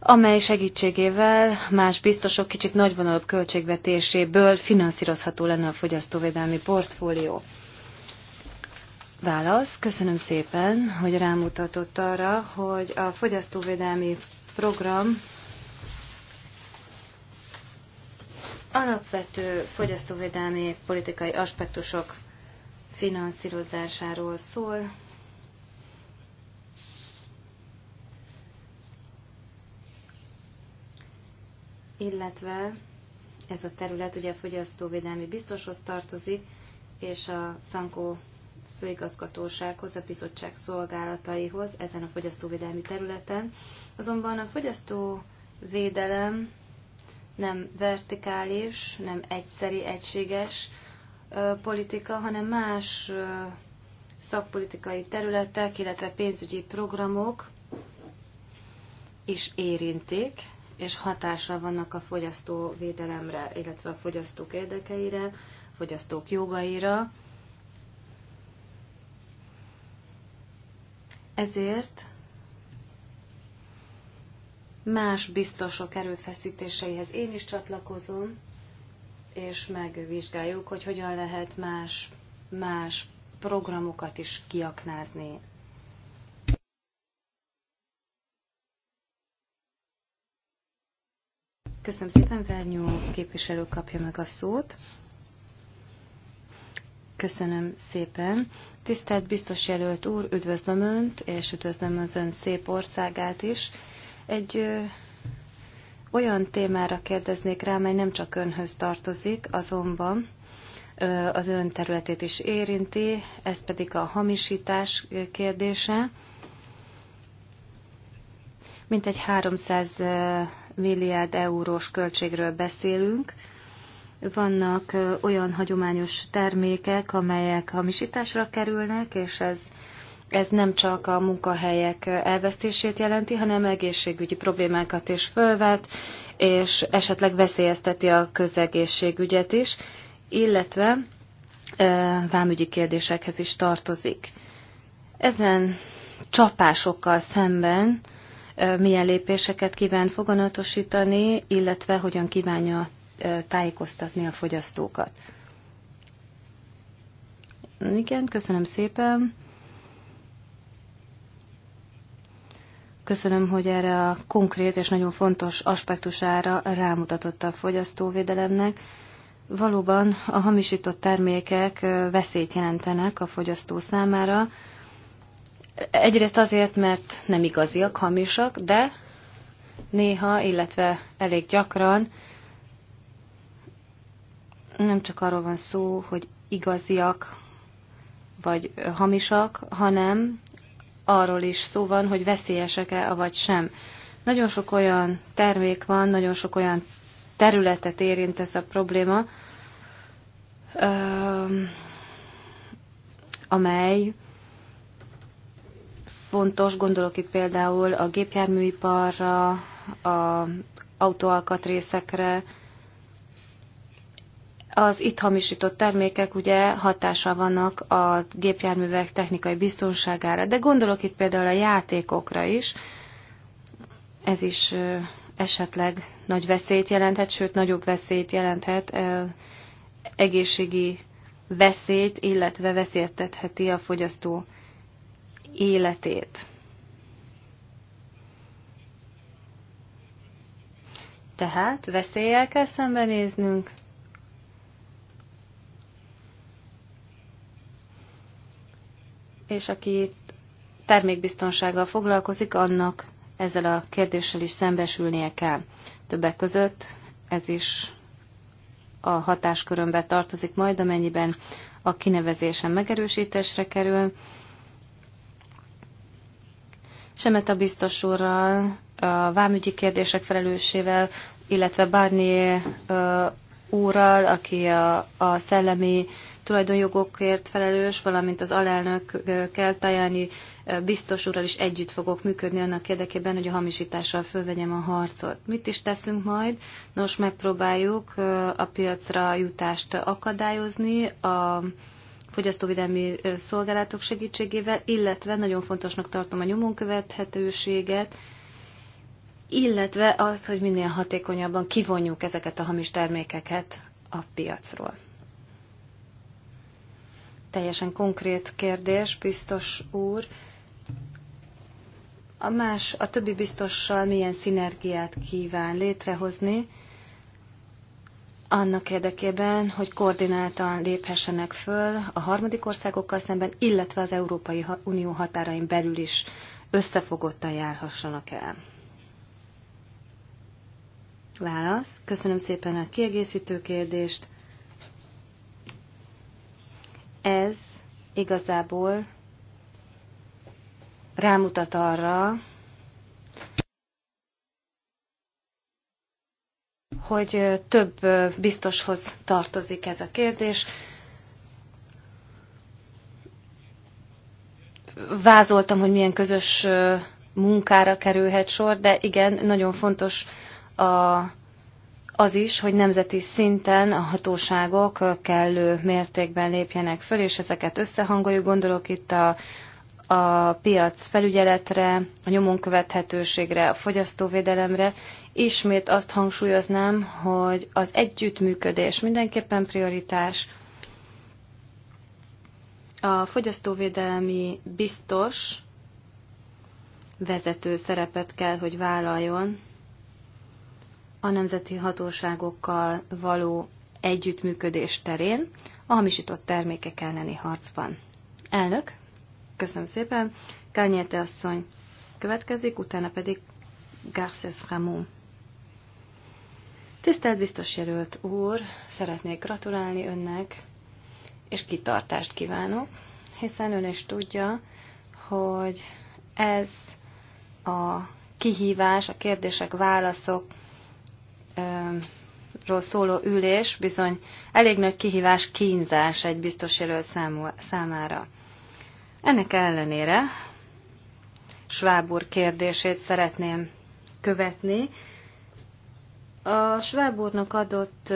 amely segítségével más biztosok kicsit nagyvonalabb költségvetéséből finanszírozható lenne a fogyasztóvédelmi portfólió. Válasz. Köszönöm szépen, hogy rámutatott arra, hogy a fogyasztóvédelmi program alapvető fogyasztóvédelmi politikai aspektusok finanszírozásáról szól. illetve ez a terület ugye a fogyasztóvédelmi biztoshoz tartozik, és a Szankó főigazgatósághoz, a bizottság szolgálataihoz ezen a fogyasztóvédelmi területen. Azonban a fogyasztóvédelem nem vertikális, nem egyszeri, egységes politika, hanem más szakpolitikai területek, illetve pénzügyi programok is érintik és hatással vannak a fogyasztó védelemre, illetve a fogyasztók érdekeire, fogyasztók jogaira. Ezért más biztosok erőfeszítéseihez én is csatlakozom, és megvizsgáljuk, hogy hogyan lehet más, más programokat is kiaknázni Köszönöm szépen, Vernyó képviselő kapja meg a szót. Köszönöm szépen. Tisztelt biztos jelölt úr, üdvözlöm Önt, és üdvözlöm az Ön szép országát is. Egy ö, olyan témára kérdeznék rá, mely nem csak Önhöz tartozik, azonban ö, az Ön területét is érinti, ez pedig a hamisítás kérdése. Mintegy 300 milliárd eurós költségről beszélünk. Vannak olyan hagyományos termékek, amelyek hamisításra kerülnek, és ez, ez nem csak a munkahelyek elvesztését jelenti, hanem egészségügyi problémákat is fölvet, és esetleg veszélyezteti a közegészségügyet is, illetve vámügyi kérdésekhez is tartozik. Ezen csapásokkal szemben milyen lépéseket kíván foganatosítani, illetve hogyan kívánja tájékoztatni a fogyasztókat. Igen, köszönöm szépen. Köszönöm, hogy erre a konkrét és nagyon fontos aspektusára rámutatott a fogyasztóvédelemnek. Valóban a hamisított termékek veszélyt jelentenek a fogyasztó számára, Egyrészt azért, mert nem igaziak, hamisak, de néha, illetve elég gyakran nem csak arról van szó, hogy igaziak vagy hamisak, hanem arról is szó van, hogy veszélyesek-e, vagy sem. Nagyon sok olyan termék van, nagyon sok olyan területet érint ez a probléma, amely fontos, gondolok itt például a gépjárműiparra, a autóalkatrészekre. Az itt hamisított termékek ugye hatása vannak a gépjárművek technikai biztonságára, de gondolok itt például a játékokra is. Ez is esetleg nagy veszélyt jelenthet, sőt nagyobb veszélyt jelenthet, egészségi veszélyt, illetve veszélyeztetheti a fogyasztó életét. Tehát veszélyel kell szembenéznünk, és aki termékbiztonsággal foglalkozik, annak ezzel a kérdéssel is szembesülnie kell. Többek között ez is a hatáskörömbe tartozik majd, amennyiben a kinevezésen megerősítésre kerül, Semet a biztos úrral, a vámügyi kérdések felelősével, illetve Barnier úrral, aki a, a szellemi tulajdonjogokért felelős, valamint az alelnökkel, Tajani biztos úrral is együtt fogok működni annak érdekében, hogy a hamisítással fölvegyem a harcot. Mit is teszünk majd? Nos, megpróbáljuk a piacra jutást akadályozni, a fogyasztóvédelmi szolgálatok segítségével, illetve nagyon fontosnak tartom a követhetőséget, illetve azt, hogy minél hatékonyabban kivonjuk ezeket a hamis termékeket a piacról. Teljesen konkrét kérdés, biztos úr. A más, a többi biztossal milyen szinergiát kíván létrehozni, annak érdekében, hogy koordináltan léphessenek föl a harmadik országokkal szemben, illetve az Európai Unió határain belül is összefogottan járhassanak el. Válasz. Köszönöm szépen a kiegészítő kérdést. Ez igazából rámutat arra, hogy több biztoshoz tartozik ez a kérdés. Vázoltam, hogy milyen közös munkára kerülhet sor, de igen, nagyon fontos a, az is, hogy nemzeti szinten a hatóságok kellő mértékben lépjenek föl, és ezeket összehangoljuk. Gondolok itt a, a piac felügyeletre, a nyomon követhetőségre, a fogyasztóvédelemre. Ismét azt hangsúlyoznám, hogy az együttműködés mindenképpen prioritás. A fogyasztóvédelmi biztos vezető szerepet kell, hogy vállaljon a nemzeti hatóságokkal való együttműködés terén a hamisított termékek elleni harcban. Elnök, Köszönöm szépen. Kányéte asszony következik, utána pedig Garces Ramon. Tisztelt biztos jelölt úr, szeretnék gratulálni önnek, és kitartást kívánok, hiszen ön is tudja, hogy ez a kihívás, a kérdések, válaszok ról szóló ülés bizony elég nagy kihívás, kínzás egy biztos jelölt számára. Ennek ellenére Schwab úr kérdését szeretném követni. A Schwab úrnak adott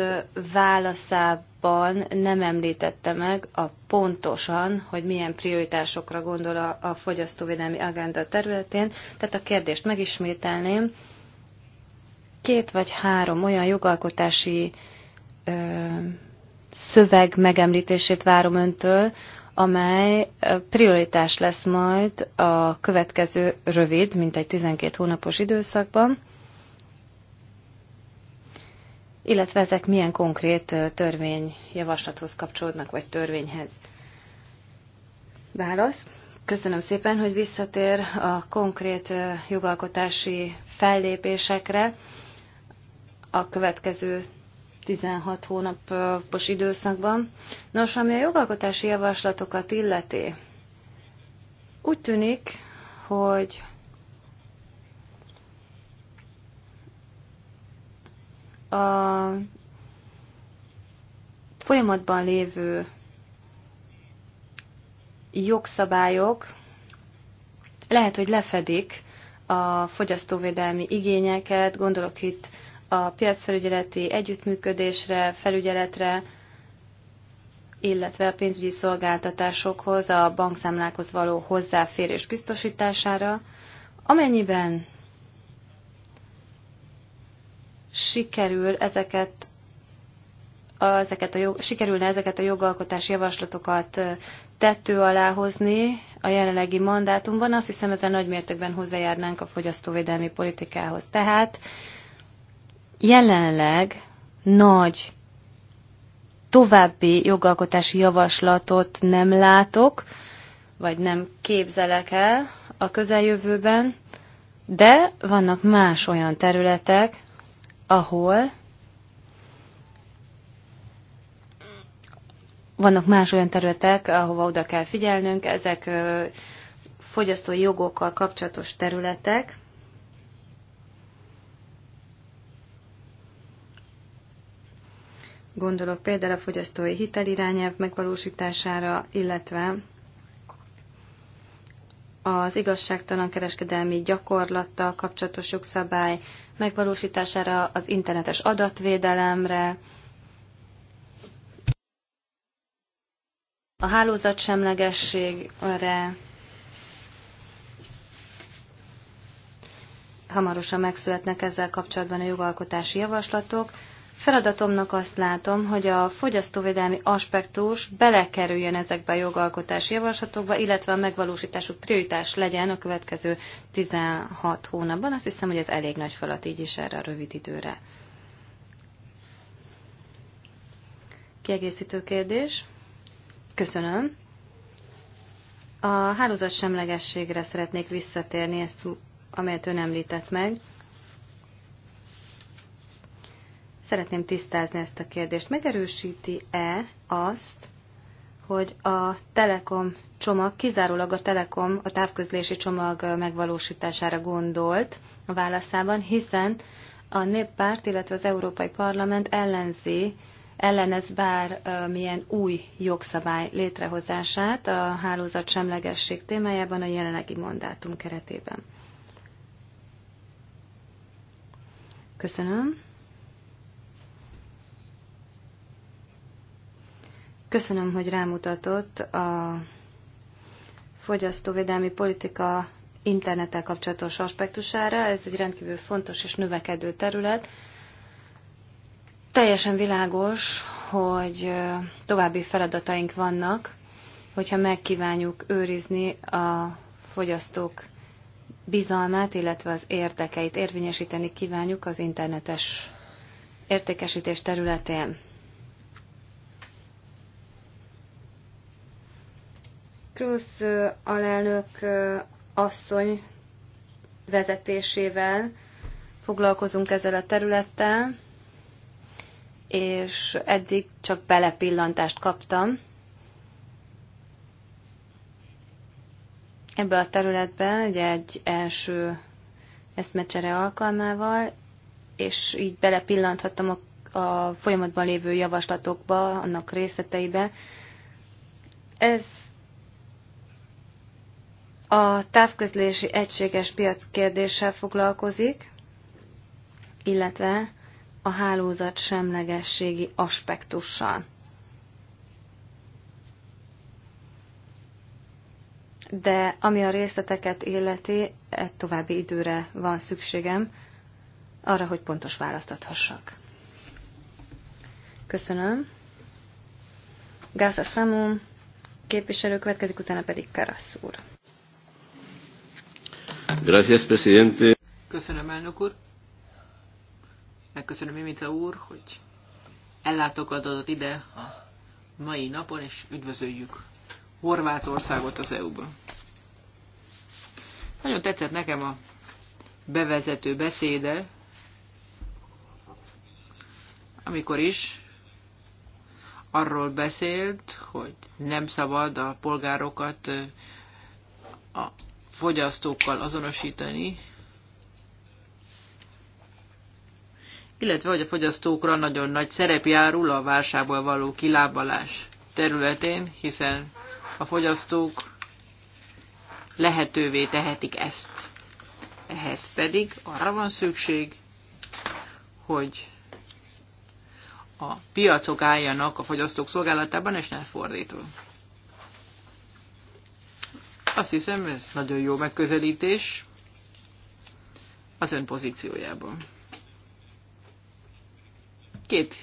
válaszában nem említette meg a pontosan, hogy milyen prioritásokra gondol a, a fogyasztóvédelmi agenda területén, tehát a kérdést megismételném. Két vagy három olyan jogalkotási ö, szöveg megemlítését várom öntől, amely prioritás lesz majd a következő rövid, mintegy 12 hónapos időszakban, illetve ezek milyen konkrét törvényjavaslathoz kapcsolódnak, vagy törvényhez. Válasz. Köszönöm szépen, hogy visszatér a konkrét jogalkotási fellépésekre a következő 16 hónapos időszakban. Nos, ami a jogalkotási javaslatokat illeti, úgy tűnik, hogy a folyamatban lévő jogszabályok lehet, hogy lefedik a fogyasztóvédelmi igényeket, gondolok itt a piacfelügyeleti együttműködésre, felügyeletre, illetve a pénzügyi szolgáltatásokhoz, a bankszámlákhoz való hozzáférés biztosítására, amennyiben sikerül ezeket a, ezeket a jog, sikerülne ezeket a jogalkotás javaslatokat tettő alá hozni a jelenlegi mandátumban, azt hiszem ezzel nagymértékben hozzájárnánk a fogyasztóvédelmi politikához. Tehát jelenleg nagy további jogalkotási javaslatot nem látok, vagy nem képzelek el a közeljövőben, de vannak más olyan területek, ahol vannak más olyan területek, ahova oda kell figyelnünk, ezek fogyasztói jogokkal kapcsolatos területek, Gondolok például a fogyasztói hitelirányelv megvalósítására, illetve az igazságtalan kereskedelmi gyakorlattal kapcsolatos jogszabály megvalósítására, az internetes adatvédelemre, a hálózatsemlegességre, hamarosan megszületnek ezzel kapcsolatban a jogalkotási javaslatok. Feladatomnak azt látom, hogy a fogyasztóvédelmi aspektus belekerüljön ezekbe a jogalkotási javaslatokba, illetve a megvalósításuk prioritás legyen a következő 16 hónapban. Azt hiszem, hogy ez elég nagy falat így is erre a rövid időre. Kiegészítő kérdés. Köszönöm. A hálózat semlegességre szeretnék visszatérni, ezt amelyet ön említett meg. Szeretném tisztázni ezt a kérdést. Megerősíti-e azt, hogy a Telekom csomag kizárólag a Telekom a távközlési csomag megvalósítására gondolt a válaszában, hiszen a néppárt, illetve az Európai Parlament ellenzi, ellenez bár milyen új jogszabály létrehozását a hálózat semlegesség témájában a jelenlegi mandátum keretében. Köszönöm. Köszönöm, hogy rámutatott a fogyasztóvédelmi politika internettel kapcsolatos aspektusára. Ez egy rendkívül fontos és növekedő terület. Teljesen világos, hogy további feladataink vannak, hogyha megkívánjuk őrizni a fogyasztók bizalmát, illetve az érdekeit érvényesíteni kívánjuk az internetes értékesítés területén. Krusz alelnök asszony vezetésével foglalkozunk ezzel a területtel, és eddig csak belepillantást kaptam ebbe a területbe, ugye egy első eszmecsere alkalmával, és így belepillanthattam a a folyamatban lévő javaslatokba, annak részleteibe. Ez a távközlési egységes piac kérdéssel foglalkozik, illetve a hálózat semlegességi aspektussal. De ami a részleteket illeti, e további időre van szükségem arra, hogy pontos választ adhassak. Köszönöm. Gáza Számom, képviselő következik, utána pedig Karasz úr. Gracias, presidente. Köszönöm, elnök úr. Megköszönöm Imita úr, hogy ellátogatott ide a mai napon, és üdvözöljük Horvátországot az EU-ban. Nagyon tetszett nekem a bevezető beszéde, amikor is arról beszélt, hogy nem szabad a polgárokat a fogyasztókkal azonosítani, illetve hogy a fogyasztókra nagyon nagy szerep járul a válságból való kilábalás területén, hiszen a fogyasztók lehetővé tehetik ezt. Ehhez pedig arra van szükség, hogy a piacok álljanak a fogyasztók szolgálatában, és ne fordítva. Azt hiszem, ez nagyon jó megközelítés az ön pozíciójában. Két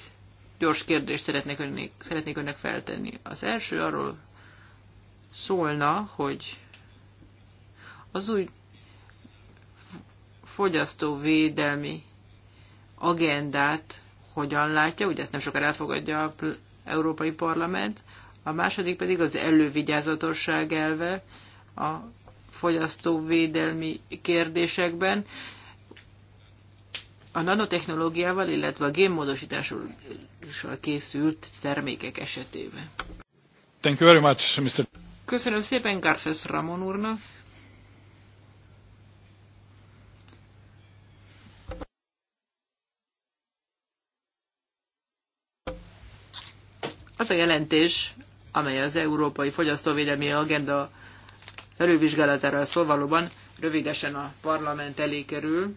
gyors kérdést szeretnék, önnek, szeretnék önnek feltenni. Az első arról szólna, hogy az új fogyasztóvédelmi agendát hogyan látja, ugye ezt nem sokára elfogadja a Európai Parlament, a második pedig az elővigyázatosság elve, a fogyasztóvédelmi kérdésekben. A nanotechnológiával, illetve a génmódosítással készült termékek esetében. Thank you very much, Mr. Köszönöm szépen Garces Ramon úrnak. Az a jelentés, amely az Európai Fogyasztóvédelmi Agenda felülvizsgálatára szól valóban rövidesen a parlament elé kerül,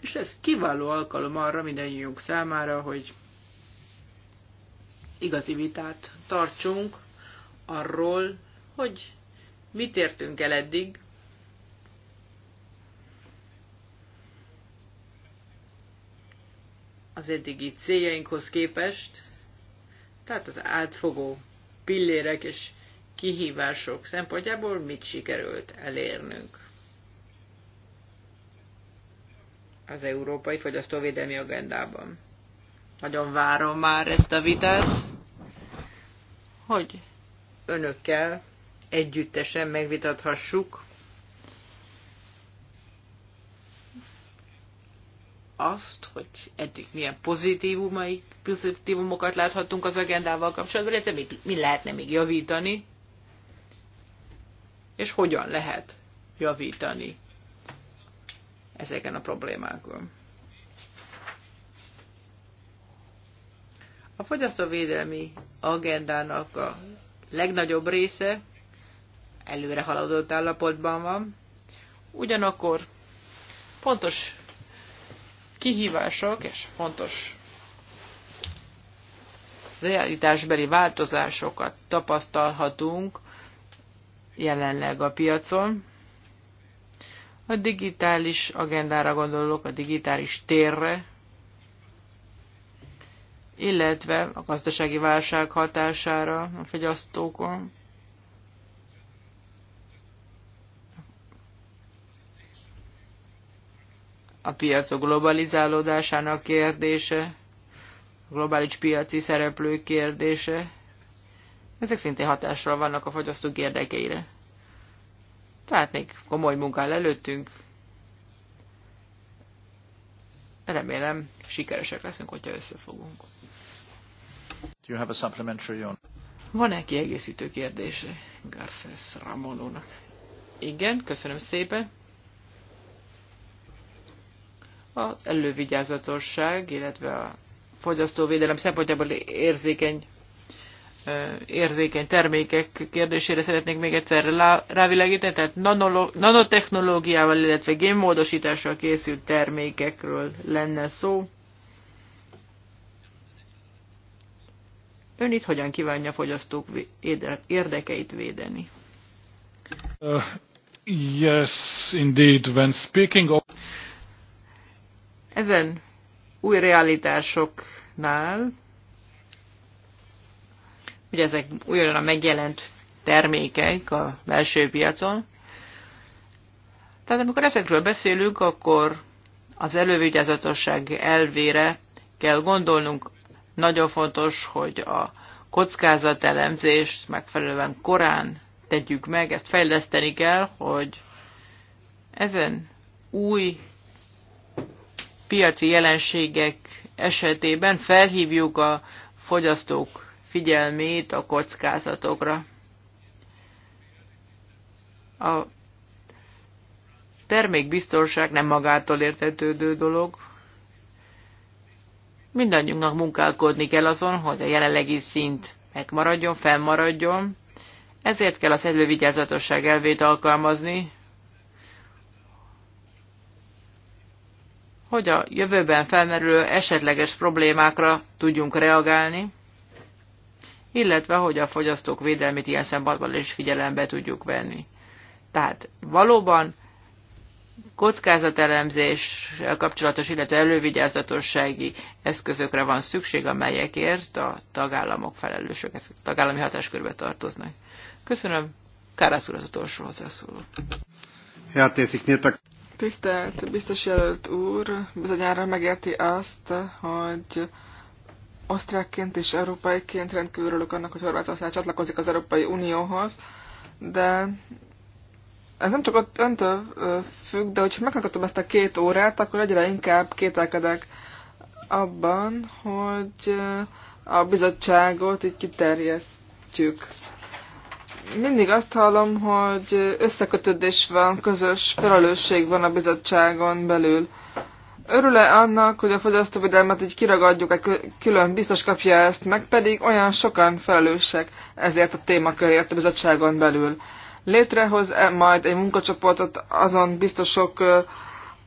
és ez kiváló alkalom arra mindannyiunk számára, hogy igazi vitát tartsunk arról, hogy mit értünk el eddig, az eddigi céljainkhoz képest, tehát az átfogó pillérek és kihívások szempontjából mit sikerült elérnünk. az európai fogyasztóvédelmi agendában. Nagyon várom már ezt a vitát, hogy önökkel együttesen megvitathassuk azt, hogy eddig milyen pozitívumokat láthattunk az agendával kapcsolatban, illetve mit, mi lehetne még javítani, és hogyan lehet javítani ezeken a problémákon. A fogyasztóvédelmi agendának a legnagyobb része előre haladott állapotban van, ugyanakkor fontos kihívások és fontos realitásbeli változásokat tapasztalhatunk jelenleg a piacon. A digitális agendára gondolok, a digitális térre, illetve a gazdasági válság hatására a fogyasztókon. A piacok globalizálódásának kérdése, a globális piaci szereplők kérdése, ezek szintén hatással vannak a fogyasztók érdekeire. Tehát még komoly munkál előttünk. Remélem, sikeresek leszünk, hogyha összefogunk. Do you have a supplementary on? Van-e kiegészítő kérdése Garces Ramonónak? Igen, köszönöm szépen. Az elővigyázatosság, illetve a fogyasztóvédelem szempontjából érzékeny érzékeny termékek kérdésére szeretnék még egyszer rávilágítani, tehát nanotechnológiával, illetve génmódosítással készült termékekről lenne szó. Ön itt hogyan kívánja fogyasztók érdekeit védeni? Uh, yes, indeed. When speaking of... Ezen új realitásoknál Ugye ezek újra megjelent termékek a belső piacon. Tehát amikor ezekről beszélünk, akkor az elővigyázatosság elvére kell gondolnunk. Nagyon fontos, hogy a kockázatelemzést megfelelően korán tegyük meg, ezt fejleszteni kell, hogy ezen új piaci jelenségek esetében felhívjuk a fogyasztók figyelmét a kockázatokra. A termékbiztonság nem magától értetődő dolog. Mindannyiunknak munkálkodni kell azon, hogy a jelenlegi szint megmaradjon, fennmaradjon. Ezért kell az szedővigyázatosság elvét alkalmazni, hogy a jövőben felmerülő esetleges problémákra tudjunk reagálni, illetve hogy a fogyasztók védelmét ilyen szempontból is figyelembe tudjuk venni. Tehát valóban kockázatelemzés kapcsolatos, illetve elővigyázatossági eszközökre van szükség, amelyekért a tagállamok felelősök, ezek tagállami hatáskörbe tartoznak. Köszönöm. Kárász úr az utolsó hozzászóló. Tisztelt biztos jelölt úr, bizonyára megérti azt, hogy osztrákként és európaiként rendkívül örülök annak, hogy Horvátország csatlakozik az Európai Unióhoz, de ez nem csak ott öntől függ, de hogyha meghallgatom ezt a két órát, akkor egyre inkább kételkedek abban, hogy a bizottságot így kiterjesztjük. Mindig azt hallom, hogy összekötődés van, közös felelősség van a bizottságon belül. Örül-e annak, hogy a fogyasztóvédelmet így kiragadjuk, egy külön biztos kapja ezt, meg pedig olyan sokan felelősek ezért a témakörért a bizottságon belül. Létrehoz-e majd egy munkacsoportot azon biztosok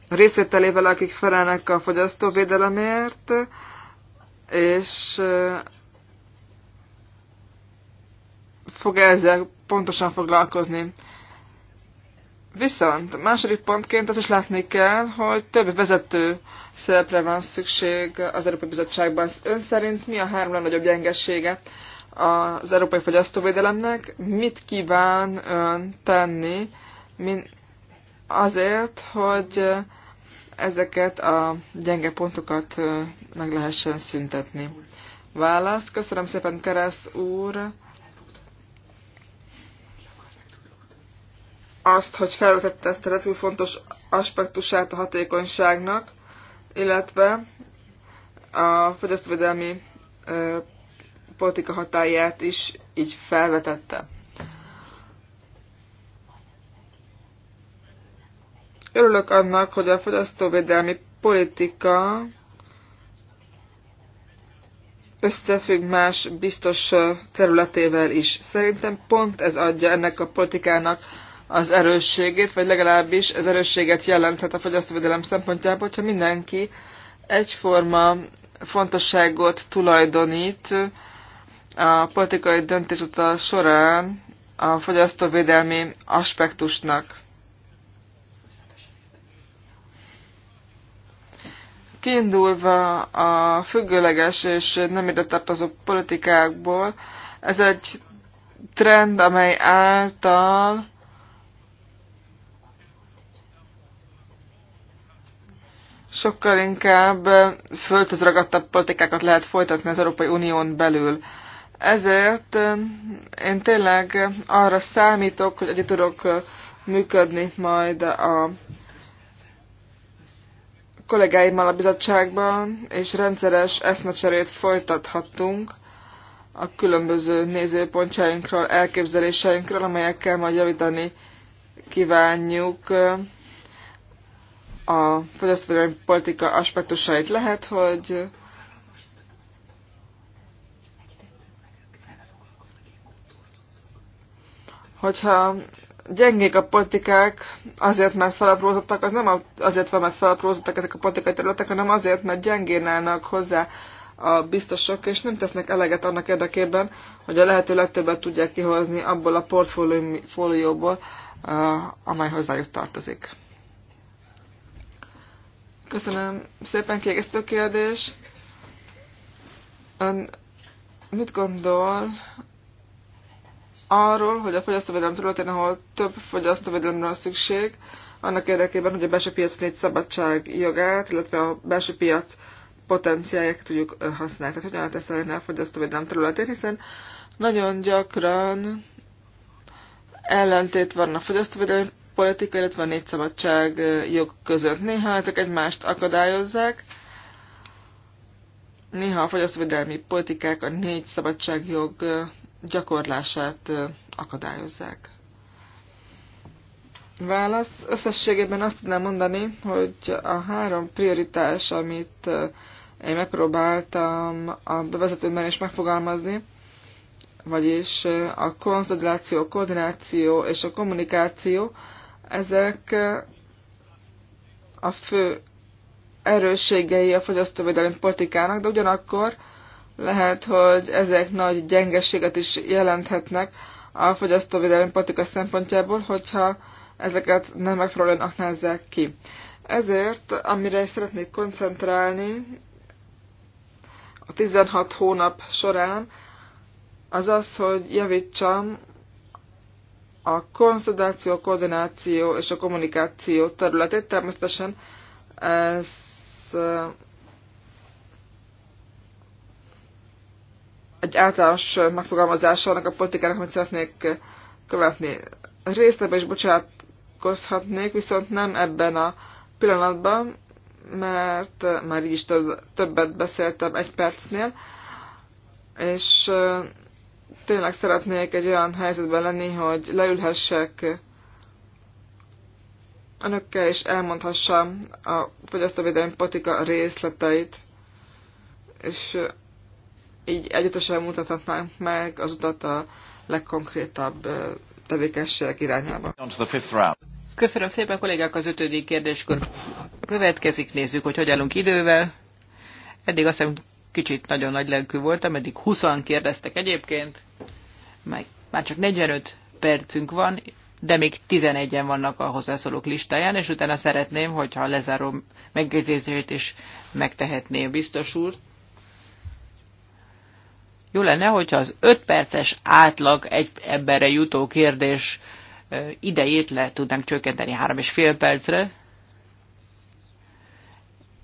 részvételével, akik felelnek a fogyasztóvédelemért, és fog ezzel pontosan foglalkozni Viszont a második pontként az is látni kell, hogy több vezető szerepre van szükség az Európai Bizottságban. Ön szerint mi a három legnagyobb gyengessége az európai fogyasztóvédelemnek? Mit kíván ön tenni min azért, hogy ezeket a gyenge pontokat meg lehessen szüntetni? Válasz. Köszönöm szépen, Keresz úr. azt, hogy felvetette ezt a rendkívül fontos aspektusát a hatékonyságnak, illetve a fogyasztóvédelmi politika hatáját is így felvetette. Örülök annak, hogy a fogyasztóvédelmi politika összefügg más biztos területével is. Szerintem pont ez adja ennek a politikának az erősségét, vagy legalábbis az erősséget jelenthet a fogyasztóvédelem szempontjából, hogyha mindenki egyforma fontosságot tulajdonít a politikai után során a fogyasztóvédelmi aspektusnak. Kiindulva a függőleges és nem ide tartozó politikákból, ez egy trend, amely által sokkal inkább földhöz ragadtabb politikákat lehet folytatni az Európai Unión belül. Ezért én tényleg arra számítok, hogy együtt tudok működni majd a kollégáimmal a bizottságban, és rendszeres eszmecserét folytathattunk a különböző nézőpontjainkról, elképzeléseinkről, amelyekkel majd javítani kívánjuk a fogyasztóvédelmi politika aspektusait. Lehet, hogy hogyha gyengék a politikák, azért, mert felaprózottak, az nem azért van, mert felaprózottak ezek a politikai területek, hanem azért, mert gyengén állnak hozzá a biztosok, és nem tesznek eleget annak érdekében, hogy a lehető legtöbbet tudják kihozni abból a portfólióból, eh, amely hozzájuk tartozik. Köszönöm szépen kiegészítő kérdés. Ön mit gondol arról, hogy a fogyasztóvédelem területén, ahol több fogyasztóvédelemre van szükség, annak érdekében, hogy a belső piac négy szabadság jogát, illetve a belső piac potenciáját tudjuk használni. Tehát hogyan lehet ezt elérni a fogyasztóvédelem területén, hiszen nagyon gyakran ellentét van a fogyasztóvédelem politika, illetve a négy szabadság jog között. Néha ezek egymást akadályozzák, néha a fogyasztóvédelmi politikák a négy szabadságjog gyakorlását akadályozzák. Válasz. Összességében azt tudnám mondani, hogy a három prioritás, amit én megpróbáltam a bevezetőben is megfogalmazni, vagyis a konszolidáció, koordináció és a kommunikáció ezek a fő erősségei a fogyasztóvédelmi politikának, de ugyanakkor lehet, hogy ezek nagy gyengeséget is jelenthetnek a fogyasztóvédelmi politika szempontjából, hogyha ezeket nem megfelelően aknázzák ki. Ezért, amire is szeretnék koncentrálni a 16 hónap során, az az, hogy javítsam a konszolidáció, koordináció és a kommunikáció területét. Természetesen ez egy általános megfogalmazása annak a politikának, amit szeretnék követni. Részletbe is bocsátkozhatnék, viszont nem ebben a pillanatban, mert már így is többet beszéltem egy percnél, és tényleg szeretnék egy olyan helyzetben lenni, hogy leülhessek önökkel, és elmondhassam a fogyasztóvédelmi politika részleteit, és így együttesen mutathatnánk meg az utat a legkonkrétabb tevékenységek irányába. Köszönöm szépen, kollégák, az ötödik kérdéskör következik. Nézzük, hogy hogy állunk idővel. Eddig azt hiszem kicsit nagyon nagy lelkű voltam, eddig 20 kérdeztek egyébként, meg már csak 45 percünk van, de még 11-en vannak a hozzászólók listáján, és utána szeretném, hogyha lezárom megjegyzését is megtehetné a biztos úr. Jó lenne, hogyha az 5 perces átlag egy emberre jutó kérdés idejét le tudnánk csökkenteni 3,5 percre,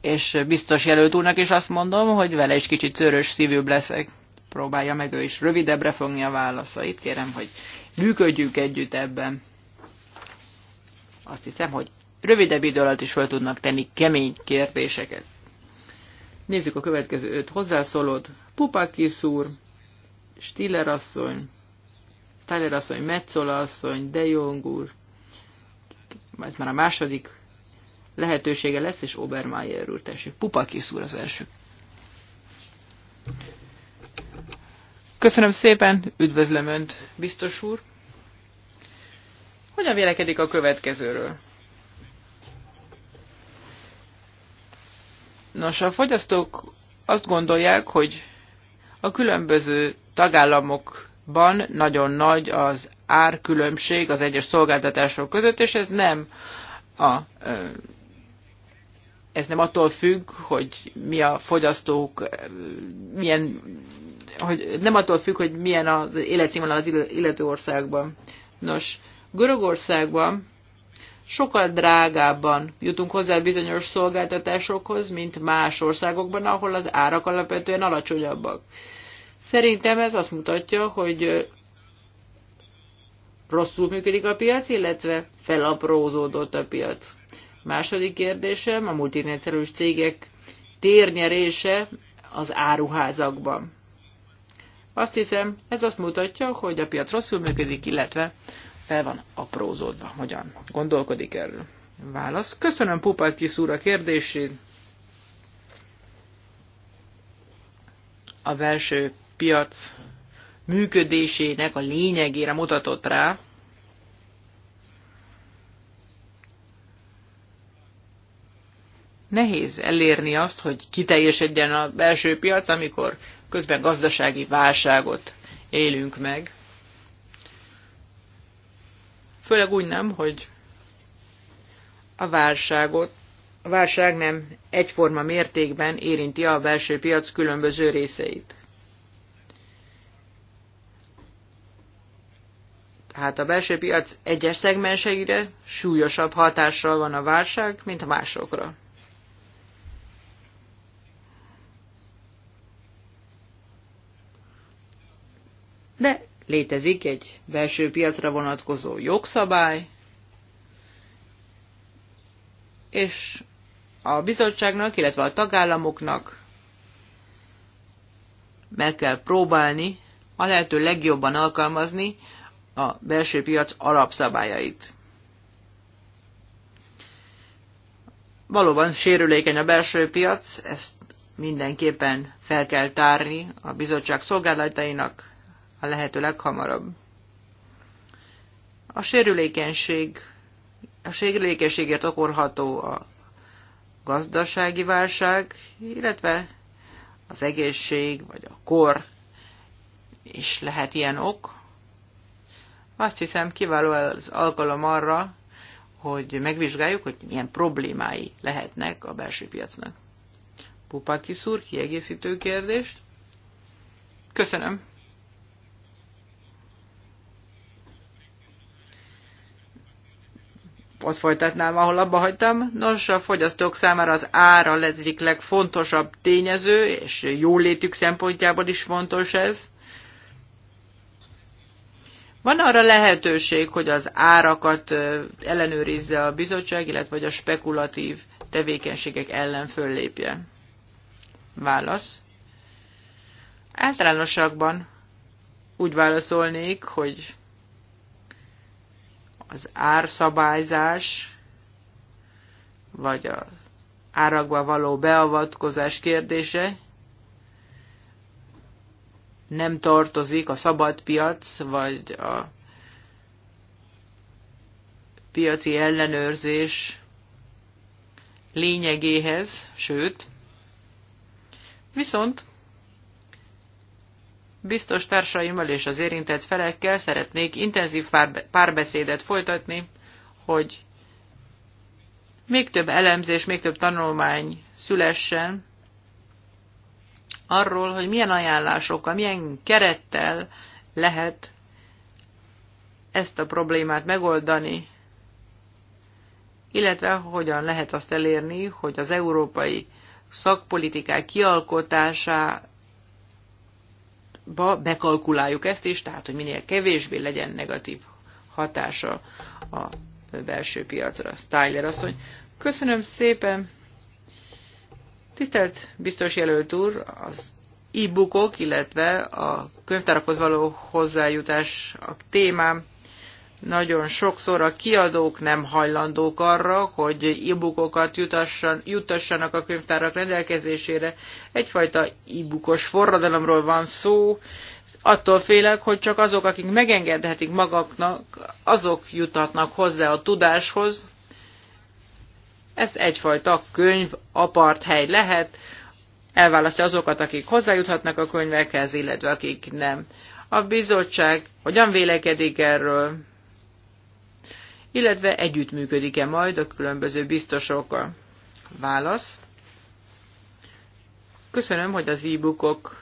és biztos jelölt úrnak is azt mondom, hogy vele is kicsit szörös szívűbb leszek. Próbálja meg ő is rövidebbre fogni a válaszait. Kérem, hogy működjünk együtt ebben. Azt hiszem, hogy rövidebb idő alatt is fel tudnak tenni kemény kérdéseket. Nézzük a következő öt hozzászólót. Pupakis úr, Stiller asszony, Stiller asszony, Metzola asszony, De Jong úr. Ez már a második lehetősége lesz, és Obermeyer úr, tessék. Pupakis úr az első. Köszönöm szépen, üdvözlöm Önt, biztos úr. Hogyan vélekedik a következőről? Nos, a fogyasztók azt gondolják, hogy a különböző tagállamokban nagyon nagy az árkülönbség az egyes szolgáltatások között, és ez nem a ez nem attól függ, hogy mi a fogyasztók, milyen, hogy nem attól függ, hogy milyen az életszínvonal az illető országban. Nos, Görögországban sokkal drágábban jutunk hozzá bizonyos szolgáltatásokhoz, mint más országokban, ahol az árak alapvetően alacsonyabbak. Szerintem ez azt mutatja, hogy rosszul működik a piac, illetve felaprózódott a piac. Második kérdésem, a multinacionalis cégek térnyerése az áruházakban. Azt hiszem, ez azt mutatja, hogy a piac rosszul működik, illetve fel van aprózódva. Hogyan gondolkodik erről? Válasz. Köszönöm Pupa úr a kérdését. A belső piac működésének a lényegére mutatott rá, Nehéz elérni azt, hogy kiteljesedjen a belső piac, amikor közben gazdasági válságot élünk meg. Főleg úgy nem, hogy a válságot, a válság nem egyforma mértékben érinti a belső piac különböző részeit. Tehát a belső piac egyes szegmenseire súlyosabb hatással van a válság, mint a másokra. Létezik egy belső piacra vonatkozó jogszabály, és a bizottságnak, illetve a tagállamoknak meg kell próbálni a lehető legjobban alkalmazni a belső piac alapszabályait. Valóban sérülékeny a belső piac, ezt mindenképpen fel kell tárni a bizottság szolgálatainak, a lehető leghamarabb. A sérülékenység, a sérülékenységért okolható a gazdasági válság, illetve az egészség vagy a kor is lehet ilyen ok. Azt hiszem kiváló az alkalom arra, hogy megvizsgáljuk, hogy milyen problémái lehetnek a belső piacnak. Pupakis kiszúr, kiegészítő kérdést? Köszönöm. ott folytatnám, ahol abba hagytam. Nos, a fogyasztók számára az ára lesz egyik legfontosabb tényező, és jólétük szempontjából is fontos ez. Van arra lehetőség, hogy az árakat ellenőrizze a bizottság, illetve hogy a spekulatív tevékenységek ellen föllépje? Válasz. Általánosakban úgy válaszolnék, hogy az árszabályzás, vagy az árakba való beavatkozás kérdése nem tartozik a szabad piac, vagy a piaci ellenőrzés lényegéhez, sőt, viszont Biztos társaimmal és az érintett felekkel szeretnék intenzív párbeszédet folytatni, hogy még több elemzés, még több tanulmány szülessen arról, hogy milyen ajánlásokkal, milyen kerettel lehet ezt a problémát megoldani, illetve hogyan lehet azt elérni, hogy az európai szakpolitikák kialkotása ba bekalkuláljuk ezt is, tehát hogy minél kevésbé legyen negatív hatása a belső piacra. Styler asszony, köszönöm szépen! Tisztelt biztos jelölt úr, az e-bookok, illetve a könyvtárakhoz való hozzájutás a témám nagyon sokszor a kiadók nem hajlandók arra, hogy e-bookokat jutassanak a könyvtárak rendelkezésére. Egyfajta e-bookos forradalomról van szó, attól félek, hogy csak azok, akik megengedhetik magaknak, azok jutatnak hozzá a tudáshoz. Ez egyfajta könyv apart hely lehet, elválasztja azokat, akik hozzájuthatnak a könyvekhez, illetve akik nem. A bizottság hogyan vélekedik erről? illetve együttműködik-e majd a különböző biztosokkal? Válasz. Köszönöm, hogy az e-bookok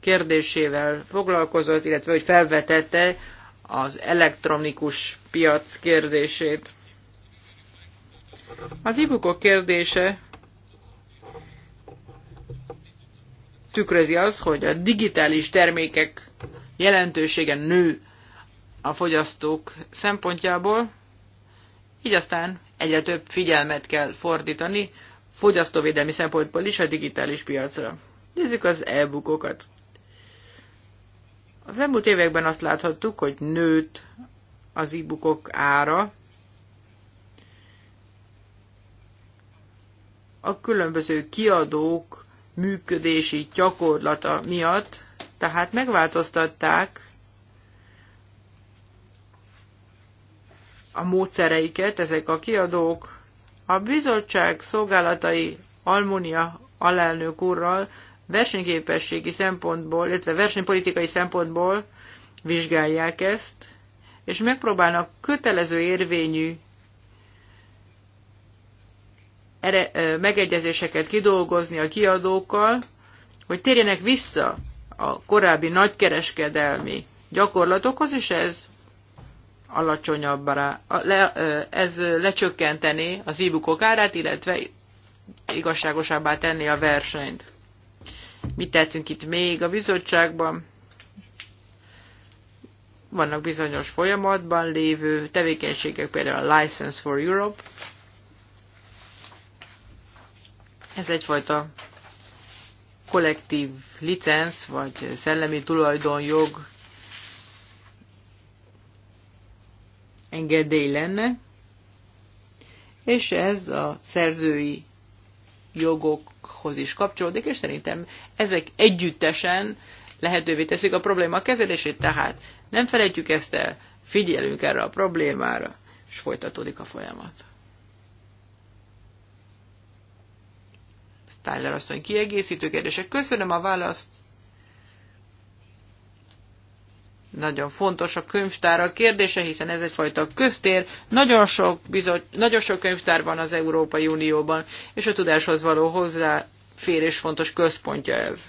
kérdésével foglalkozott, illetve hogy felvetette az elektronikus piac kérdését. Az e-bookok kérdése tükrözi az, hogy a digitális termékek jelentősége nő a fogyasztók szempontjából, így aztán egyre több figyelmet kell fordítani fogyasztóvédelmi szempontból is a digitális piacra. Nézzük az e-bookokat. Az elmúlt években azt láthattuk, hogy nőtt az e-bookok ára, a különböző kiadók működési gyakorlata miatt, tehát megváltoztatták a módszereiket ezek a kiadók. A bizottság szolgálatai Almunia alelnök úrral versenyképességi szempontból, illetve versenypolitikai szempontból vizsgálják ezt, és megpróbálnak kötelező érvényű ere, megegyezéseket kidolgozni a kiadókkal, hogy térjenek vissza a korábbi nagykereskedelmi gyakorlatokhoz, és ez alacsonyabbra, le, ez lecsökkenteni az e-bookok árát, illetve igazságosabbá tenni a versenyt. Mit tettünk itt még a bizottságban? Vannak bizonyos folyamatban lévő tevékenységek, például a License for Europe. Ez egyfajta kollektív licensz, vagy szellemi tulajdonjog engedély lenne, és ez a szerzői jogokhoz is kapcsolódik, és szerintem ezek együttesen lehetővé teszik a probléma kezelését, tehát nem felejtjük ezt el, figyelünk erre a problémára, és folytatódik a folyamat. Tyler asszony kiegészítő kérdések. Köszönöm a választ. Nagyon fontos a könyvtára kérdése, hiszen ez egyfajta köztér. Nagyon sok, bizony, nagyon sok könyvtár van az Európai Unióban, és a tudáshoz való hozzáférés fontos központja ez.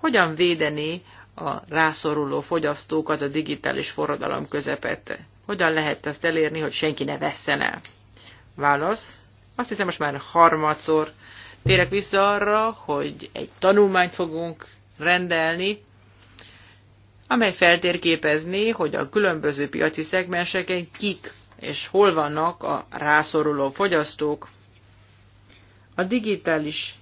Hogyan védeni a rászoruló fogyasztókat a digitális forradalom közepette? Hogyan lehet ezt elérni, hogy senki ne vesszen el? Válasz. Azt hiszem, most már harmadszor térek vissza arra, hogy egy tanulmányt fogunk rendelni, amely feltérképezné, hogy a különböző piaci szegmenseken kik és hol vannak a rászoruló fogyasztók. A digitális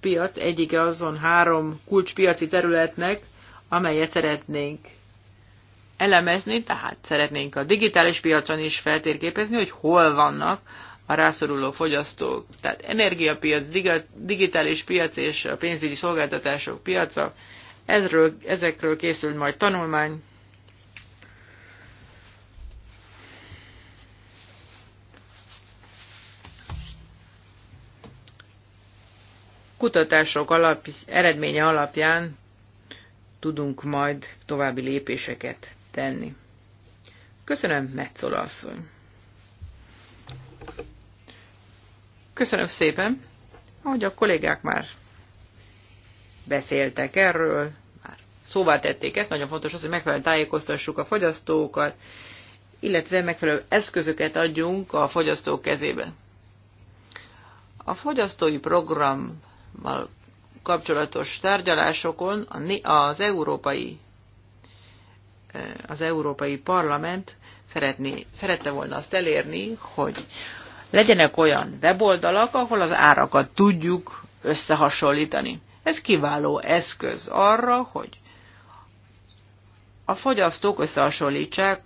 piac egyike azon három kulcspiaci területnek, amelyet szeretnénk elemezni, tehát szeretnénk a digitális piacon is feltérképezni, hogy hol vannak a rászoruló fogyasztók. Tehát energiapiac, digitális piac és a pénzügyi szolgáltatások piaca, ezről, ezekről készül majd tanulmány. Kutatások alap, eredménye alapján tudunk majd további lépéseket tenni. Köszönöm, Metzola asszony! Köszönöm szépen, ahogy a kollégák már beszéltek erről, már szóvá tették ezt, nagyon fontos az, hogy megfelelően tájékoztassuk a fogyasztókat, illetve megfelelő eszközöket adjunk a fogyasztók kezébe. A fogyasztói programmal kapcsolatos tárgyalásokon az európai eh, az Európai Parlament szeretné, szerette volna azt elérni, hogy legyenek olyan weboldalak, ahol az árakat tudjuk összehasonlítani. Ez kiváló eszköz arra, hogy a fogyasztók összehasonlítsák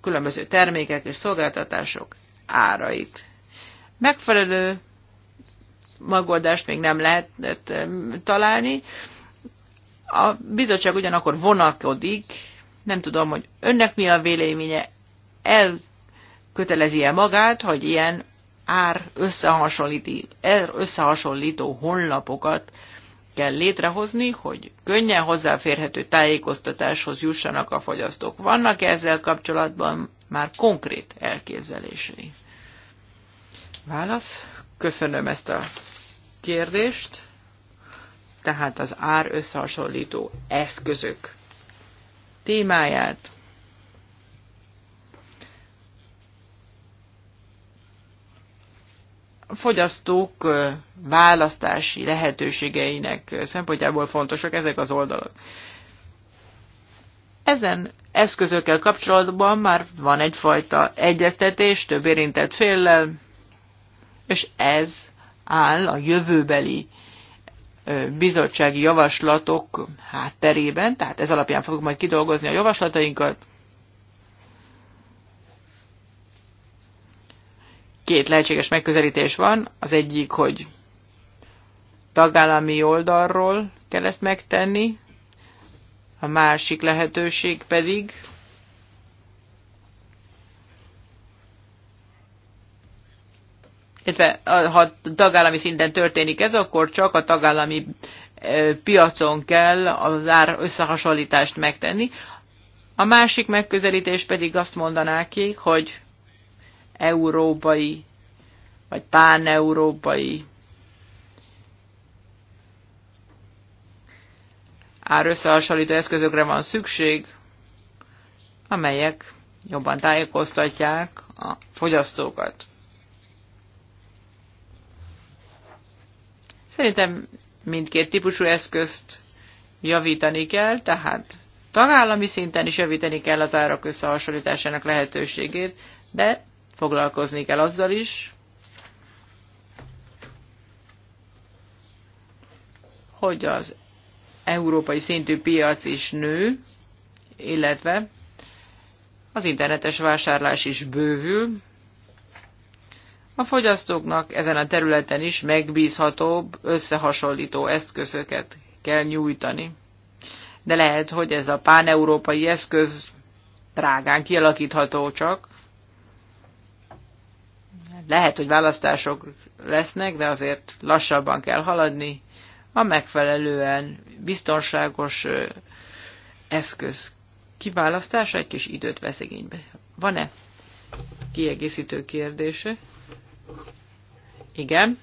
különböző termékek és szolgáltatások árait. Megfelelő megoldást még nem lehetett találni. A bizottság ugyanakkor vonakodik, nem tudom, hogy önnek mi a véleménye, elkötelezi-e magát, hogy ilyen ár er összehasonlító, honlapokat kell létrehozni, hogy könnyen hozzáférhető tájékoztatáshoz jussanak a fogyasztók. Vannak -e ezzel kapcsolatban már konkrét elképzelései? Válasz. Köszönöm ezt a kérdést. Tehát az ár összehasonlító eszközök témáját fogyasztók választási lehetőségeinek szempontjából fontosak ezek az oldalak. Ezen eszközökkel kapcsolatban már van egyfajta egyeztetés több érintett féllel, és ez áll a jövőbeli bizottsági javaslatok hátterében, tehát ez alapján fogunk majd kidolgozni a javaslatainkat, két lehetséges megközelítés van. Az egyik, hogy tagállami oldalról kell ezt megtenni, a másik lehetőség pedig, illetve ha tagállami szinten történik ez, akkor csak a tagállami e, piacon kell az ár összehasonlítást megtenni. A másik megközelítés pedig azt mondaná ki, hogy európai vagy páneurópai ár összehasonlító eszközökre van szükség, amelyek jobban tájékoztatják a fogyasztókat. Szerintem mindkét típusú eszközt javítani kell, tehát tagállami szinten is javítani kell az árak összehasonlításának lehetőségét, de foglalkozni kell azzal is, hogy az európai szintű piac is nő, illetve az internetes vásárlás is bővül. A fogyasztóknak ezen a területen is megbízhatóbb, összehasonlító eszközöket kell nyújtani. De lehet, hogy ez a páneurópai eszköz drágán kialakítható csak, lehet, hogy választások lesznek, de azért lassabban kell haladni, a megfelelően biztonságos eszköz kiválasztása egy kis időt vesz igénybe. Van-e kiegészítő kérdése? Igen.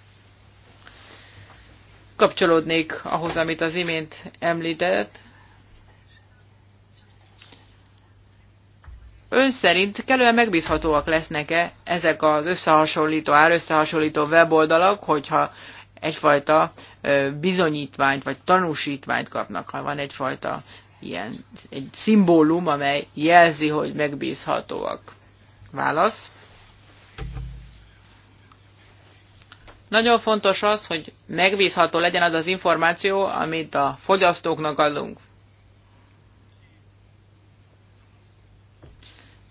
Kapcsolódnék ahhoz, amit az imént említett. ön szerint kellően megbízhatóak lesznek-e ezek az összehasonlító, ár összehasonlító weboldalak, hogyha egyfajta bizonyítványt vagy tanúsítványt kapnak, ha van egyfajta ilyen egy szimbólum, amely jelzi, hogy megbízhatóak. Válasz. Nagyon fontos az, hogy megbízható legyen az az információ, amit a fogyasztóknak adunk.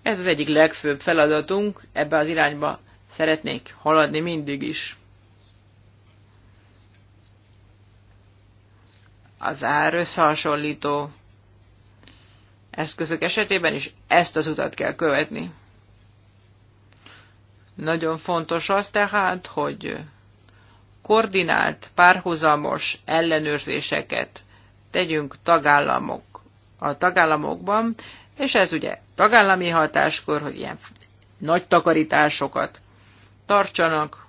Ez az egyik legfőbb feladatunk, ebbe az irányba szeretnék haladni mindig is. Az ár összehasonlító eszközök esetében is ezt az utat kell követni. Nagyon fontos az tehát, hogy koordinált, párhuzamos ellenőrzéseket tegyünk tagállamok, a tagállamokban, és ez ugye tagállami hatáskor, hogy ilyen nagy takarításokat tartsanak,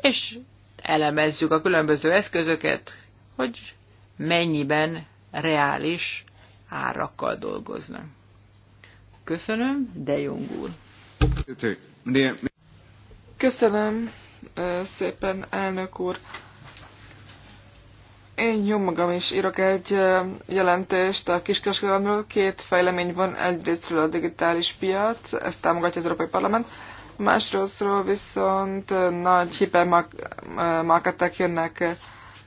és elemezzük a különböző eszközöket, hogy mennyiben reális árakkal dolgoznak. Köszönöm, de Jung úr. Köszönöm szépen, elnök úr. Én jó magam is írok egy jelentést a kiskereskedelemről. Két fejlemény van, egyrésztről a digitális piac, ezt támogatja az Európai Parlament, másrésztről viszont nagy hipermarketek jönnek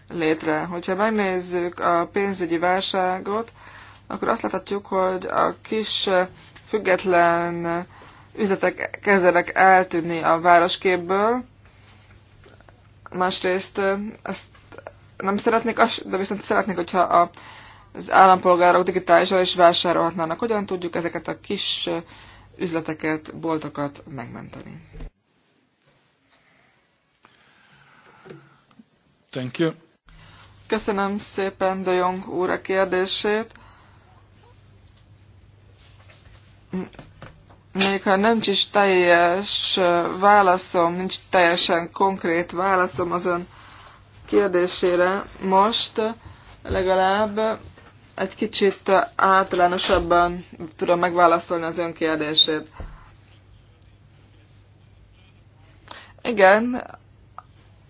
létre. Hogyha megnézzük a pénzügyi válságot, akkor azt láthatjuk, hogy a kis független üzletek kezdenek eltűnni a városképből. Másrészt ezt nem szeretnék, de viszont szeretnék, hogyha a, az állampolgárok digitálisan is vásárolhatnának. Hogyan tudjuk ezeket a kis üzleteket, boltokat megmenteni? Thank you. Köszönöm szépen De Jong úr a kérdését. Még ha nem is teljes válaszom, nincs teljesen konkrét válaszom az ön kérdésére most legalább egy kicsit általánosabban tudom megválaszolni az ön kérdését. Igen,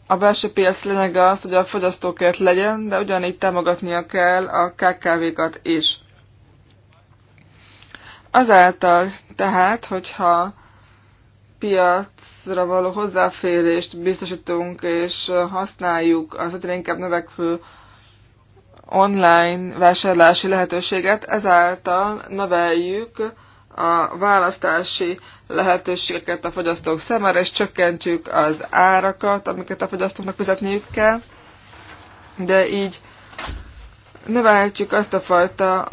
a belső piac lényege az, hogy a fogyasztókért legyen, de ugyanígy támogatnia kell a KKV-kat is. Azáltal tehát, hogyha piacra való hozzáférést biztosítunk és használjuk az egyre inkább növekvő online vásárlási lehetőséget, ezáltal növeljük a választási lehetőségeket a fogyasztók számára, és csökkentjük az árakat, amiket a fogyasztóknak fizetniük kell, de így növelhetjük azt a fajta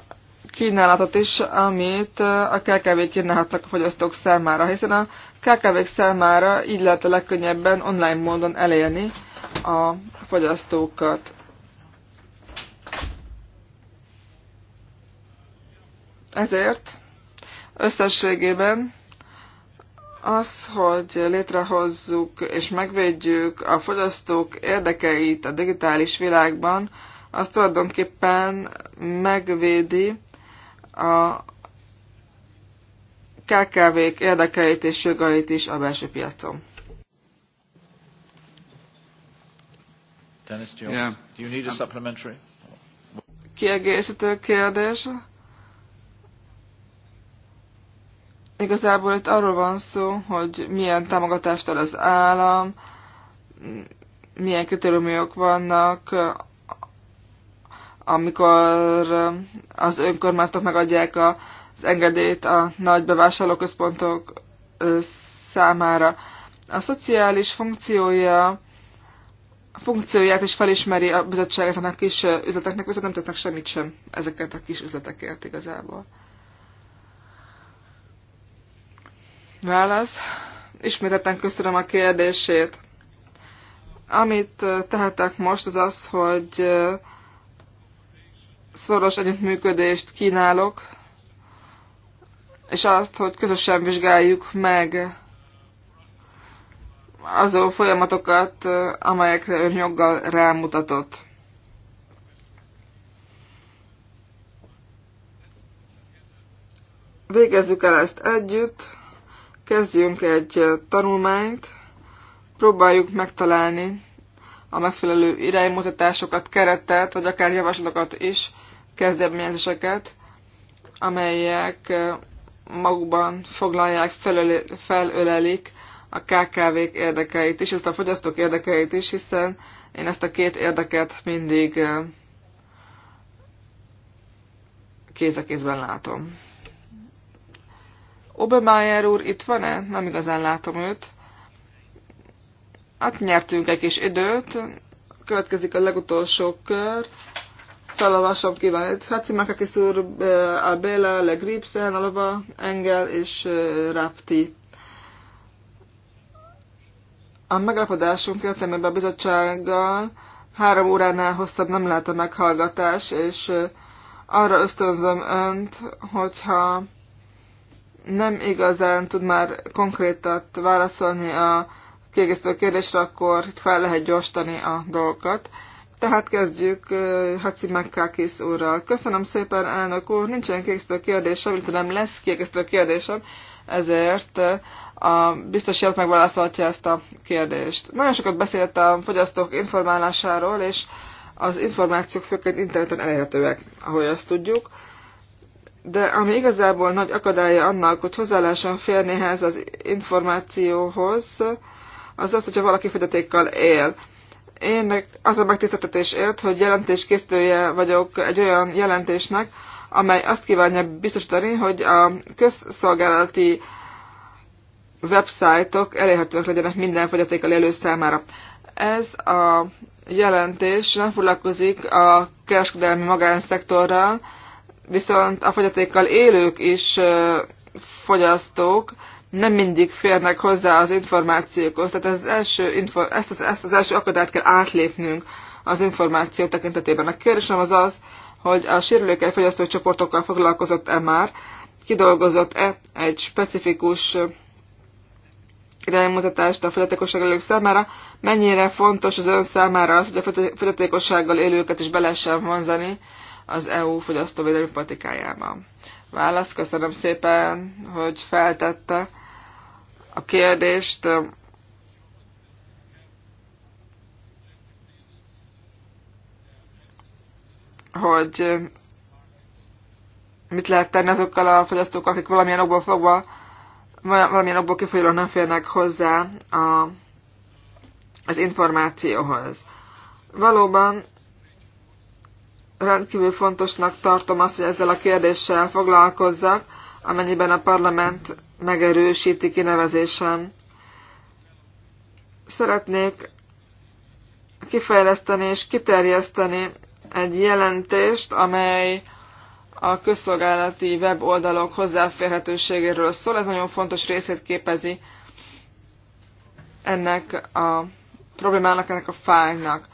kínálatot is, amit a KKV kínálhatnak a fogyasztók számára, hiszen a kkv számára így lehet a legkönnyebben online módon elérni a fogyasztókat. Ezért összességében az, hogy létrehozzuk és megvédjük a fogyasztók érdekeit a digitális világban, az tulajdonképpen megvédi a KKV-k érdekeit és jogait is a belső piacon. Dennis, do you, yeah. do you need a um, supplementary? Kiegészítő kérdés. Igazából itt arról van szó, hogy milyen támogatást ad az állam, milyen kritériumok vannak, amikor az önkormányzatok megadják a az engedélyt a nagy bevásárlóközpontok számára. A szociális funkciója funkcióját is felismeri a bizottság ezen a kis üzleteknek, viszont nem tesznek semmit sem ezeket a kis üzletekért igazából. Válasz. Ismételten köszönöm a kérdését. Amit tehetek most, az az, hogy szoros együttműködést kínálok és azt, hogy közösen vizsgáljuk meg azon folyamatokat, amelyekre ön joggal rámutatott. Végezzük el ezt együtt, kezdjünk egy tanulmányt, próbáljuk megtalálni a megfelelő iránymutatásokat, keretet, vagy akár javaslatokat is, kezdeményezéseket, amelyek magukban foglalják, felölelik a KKV-k érdekeit is, illetve a fogyasztók érdekeit is, hiszen én ezt a két érdeket mindig kéz a kézben látom. Obermeyer úr itt van-e? Nem igazán látom őt. Hát nyertünk egy kis időt. Következik a legutolsó kör felolvasom ki van itt. Hatsimakakis úr, a Béla, Le Gripsen, Alaba, Engel és Rapti. A megállapodásunk értelmében a bizottsággal három óránál hosszabb nem lehet a meghallgatás, és arra ösztönzöm önt, hogyha nem igazán tud már konkrétat válaszolni a kiegészítő kérdésre, akkor itt fel lehet gyorsítani a dolgokat. Tehát kezdjük Mekkákis úrral. Köszönöm szépen, elnök úr. Nincsen kiegészítő kérdésem, illetve nem lesz kiegészítő kérdésem, ezért a biztos jelent megválaszolhatja ezt a kérdést. Nagyon sokat beszélt a fogyasztók informálásáról, és az információk főként interneten elérhetőek, ahogy azt tudjuk. De ami igazából nagy akadálya annak, hogy hozzá lehessen férni az információhoz, az az, hogyha valaki fogyatékkal él én az a megtiszteltetés élt, hogy jelentéskészítője vagyok egy olyan jelentésnek, amely azt kívánja biztosítani, hogy a közszolgálati websájtok elérhetőek legyenek minden fogyatékkal élő számára. Ez a jelentés nem foglalkozik a kereskedelmi magánszektorral, viszont a fogyatékkal élők is fogyasztók, nem mindig férnek hozzá az információkhoz. Tehát az első info, ezt, az, ezt az első akadályt kell átlépnünk az információ tekintetében. A kérdésem az az, hogy a sérülékei fogyasztói csoportokkal foglalkozott-e már, kidolgozott-e egy specifikus iránymutatást a fogyatékosság élők számára, mennyire fontos az ön számára az, hogy a fogyatékossággal élőket is be lehessen vonzani az EU fogyasztóvédelmi politikájában választ. Köszönöm szépen, hogy feltette a kérdést. hogy mit lehet tenni azokkal a fogyasztókkal, akik valamilyen okból fogva, valamilyen okból kifolyólag nem férnek hozzá a, az információhoz. Valóban rendkívül fontosnak tartom azt, hogy ezzel a kérdéssel foglalkozzak, amennyiben a parlament megerősíti kinevezésem. Szeretnék kifejleszteni és kiterjeszteni egy jelentést, amely a közszolgálati weboldalok hozzáférhetőségéről szól. Ez nagyon fontos részét képezi ennek a problémának, ennek a fájnak.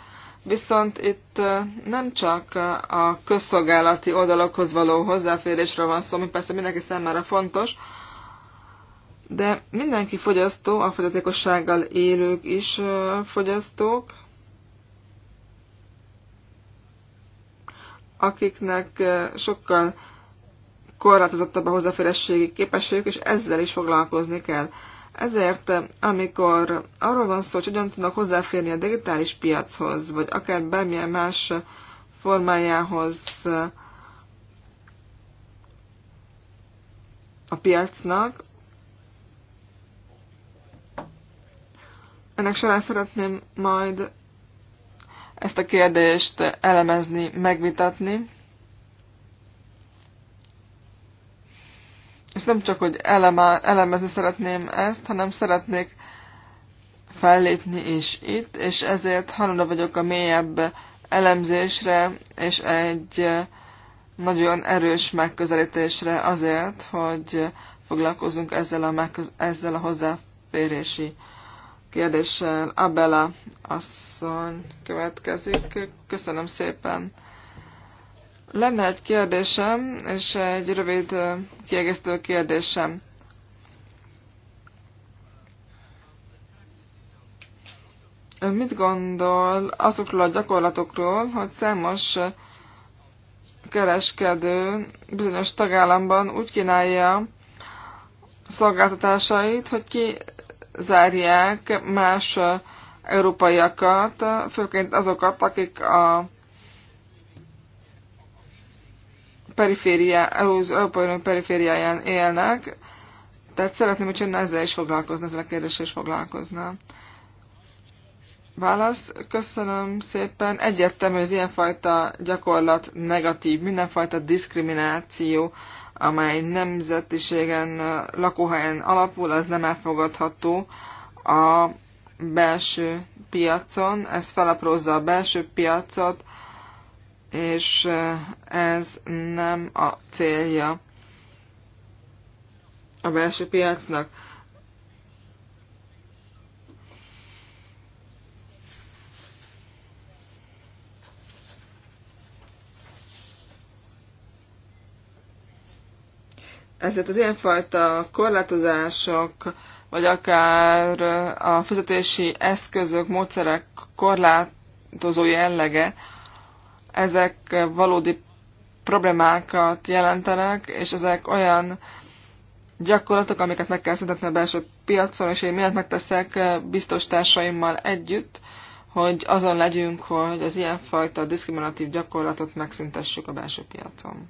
Viszont itt nem csak a közszolgálati oldalakhoz való hozzáférésről van szó, ami persze mindenki számára fontos, de mindenki fogyasztó, a fogyatékossággal élők is fogyasztók, akiknek sokkal korlátozottabb a hozzáférési képességük, és ezzel is foglalkozni kell. Ezért, amikor arról van szó, hogy hogyan tudnak hozzáférni a digitális piachoz, vagy akár bármilyen más formájához a piacnak, ennek során szeretném majd ezt a kérdést elemezni, megvitatni. és nem csak, hogy eleme, elemezni szeretném ezt, hanem szeretnék fellépni is itt, és ezért hajlandó vagyok a mélyebb elemzésre, és egy nagyon erős megközelítésre azért, hogy foglalkozunk ezzel a, megköz- ezzel a hozzáférési kérdéssel. Abela asszony következik. Köszönöm szépen, lenne egy kérdésem, és egy rövid kiegészítő kérdésem. Ön mit gondol azokról a gyakorlatokról, hogy számos kereskedő bizonyos tagállamban úgy kínálja szolgáltatásait, hogy kizárják más európaiakat, főként azokat, akik a periféria, az Európai Unió perifériáján élnek, tehát szeretném, hogy jönne ezzel is foglalkozna, ezzel a kérdéssel is foglalkozna. Válasz, köszönöm szépen. Egyértelmű, hogy az ilyenfajta gyakorlat negatív, mindenfajta diszkrimináció, amely nemzetiségen, lakóhelyen alapul, az nem elfogadható a belső piacon. Ez felaprózza a belső piacot, és ez nem a célja a belső piacnak. Ezért az ilyenfajta korlátozások, vagy akár a fizetési eszközök, módszerek korlátozó jellege, ezek valódi problémákat jelentenek, és ezek olyan gyakorlatok, amiket meg kell szüntetni a belső piacon, és én mindent megteszek biztos társaimmal együtt, hogy azon legyünk, hogy az ilyenfajta diszkriminatív gyakorlatot megszüntessük a belső piacon.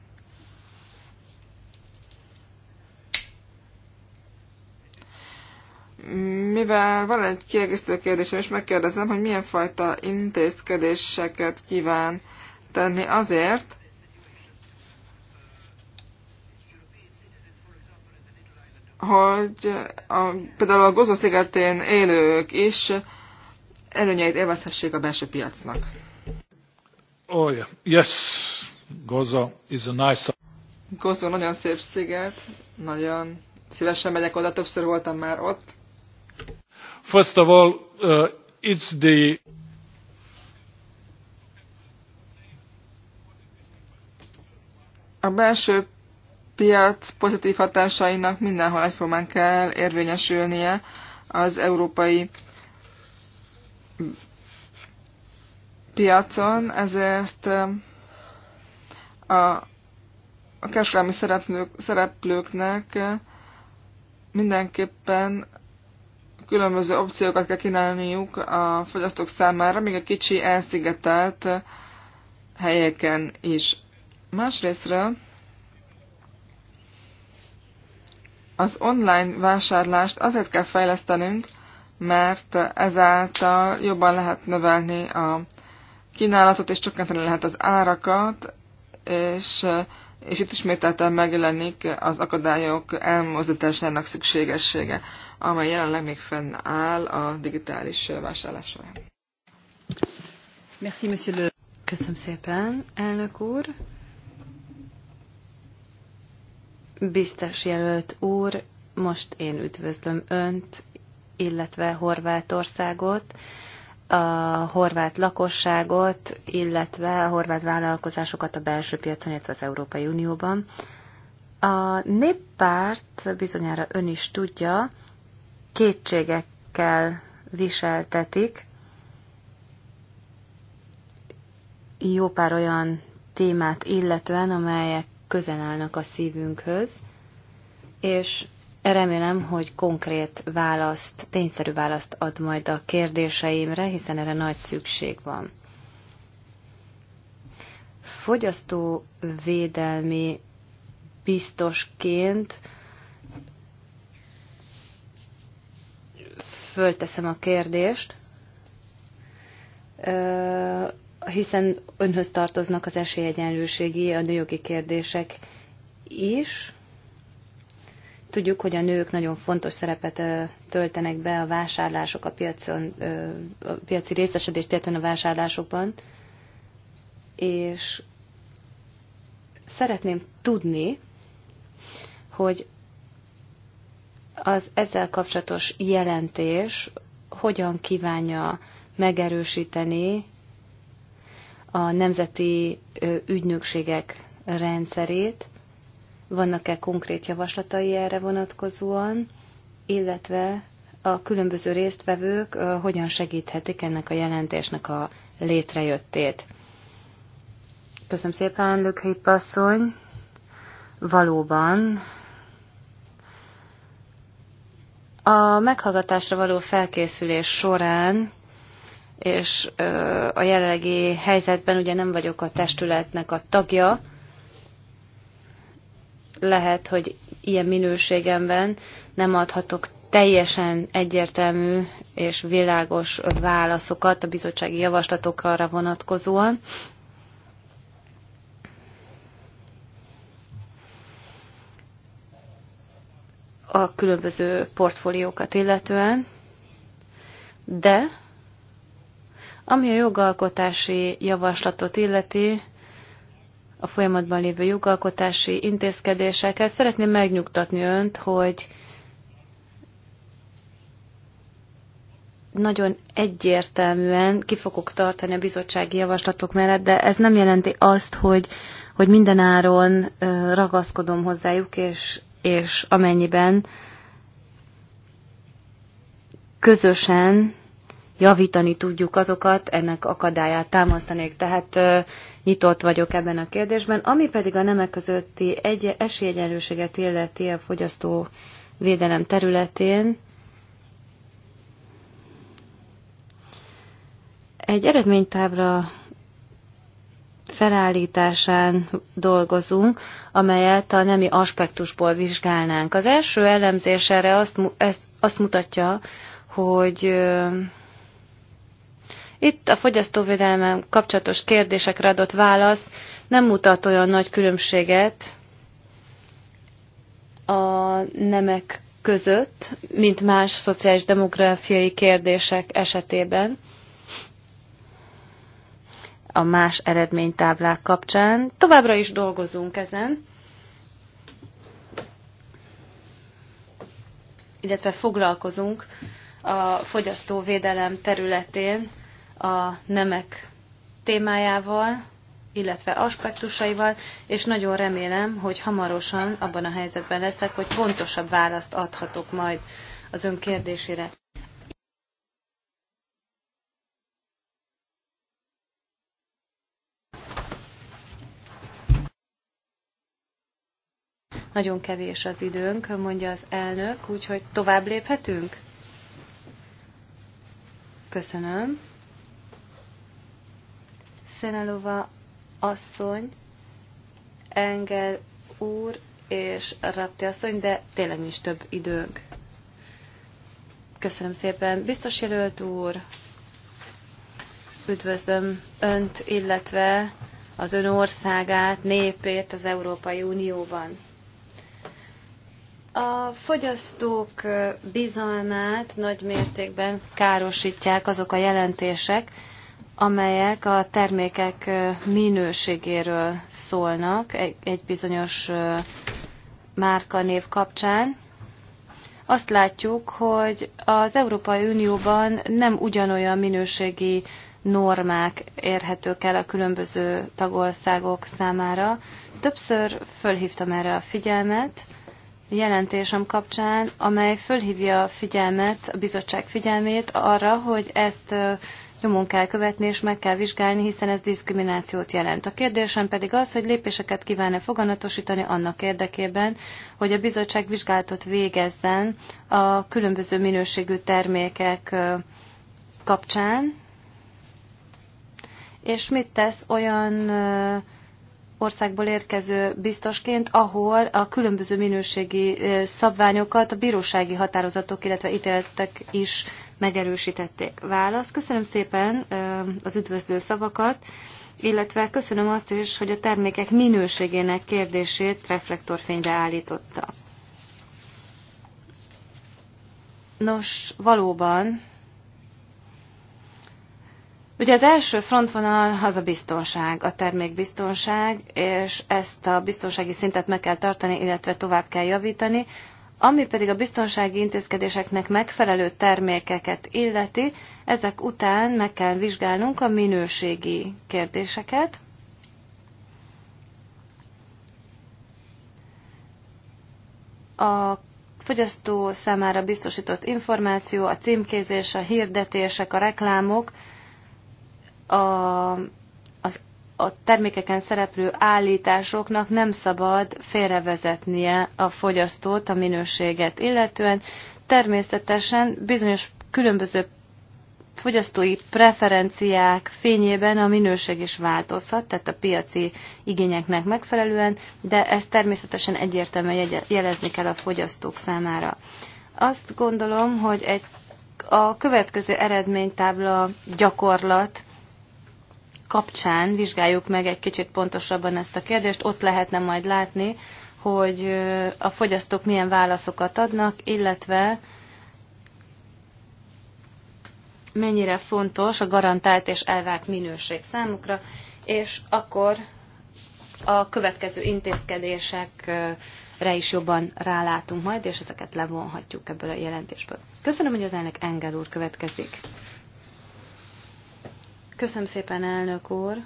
Mivel van egy kiegészítő kérdésem, és megkérdezem, hogy milyen fajta intézkedéseket kíván tenni azért, hogy a, például a Gozó szigetén élők is előnyeit élvezhessék a belső piacnak. Oh, yeah. yes, Gozo is a nice... Gozo nagyon szép sziget, nagyon szívesen megyek oda, többször voltam már ott. First of all, uh, it's the... A belső piac pozitív hatásainak mindenhol egyformán kell érvényesülnie az európai piacon, ezért a, a kereskedelmi szereplők, szereplőknek mindenképpen különböző opciókat kell kínálniuk a fogyasztók számára, még a kicsi elszigetelt helyeken is. Másrésztről az online vásárlást azért kell fejlesztenünk, mert ezáltal jobban lehet növelni a kínálatot, és csökkenteni lehet az árakat, és, és itt ismételten megjelenik az akadályok elmozdításának szükségessége, amely jelenleg még fennáll a digitális vásárlás során. Köszönöm szépen, elnök úr. Biztos jelölt úr, most én üdvözlöm Önt, illetve Horvátországot, a horvát lakosságot, illetve a horvát vállalkozásokat a belső piacon, illetve az Európai Unióban. A néppárt bizonyára ön is tudja, kétségekkel viseltetik jó pár olyan témát illetően, amelyek közel állnak a szívünkhöz, és remélem, hogy konkrét választ, tényszerű választ ad majd a kérdéseimre, hiszen erre nagy szükség van. Fogyasztóvédelmi biztosként fölteszem a kérdést, hiszen önhöz tartoznak az esélyegyenlőségi, a nőjogi kérdések is. Tudjuk, hogy a nők nagyon fontos szerepet töltenek be a vásárlások, a, piacon, a piaci részesedést illetően a vásárlásokban, és szeretném tudni, hogy az ezzel kapcsolatos jelentés hogyan kívánja megerősíteni a nemzeti ügynökségek rendszerét, vannak-e konkrét javaslatai erre vonatkozóan, illetve a különböző résztvevők hogyan segíthetik ennek a jelentésnek a létrejöttét. Köszönöm szépen, Lökhip Passzony. Valóban a meghallgatásra való felkészülés során és a jelenlegi helyzetben ugye nem vagyok a testületnek a tagja, lehet, hogy ilyen minőségemben nem adhatok teljesen egyértelmű és világos válaszokat a bizottsági javaslatokra vonatkozóan. A különböző portfóliókat illetően, de ami a jogalkotási javaslatot illeti, a folyamatban lévő jogalkotási intézkedéseket, szeretném megnyugtatni önt, hogy nagyon egyértelműen ki fogok tartani a bizottsági javaslatok mellett, de ez nem jelenti azt, hogy, hogy mindenáron ragaszkodom hozzájuk, és, és amennyiben közösen javítani tudjuk azokat, ennek akadályát támasztanék. Tehát nyitott vagyok ebben a kérdésben. Ami pedig a nemek közötti egy esélyegyenlőséget illeti a fogyasztó védelem területén, egy eredménytábla felállításán dolgozunk, amelyet a nemi aspektusból vizsgálnánk. Az első elemzés erre azt, ezt, azt mutatja, hogy itt a fogyasztóvédelmem kapcsolatos kérdésekre adott válasz nem mutat olyan nagy különbséget a nemek között, mint más szociális demográfiai kérdések esetében a más eredménytáblák kapcsán. Továbbra is dolgozunk ezen, illetve foglalkozunk a fogyasztóvédelem területén a nemek témájával, illetve aspektusaival, és nagyon remélem, hogy hamarosan abban a helyzetben leszek, hogy pontosabb választ adhatok majd az ön kérdésére. Nagyon kevés az időnk, mondja az elnök, úgyhogy tovább léphetünk? Köszönöm. Szenelova asszony, Engel úr és Rapti asszony, de tényleg nincs több időnk. Köszönöm szépen. Biztos jelölt úr, üdvözlöm Önt, illetve az Ön országát, népét az Európai Unióban. A fogyasztók bizalmát nagy mértékben károsítják azok a jelentések, amelyek a termékek minőségéről szólnak egy bizonyos márkanév kapcsán. Azt látjuk, hogy az Európai Unióban nem ugyanolyan minőségi normák érhetők el a különböző tagországok számára. Többször fölhívtam erre a figyelmet jelentésem kapcsán, amely fölhívja a figyelmet, a bizottság figyelmét arra, hogy ezt nyomon kell követni és meg kell vizsgálni, hiszen ez diszkriminációt jelent. A kérdésem pedig az, hogy lépéseket kívánne foganatosítani annak érdekében, hogy a bizottság vizsgálatot végezzen a különböző minőségű termékek kapcsán, és mit tesz olyan országból érkező biztosként, ahol a különböző minőségi szabványokat a bírósági határozatok, illetve ítéletek is megerősítették. Válasz. Köszönöm szépen az üdvözlő szavakat, illetve köszönöm azt is, hogy a termékek minőségének kérdését reflektorfénybe állította. Nos, valóban Ugye az első frontvonal az a biztonság, a termékbiztonság, és ezt a biztonsági szintet meg kell tartani, illetve tovább kell javítani. Ami pedig a biztonsági intézkedéseknek megfelelő termékeket illeti, ezek után meg kell vizsgálnunk a minőségi kérdéseket. A fogyasztó számára biztosított információ, a címkézés, a hirdetések, a reklámok, a a termékeken szereplő állításoknak nem szabad félrevezetnie a fogyasztót a minőséget illetően. Természetesen bizonyos különböző fogyasztói preferenciák fényében a minőség is változhat, tehát a piaci igényeknek megfelelően, de ezt természetesen egyértelműen jelezni kell a fogyasztók számára. Azt gondolom, hogy egy, a következő eredménytábla gyakorlat kapcsán vizsgáljuk meg egy kicsit pontosabban ezt a kérdést. Ott lehetne majd látni, hogy a fogyasztók milyen válaszokat adnak, illetve mennyire fontos a garantált és elvárt minőség számukra, és akkor a következő intézkedésekre is jobban rálátunk majd, és ezeket levonhatjuk ebből a jelentésből. Köszönöm, hogy az elnök Engel úr következik. Köszönöm szépen, elnök úr.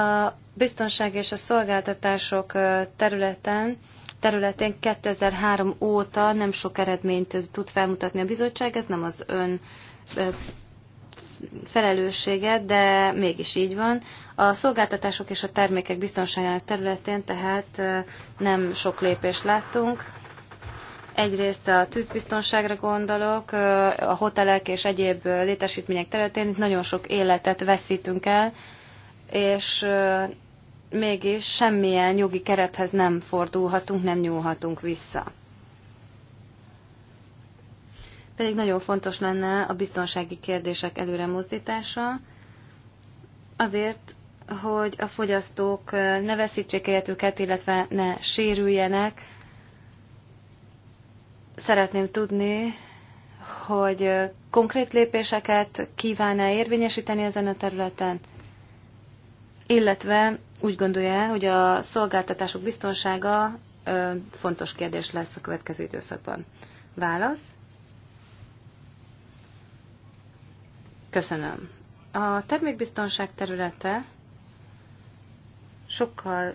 A biztonság és a szolgáltatások területen területén 2003 óta nem sok eredményt tud felmutatni a bizottság, ez nem az ön felelőssége, de mégis így van. A szolgáltatások és a termékek biztonságának területén tehát nem sok lépést láttunk, Egyrészt a tűzbiztonságra gondolok, a hotelek és egyéb létesítmények területén nagyon sok életet veszítünk el, és mégis semmilyen jogi kerethez nem fordulhatunk, nem nyúlhatunk vissza. Pedig nagyon fontos lenne a biztonsági kérdések előremozdítása, azért, hogy a fogyasztók ne veszítsék életüket, illetve ne sérüljenek, Szeretném tudni, hogy konkrét lépéseket kíván-e érvényesíteni ezen a területen, illetve úgy gondolja, hogy a szolgáltatások biztonsága fontos kérdés lesz a következő időszakban. Válasz? Köszönöm. A termékbiztonság területe sokkal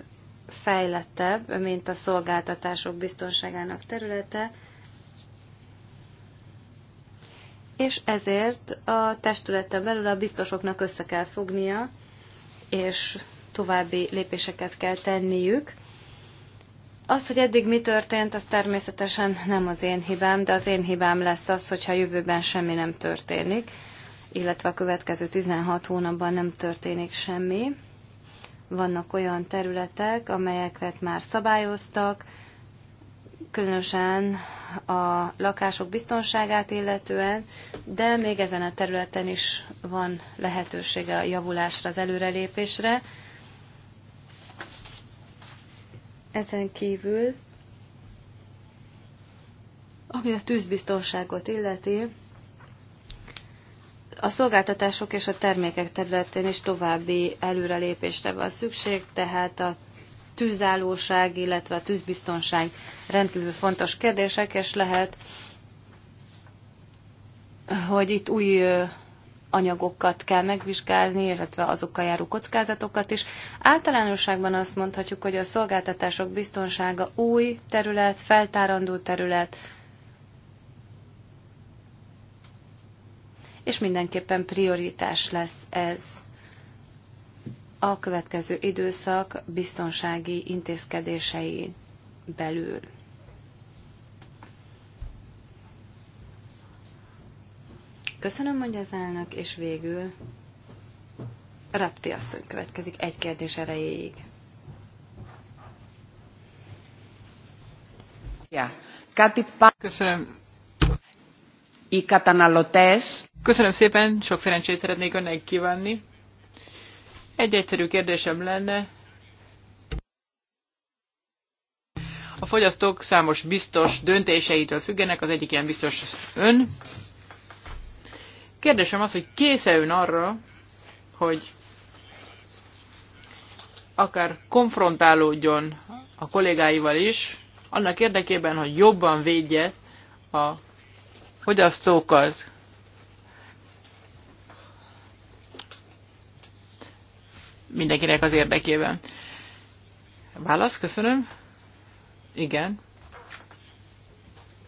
fejlettebb, mint a szolgáltatások biztonságának területe. és ezért a testületen belül a biztosoknak össze kell fognia, és további lépéseket kell tenniük. Az, hogy eddig mi történt, az természetesen nem az én hibám, de az én hibám lesz az, hogyha a jövőben semmi nem történik, illetve a következő 16 hónapban nem történik semmi. Vannak olyan területek, amelyeket már szabályoztak, különösen a lakások biztonságát illetően, de még ezen a területen is van lehetősége a javulásra, az előrelépésre. Ezen kívül, ami a tűzbiztonságot illeti, a szolgáltatások és a termékek területén is további előrelépésre van szükség, tehát a tűzállóság, illetve a tűzbiztonság rendkívül fontos kérdések, és lehet, hogy itt új anyagokat kell megvizsgálni, illetve azokkal járó kockázatokat is. Általánosságban azt mondhatjuk, hogy a szolgáltatások biztonsága új terület, feltárandó terület, és mindenképpen prioritás lesz ez a következő időszak biztonsági intézkedései belül. Köszönöm, hogy az állnak, és végül Rapti asszony következik egy kérdés erejéig. Köszönöm. Köszönöm szépen, sok szerencsét szeretnék önnek kívánni. Egy egyszerű kérdésem lenne. A fogyasztók számos biztos döntéseitől függenek, az egyik ilyen biztos ön. Kérdésem az, hogy kész-e ön arra, hogy akár konfrontálódjon a kollégáival is, annak érdekében, hogy jobban védje a fogyasztókat. mindenkinek az érdekében. Válasz, köszönöm. Igen.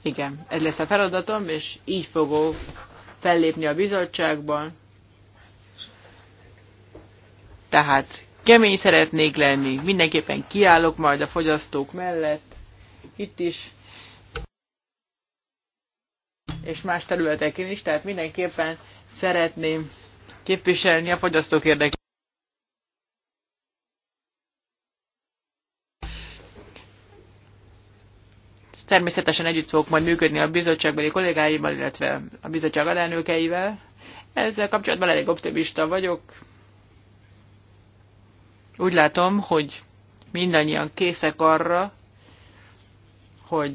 Igen, ez lesz a feladatom, és így fogok fellépni a bizottságban. Tehát kemény szeretnék lenni, mindenképpen kiállok majd a fogyasztók mellett, itt is, és más területeken is, tehát mindenképpen szeretném képviselni a fogyasztók érdekét. Természetesen együtt fogok majd működni a bizottságbeli kollégáimmal, illetve a bizottság alelnökeivel. Ezzel kapcsolatban elég optimista vagyok. Úgy látom, hogy mindannyian készek arra, hogy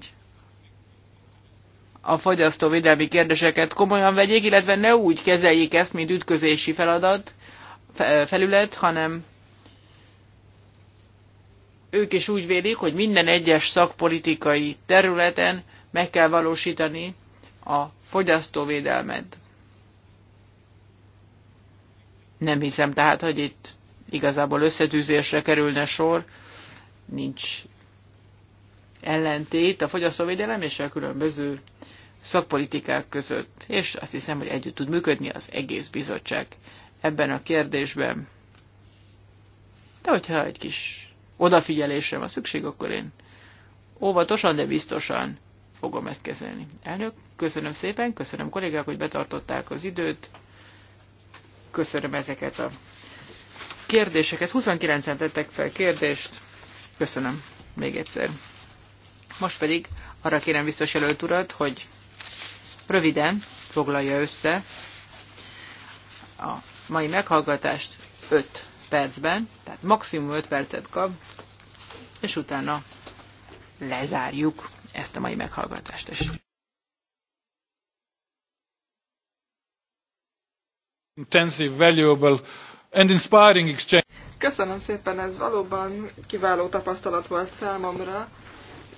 a fogyasztóvédelmi kérdéseket komolyan vegyék, illetve ne úgy kezeljék ezt, mint ütközési feladat, felület, hanem ők is úgy vélik, hogy minden egyes szakpolitikai területen meg kell valósítani a fogyasztóvédelmet. Nem hiszem tehát, hogy itt igazából összetűzésre kerülne sor, nincs ellentét a fogyasztóvédelem és a különböző szakpolitikák között, és azt hiszem, hogy együtt tud működni az egész bizottság ebben a kérdésben. De hogyha egy kis odafigyelésre van szükség, akkor én óvatosan, de biztosan fogom ezt kezelni. Elnök, köszönöm szépen, köszönöm kollégák, hogy betartották az időt, köszönöm ezeket a kérdéseket. 29-en tettek fel kérdést, köszönöm még egyszer. Most pedig arra kérem biztos jelölt urat, hogy röviden foglalja össze a mai meghallgatást 5 percben, tehát maximum 5 percet kap, és utána lezárjuk ezt a mai meghallgatást is. Intensive, valuable and inspiring exchange. Köszönöm szépen, ez valóban kiváló tapasztalat volt számomra.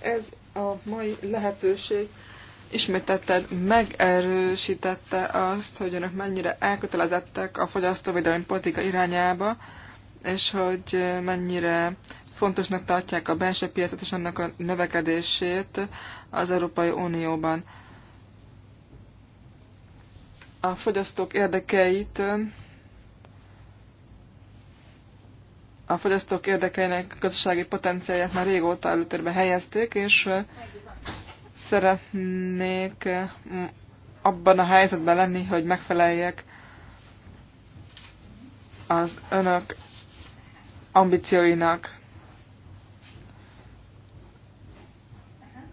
Ez a mai lehetőség ismételten megerősítette azt, hogy önök mennyire elkötelezettek a fogyasztóvédelmi politika irányába, és hogy mennyire fontosnak tartják a belső piacot és annak a növekedését az Európai Unióban. A fogyasztók érdekeit a fogyasztók érdekeinek gazdasági potenciáját már régóta előtérbe helyezték, és szeretnék abban a helyzetben lenni, hogy megfeleljek az önök ambícióinak.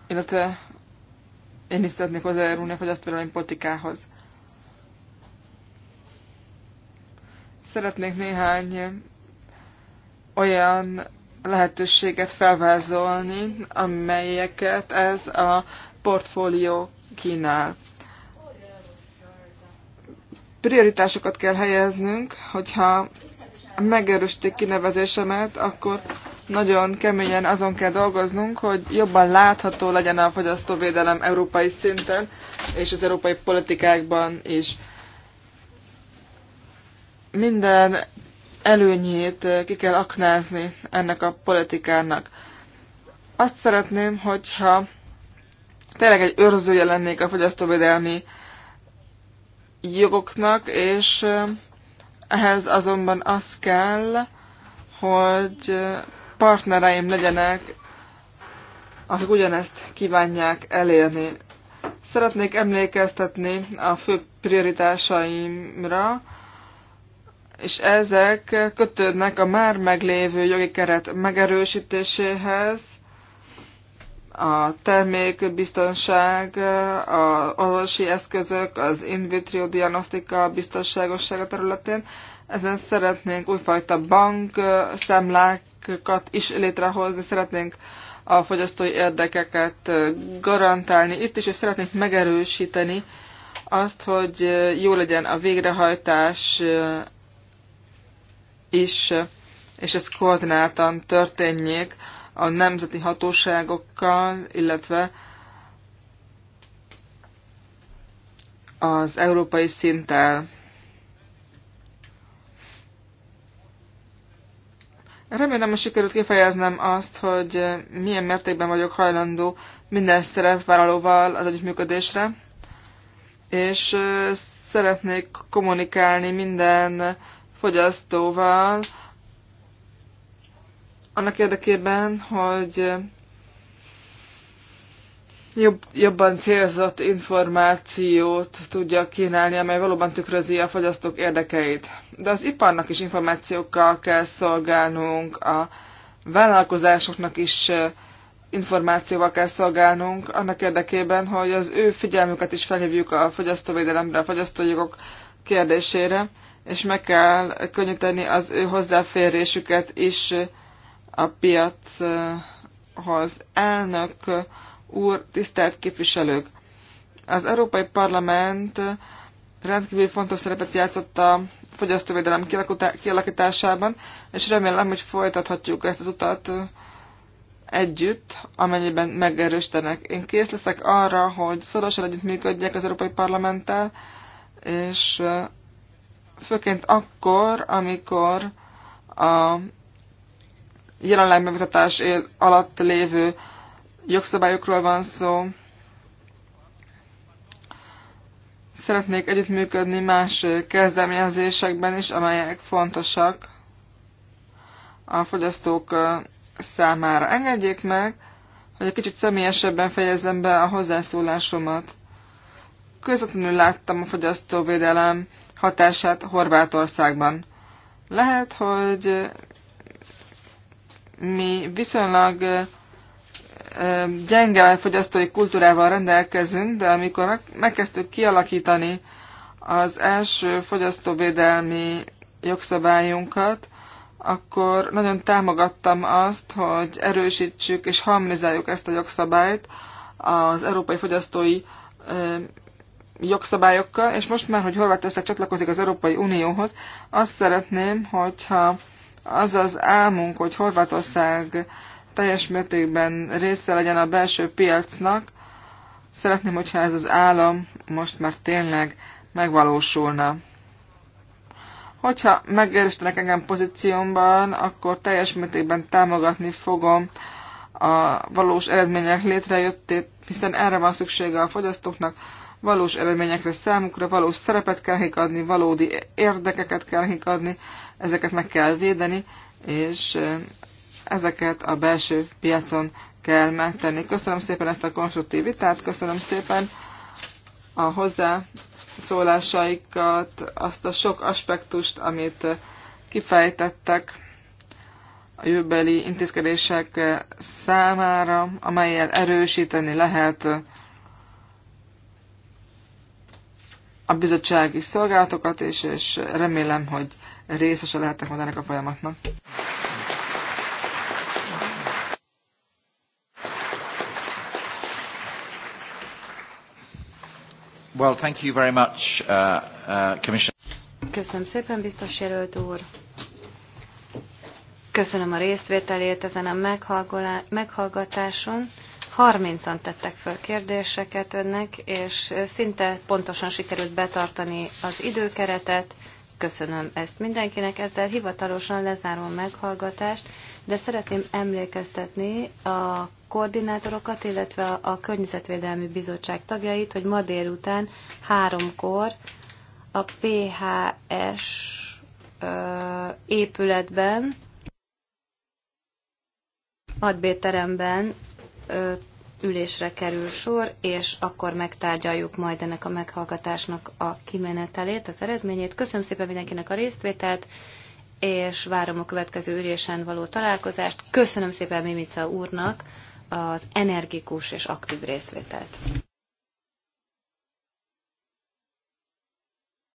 Illetve én is szeretnék hozzájárulni a fogyasztóvédelmi politikához. Szeretnék néhány olyan lehetőséget felvázolni, amelyeket ez a portfólió kínál. Prioritásokat kell helyeznünk, hogyha megerősítik kinevezésemet, akkor nagyon keményen azon kell dolgoznunk, hogy jobban látható legyen a fogyasztóvédelem európai szinten és az európai politikákban is. Minden előnyét ki kell aknázni ennek a politikának. Azt szeretném, hogyha tényleg egy őrzője lennék a fogyasztóvédelmi jogoknak, és ehhez azonban az kell, hogy partnereim legyenek, akik ugyanezt kívánják elérni. Szeretnék emlékeztetni a fő prioritásaimra, és ezek kötődnek a már meglévő jogi keret megerősítéséhez, a termékbiztonság, a orvosi eszközök, az in vitro diagnosztika biztonságossága területén. Ezen szeretnénk újfajta bank szemlákat is létrehozni, szeretnénk a fogyasztói érdekeket garantálni itt is, és szeretnénk megerősíteni azt, hogy jó legyen a végrehajtás is, és ez koordináltan történjék a nemzeti hatóságokkal, illetve az európai szinttel. Remélem, hogy sikerült kifejeznem azt, hogy milyen mértékben vagyok hajlandó minden szerepvállalóval az együttműködésre, és szeretnék kommunikálni minden fogyasztóval, annak érdekében, hogy jobb, jobban célzott információt tudja kínálni, amely valóban tükrözi a fogyasztók érdekeit. De az iparnak is információkkal kell szolgálnunk, a vállalkozásoknak is információval kell szolgálnunk, annak érdekében, hogy az ő figyelmüket is felhívjuk a fogyasztóvédelemre, a fogyasztójogok kérdésére, és meg kell könnyíteni az ő hozzáférésüket is a piachoz. Elnök úr, tisztelt képviselők! Az Európai Parlament rendkívül fontos szerepet játszott a fogyasztóvédelem kialakításában, és remélem, hogy folytathatjuk ezt az utat együtt, amennyiben megerősítenek. Én kész leszek arra, hogy szorosan együttműködjek az Európai Parlamenttel, és főként akkor, amikor a jelenleg megmutatás alatt lévő jogszabályokról van szó. Szeretnék együttműködni más kezdeményezésekben is, amelyek fontosak a fogyasztók számára. Engedjék meg, hogy egy kicsit személyesebben fejezzem be a hozzászólásomat. Közvetlenül láttam a fogyasztóvédelem hatását Horvátországban. Lehet, hogy mi viszonylag gyenge fogyasztói kultúrával rendelkezünk, de amikor megkezdtük kialakítani az első fogyasztóvédelmi jogszabályunkat, akkor nagyon támogattam azt, hogy erősítsük és harmonizáljuk ezt a jogszabályt az európai fogyasztói jogszabályokkal, és most már, hogy Horvátország csatlakozik az Európai Unióhoz, azt szeretném, hogyha az az álmunk, hogy Horvátország teljes mértékben része legyen a belső piacnak, szeretném, hogyha ez az állam most már tényleg megvalósulna. Hogyha megérstenek engem pozíciómban, akkor teljes mértékben támogatni fogom a valós eredmények létrejöttét, hiszen erre van szüksége a fogyasztóknak, valós eredményekre számukra valós szerepet kell hikadni, valódi érdekeket kell hikadni, ezeket meg kell védeni, és ezeket a belső piacon kell megtenni. Köszönöm szépen ezt a konstruktív vitát, köszönöm szépen a hozzászólásaikat, azt a sok aspektust, amit kifejtettek a jövőbeli intézkedések számára, amelyel erősíteni lehet a bizottsági szolgálatokat, és, és remélem, hogy részese lehettek majd ennek a folyamatnak. Well, thank you very much, uh, uh, Commissioner. Köszönöm szépen, biztos jelölt úr. Köszönöm a részvételét ezen a meghallgatáson. 30-an tettek fel kérdéseket önnek, és szinte pontosan sikerült betartani az időkeretet. Köszönöm ezt mindenkinek, ezzel hivatalosan lezárom a meghallgatást, de szeretném emlékeztetni a koordinátorokat, illetve a Környezetvédelmi Bizottság tagjait, hogy ma délután háromkor a PHS épületben, adbéteremben teremben ülésre kerül sor, és akkor megtárgyaljuk majd ennek a meghallgatásnak a kimenetelét, az eredményét. Köszönöm szépen mindenkinek a résztvételt, és várom a következő ülésen való találkozást. Köszönöm szépen Mimica úrnak az energikus és aktív részvételt.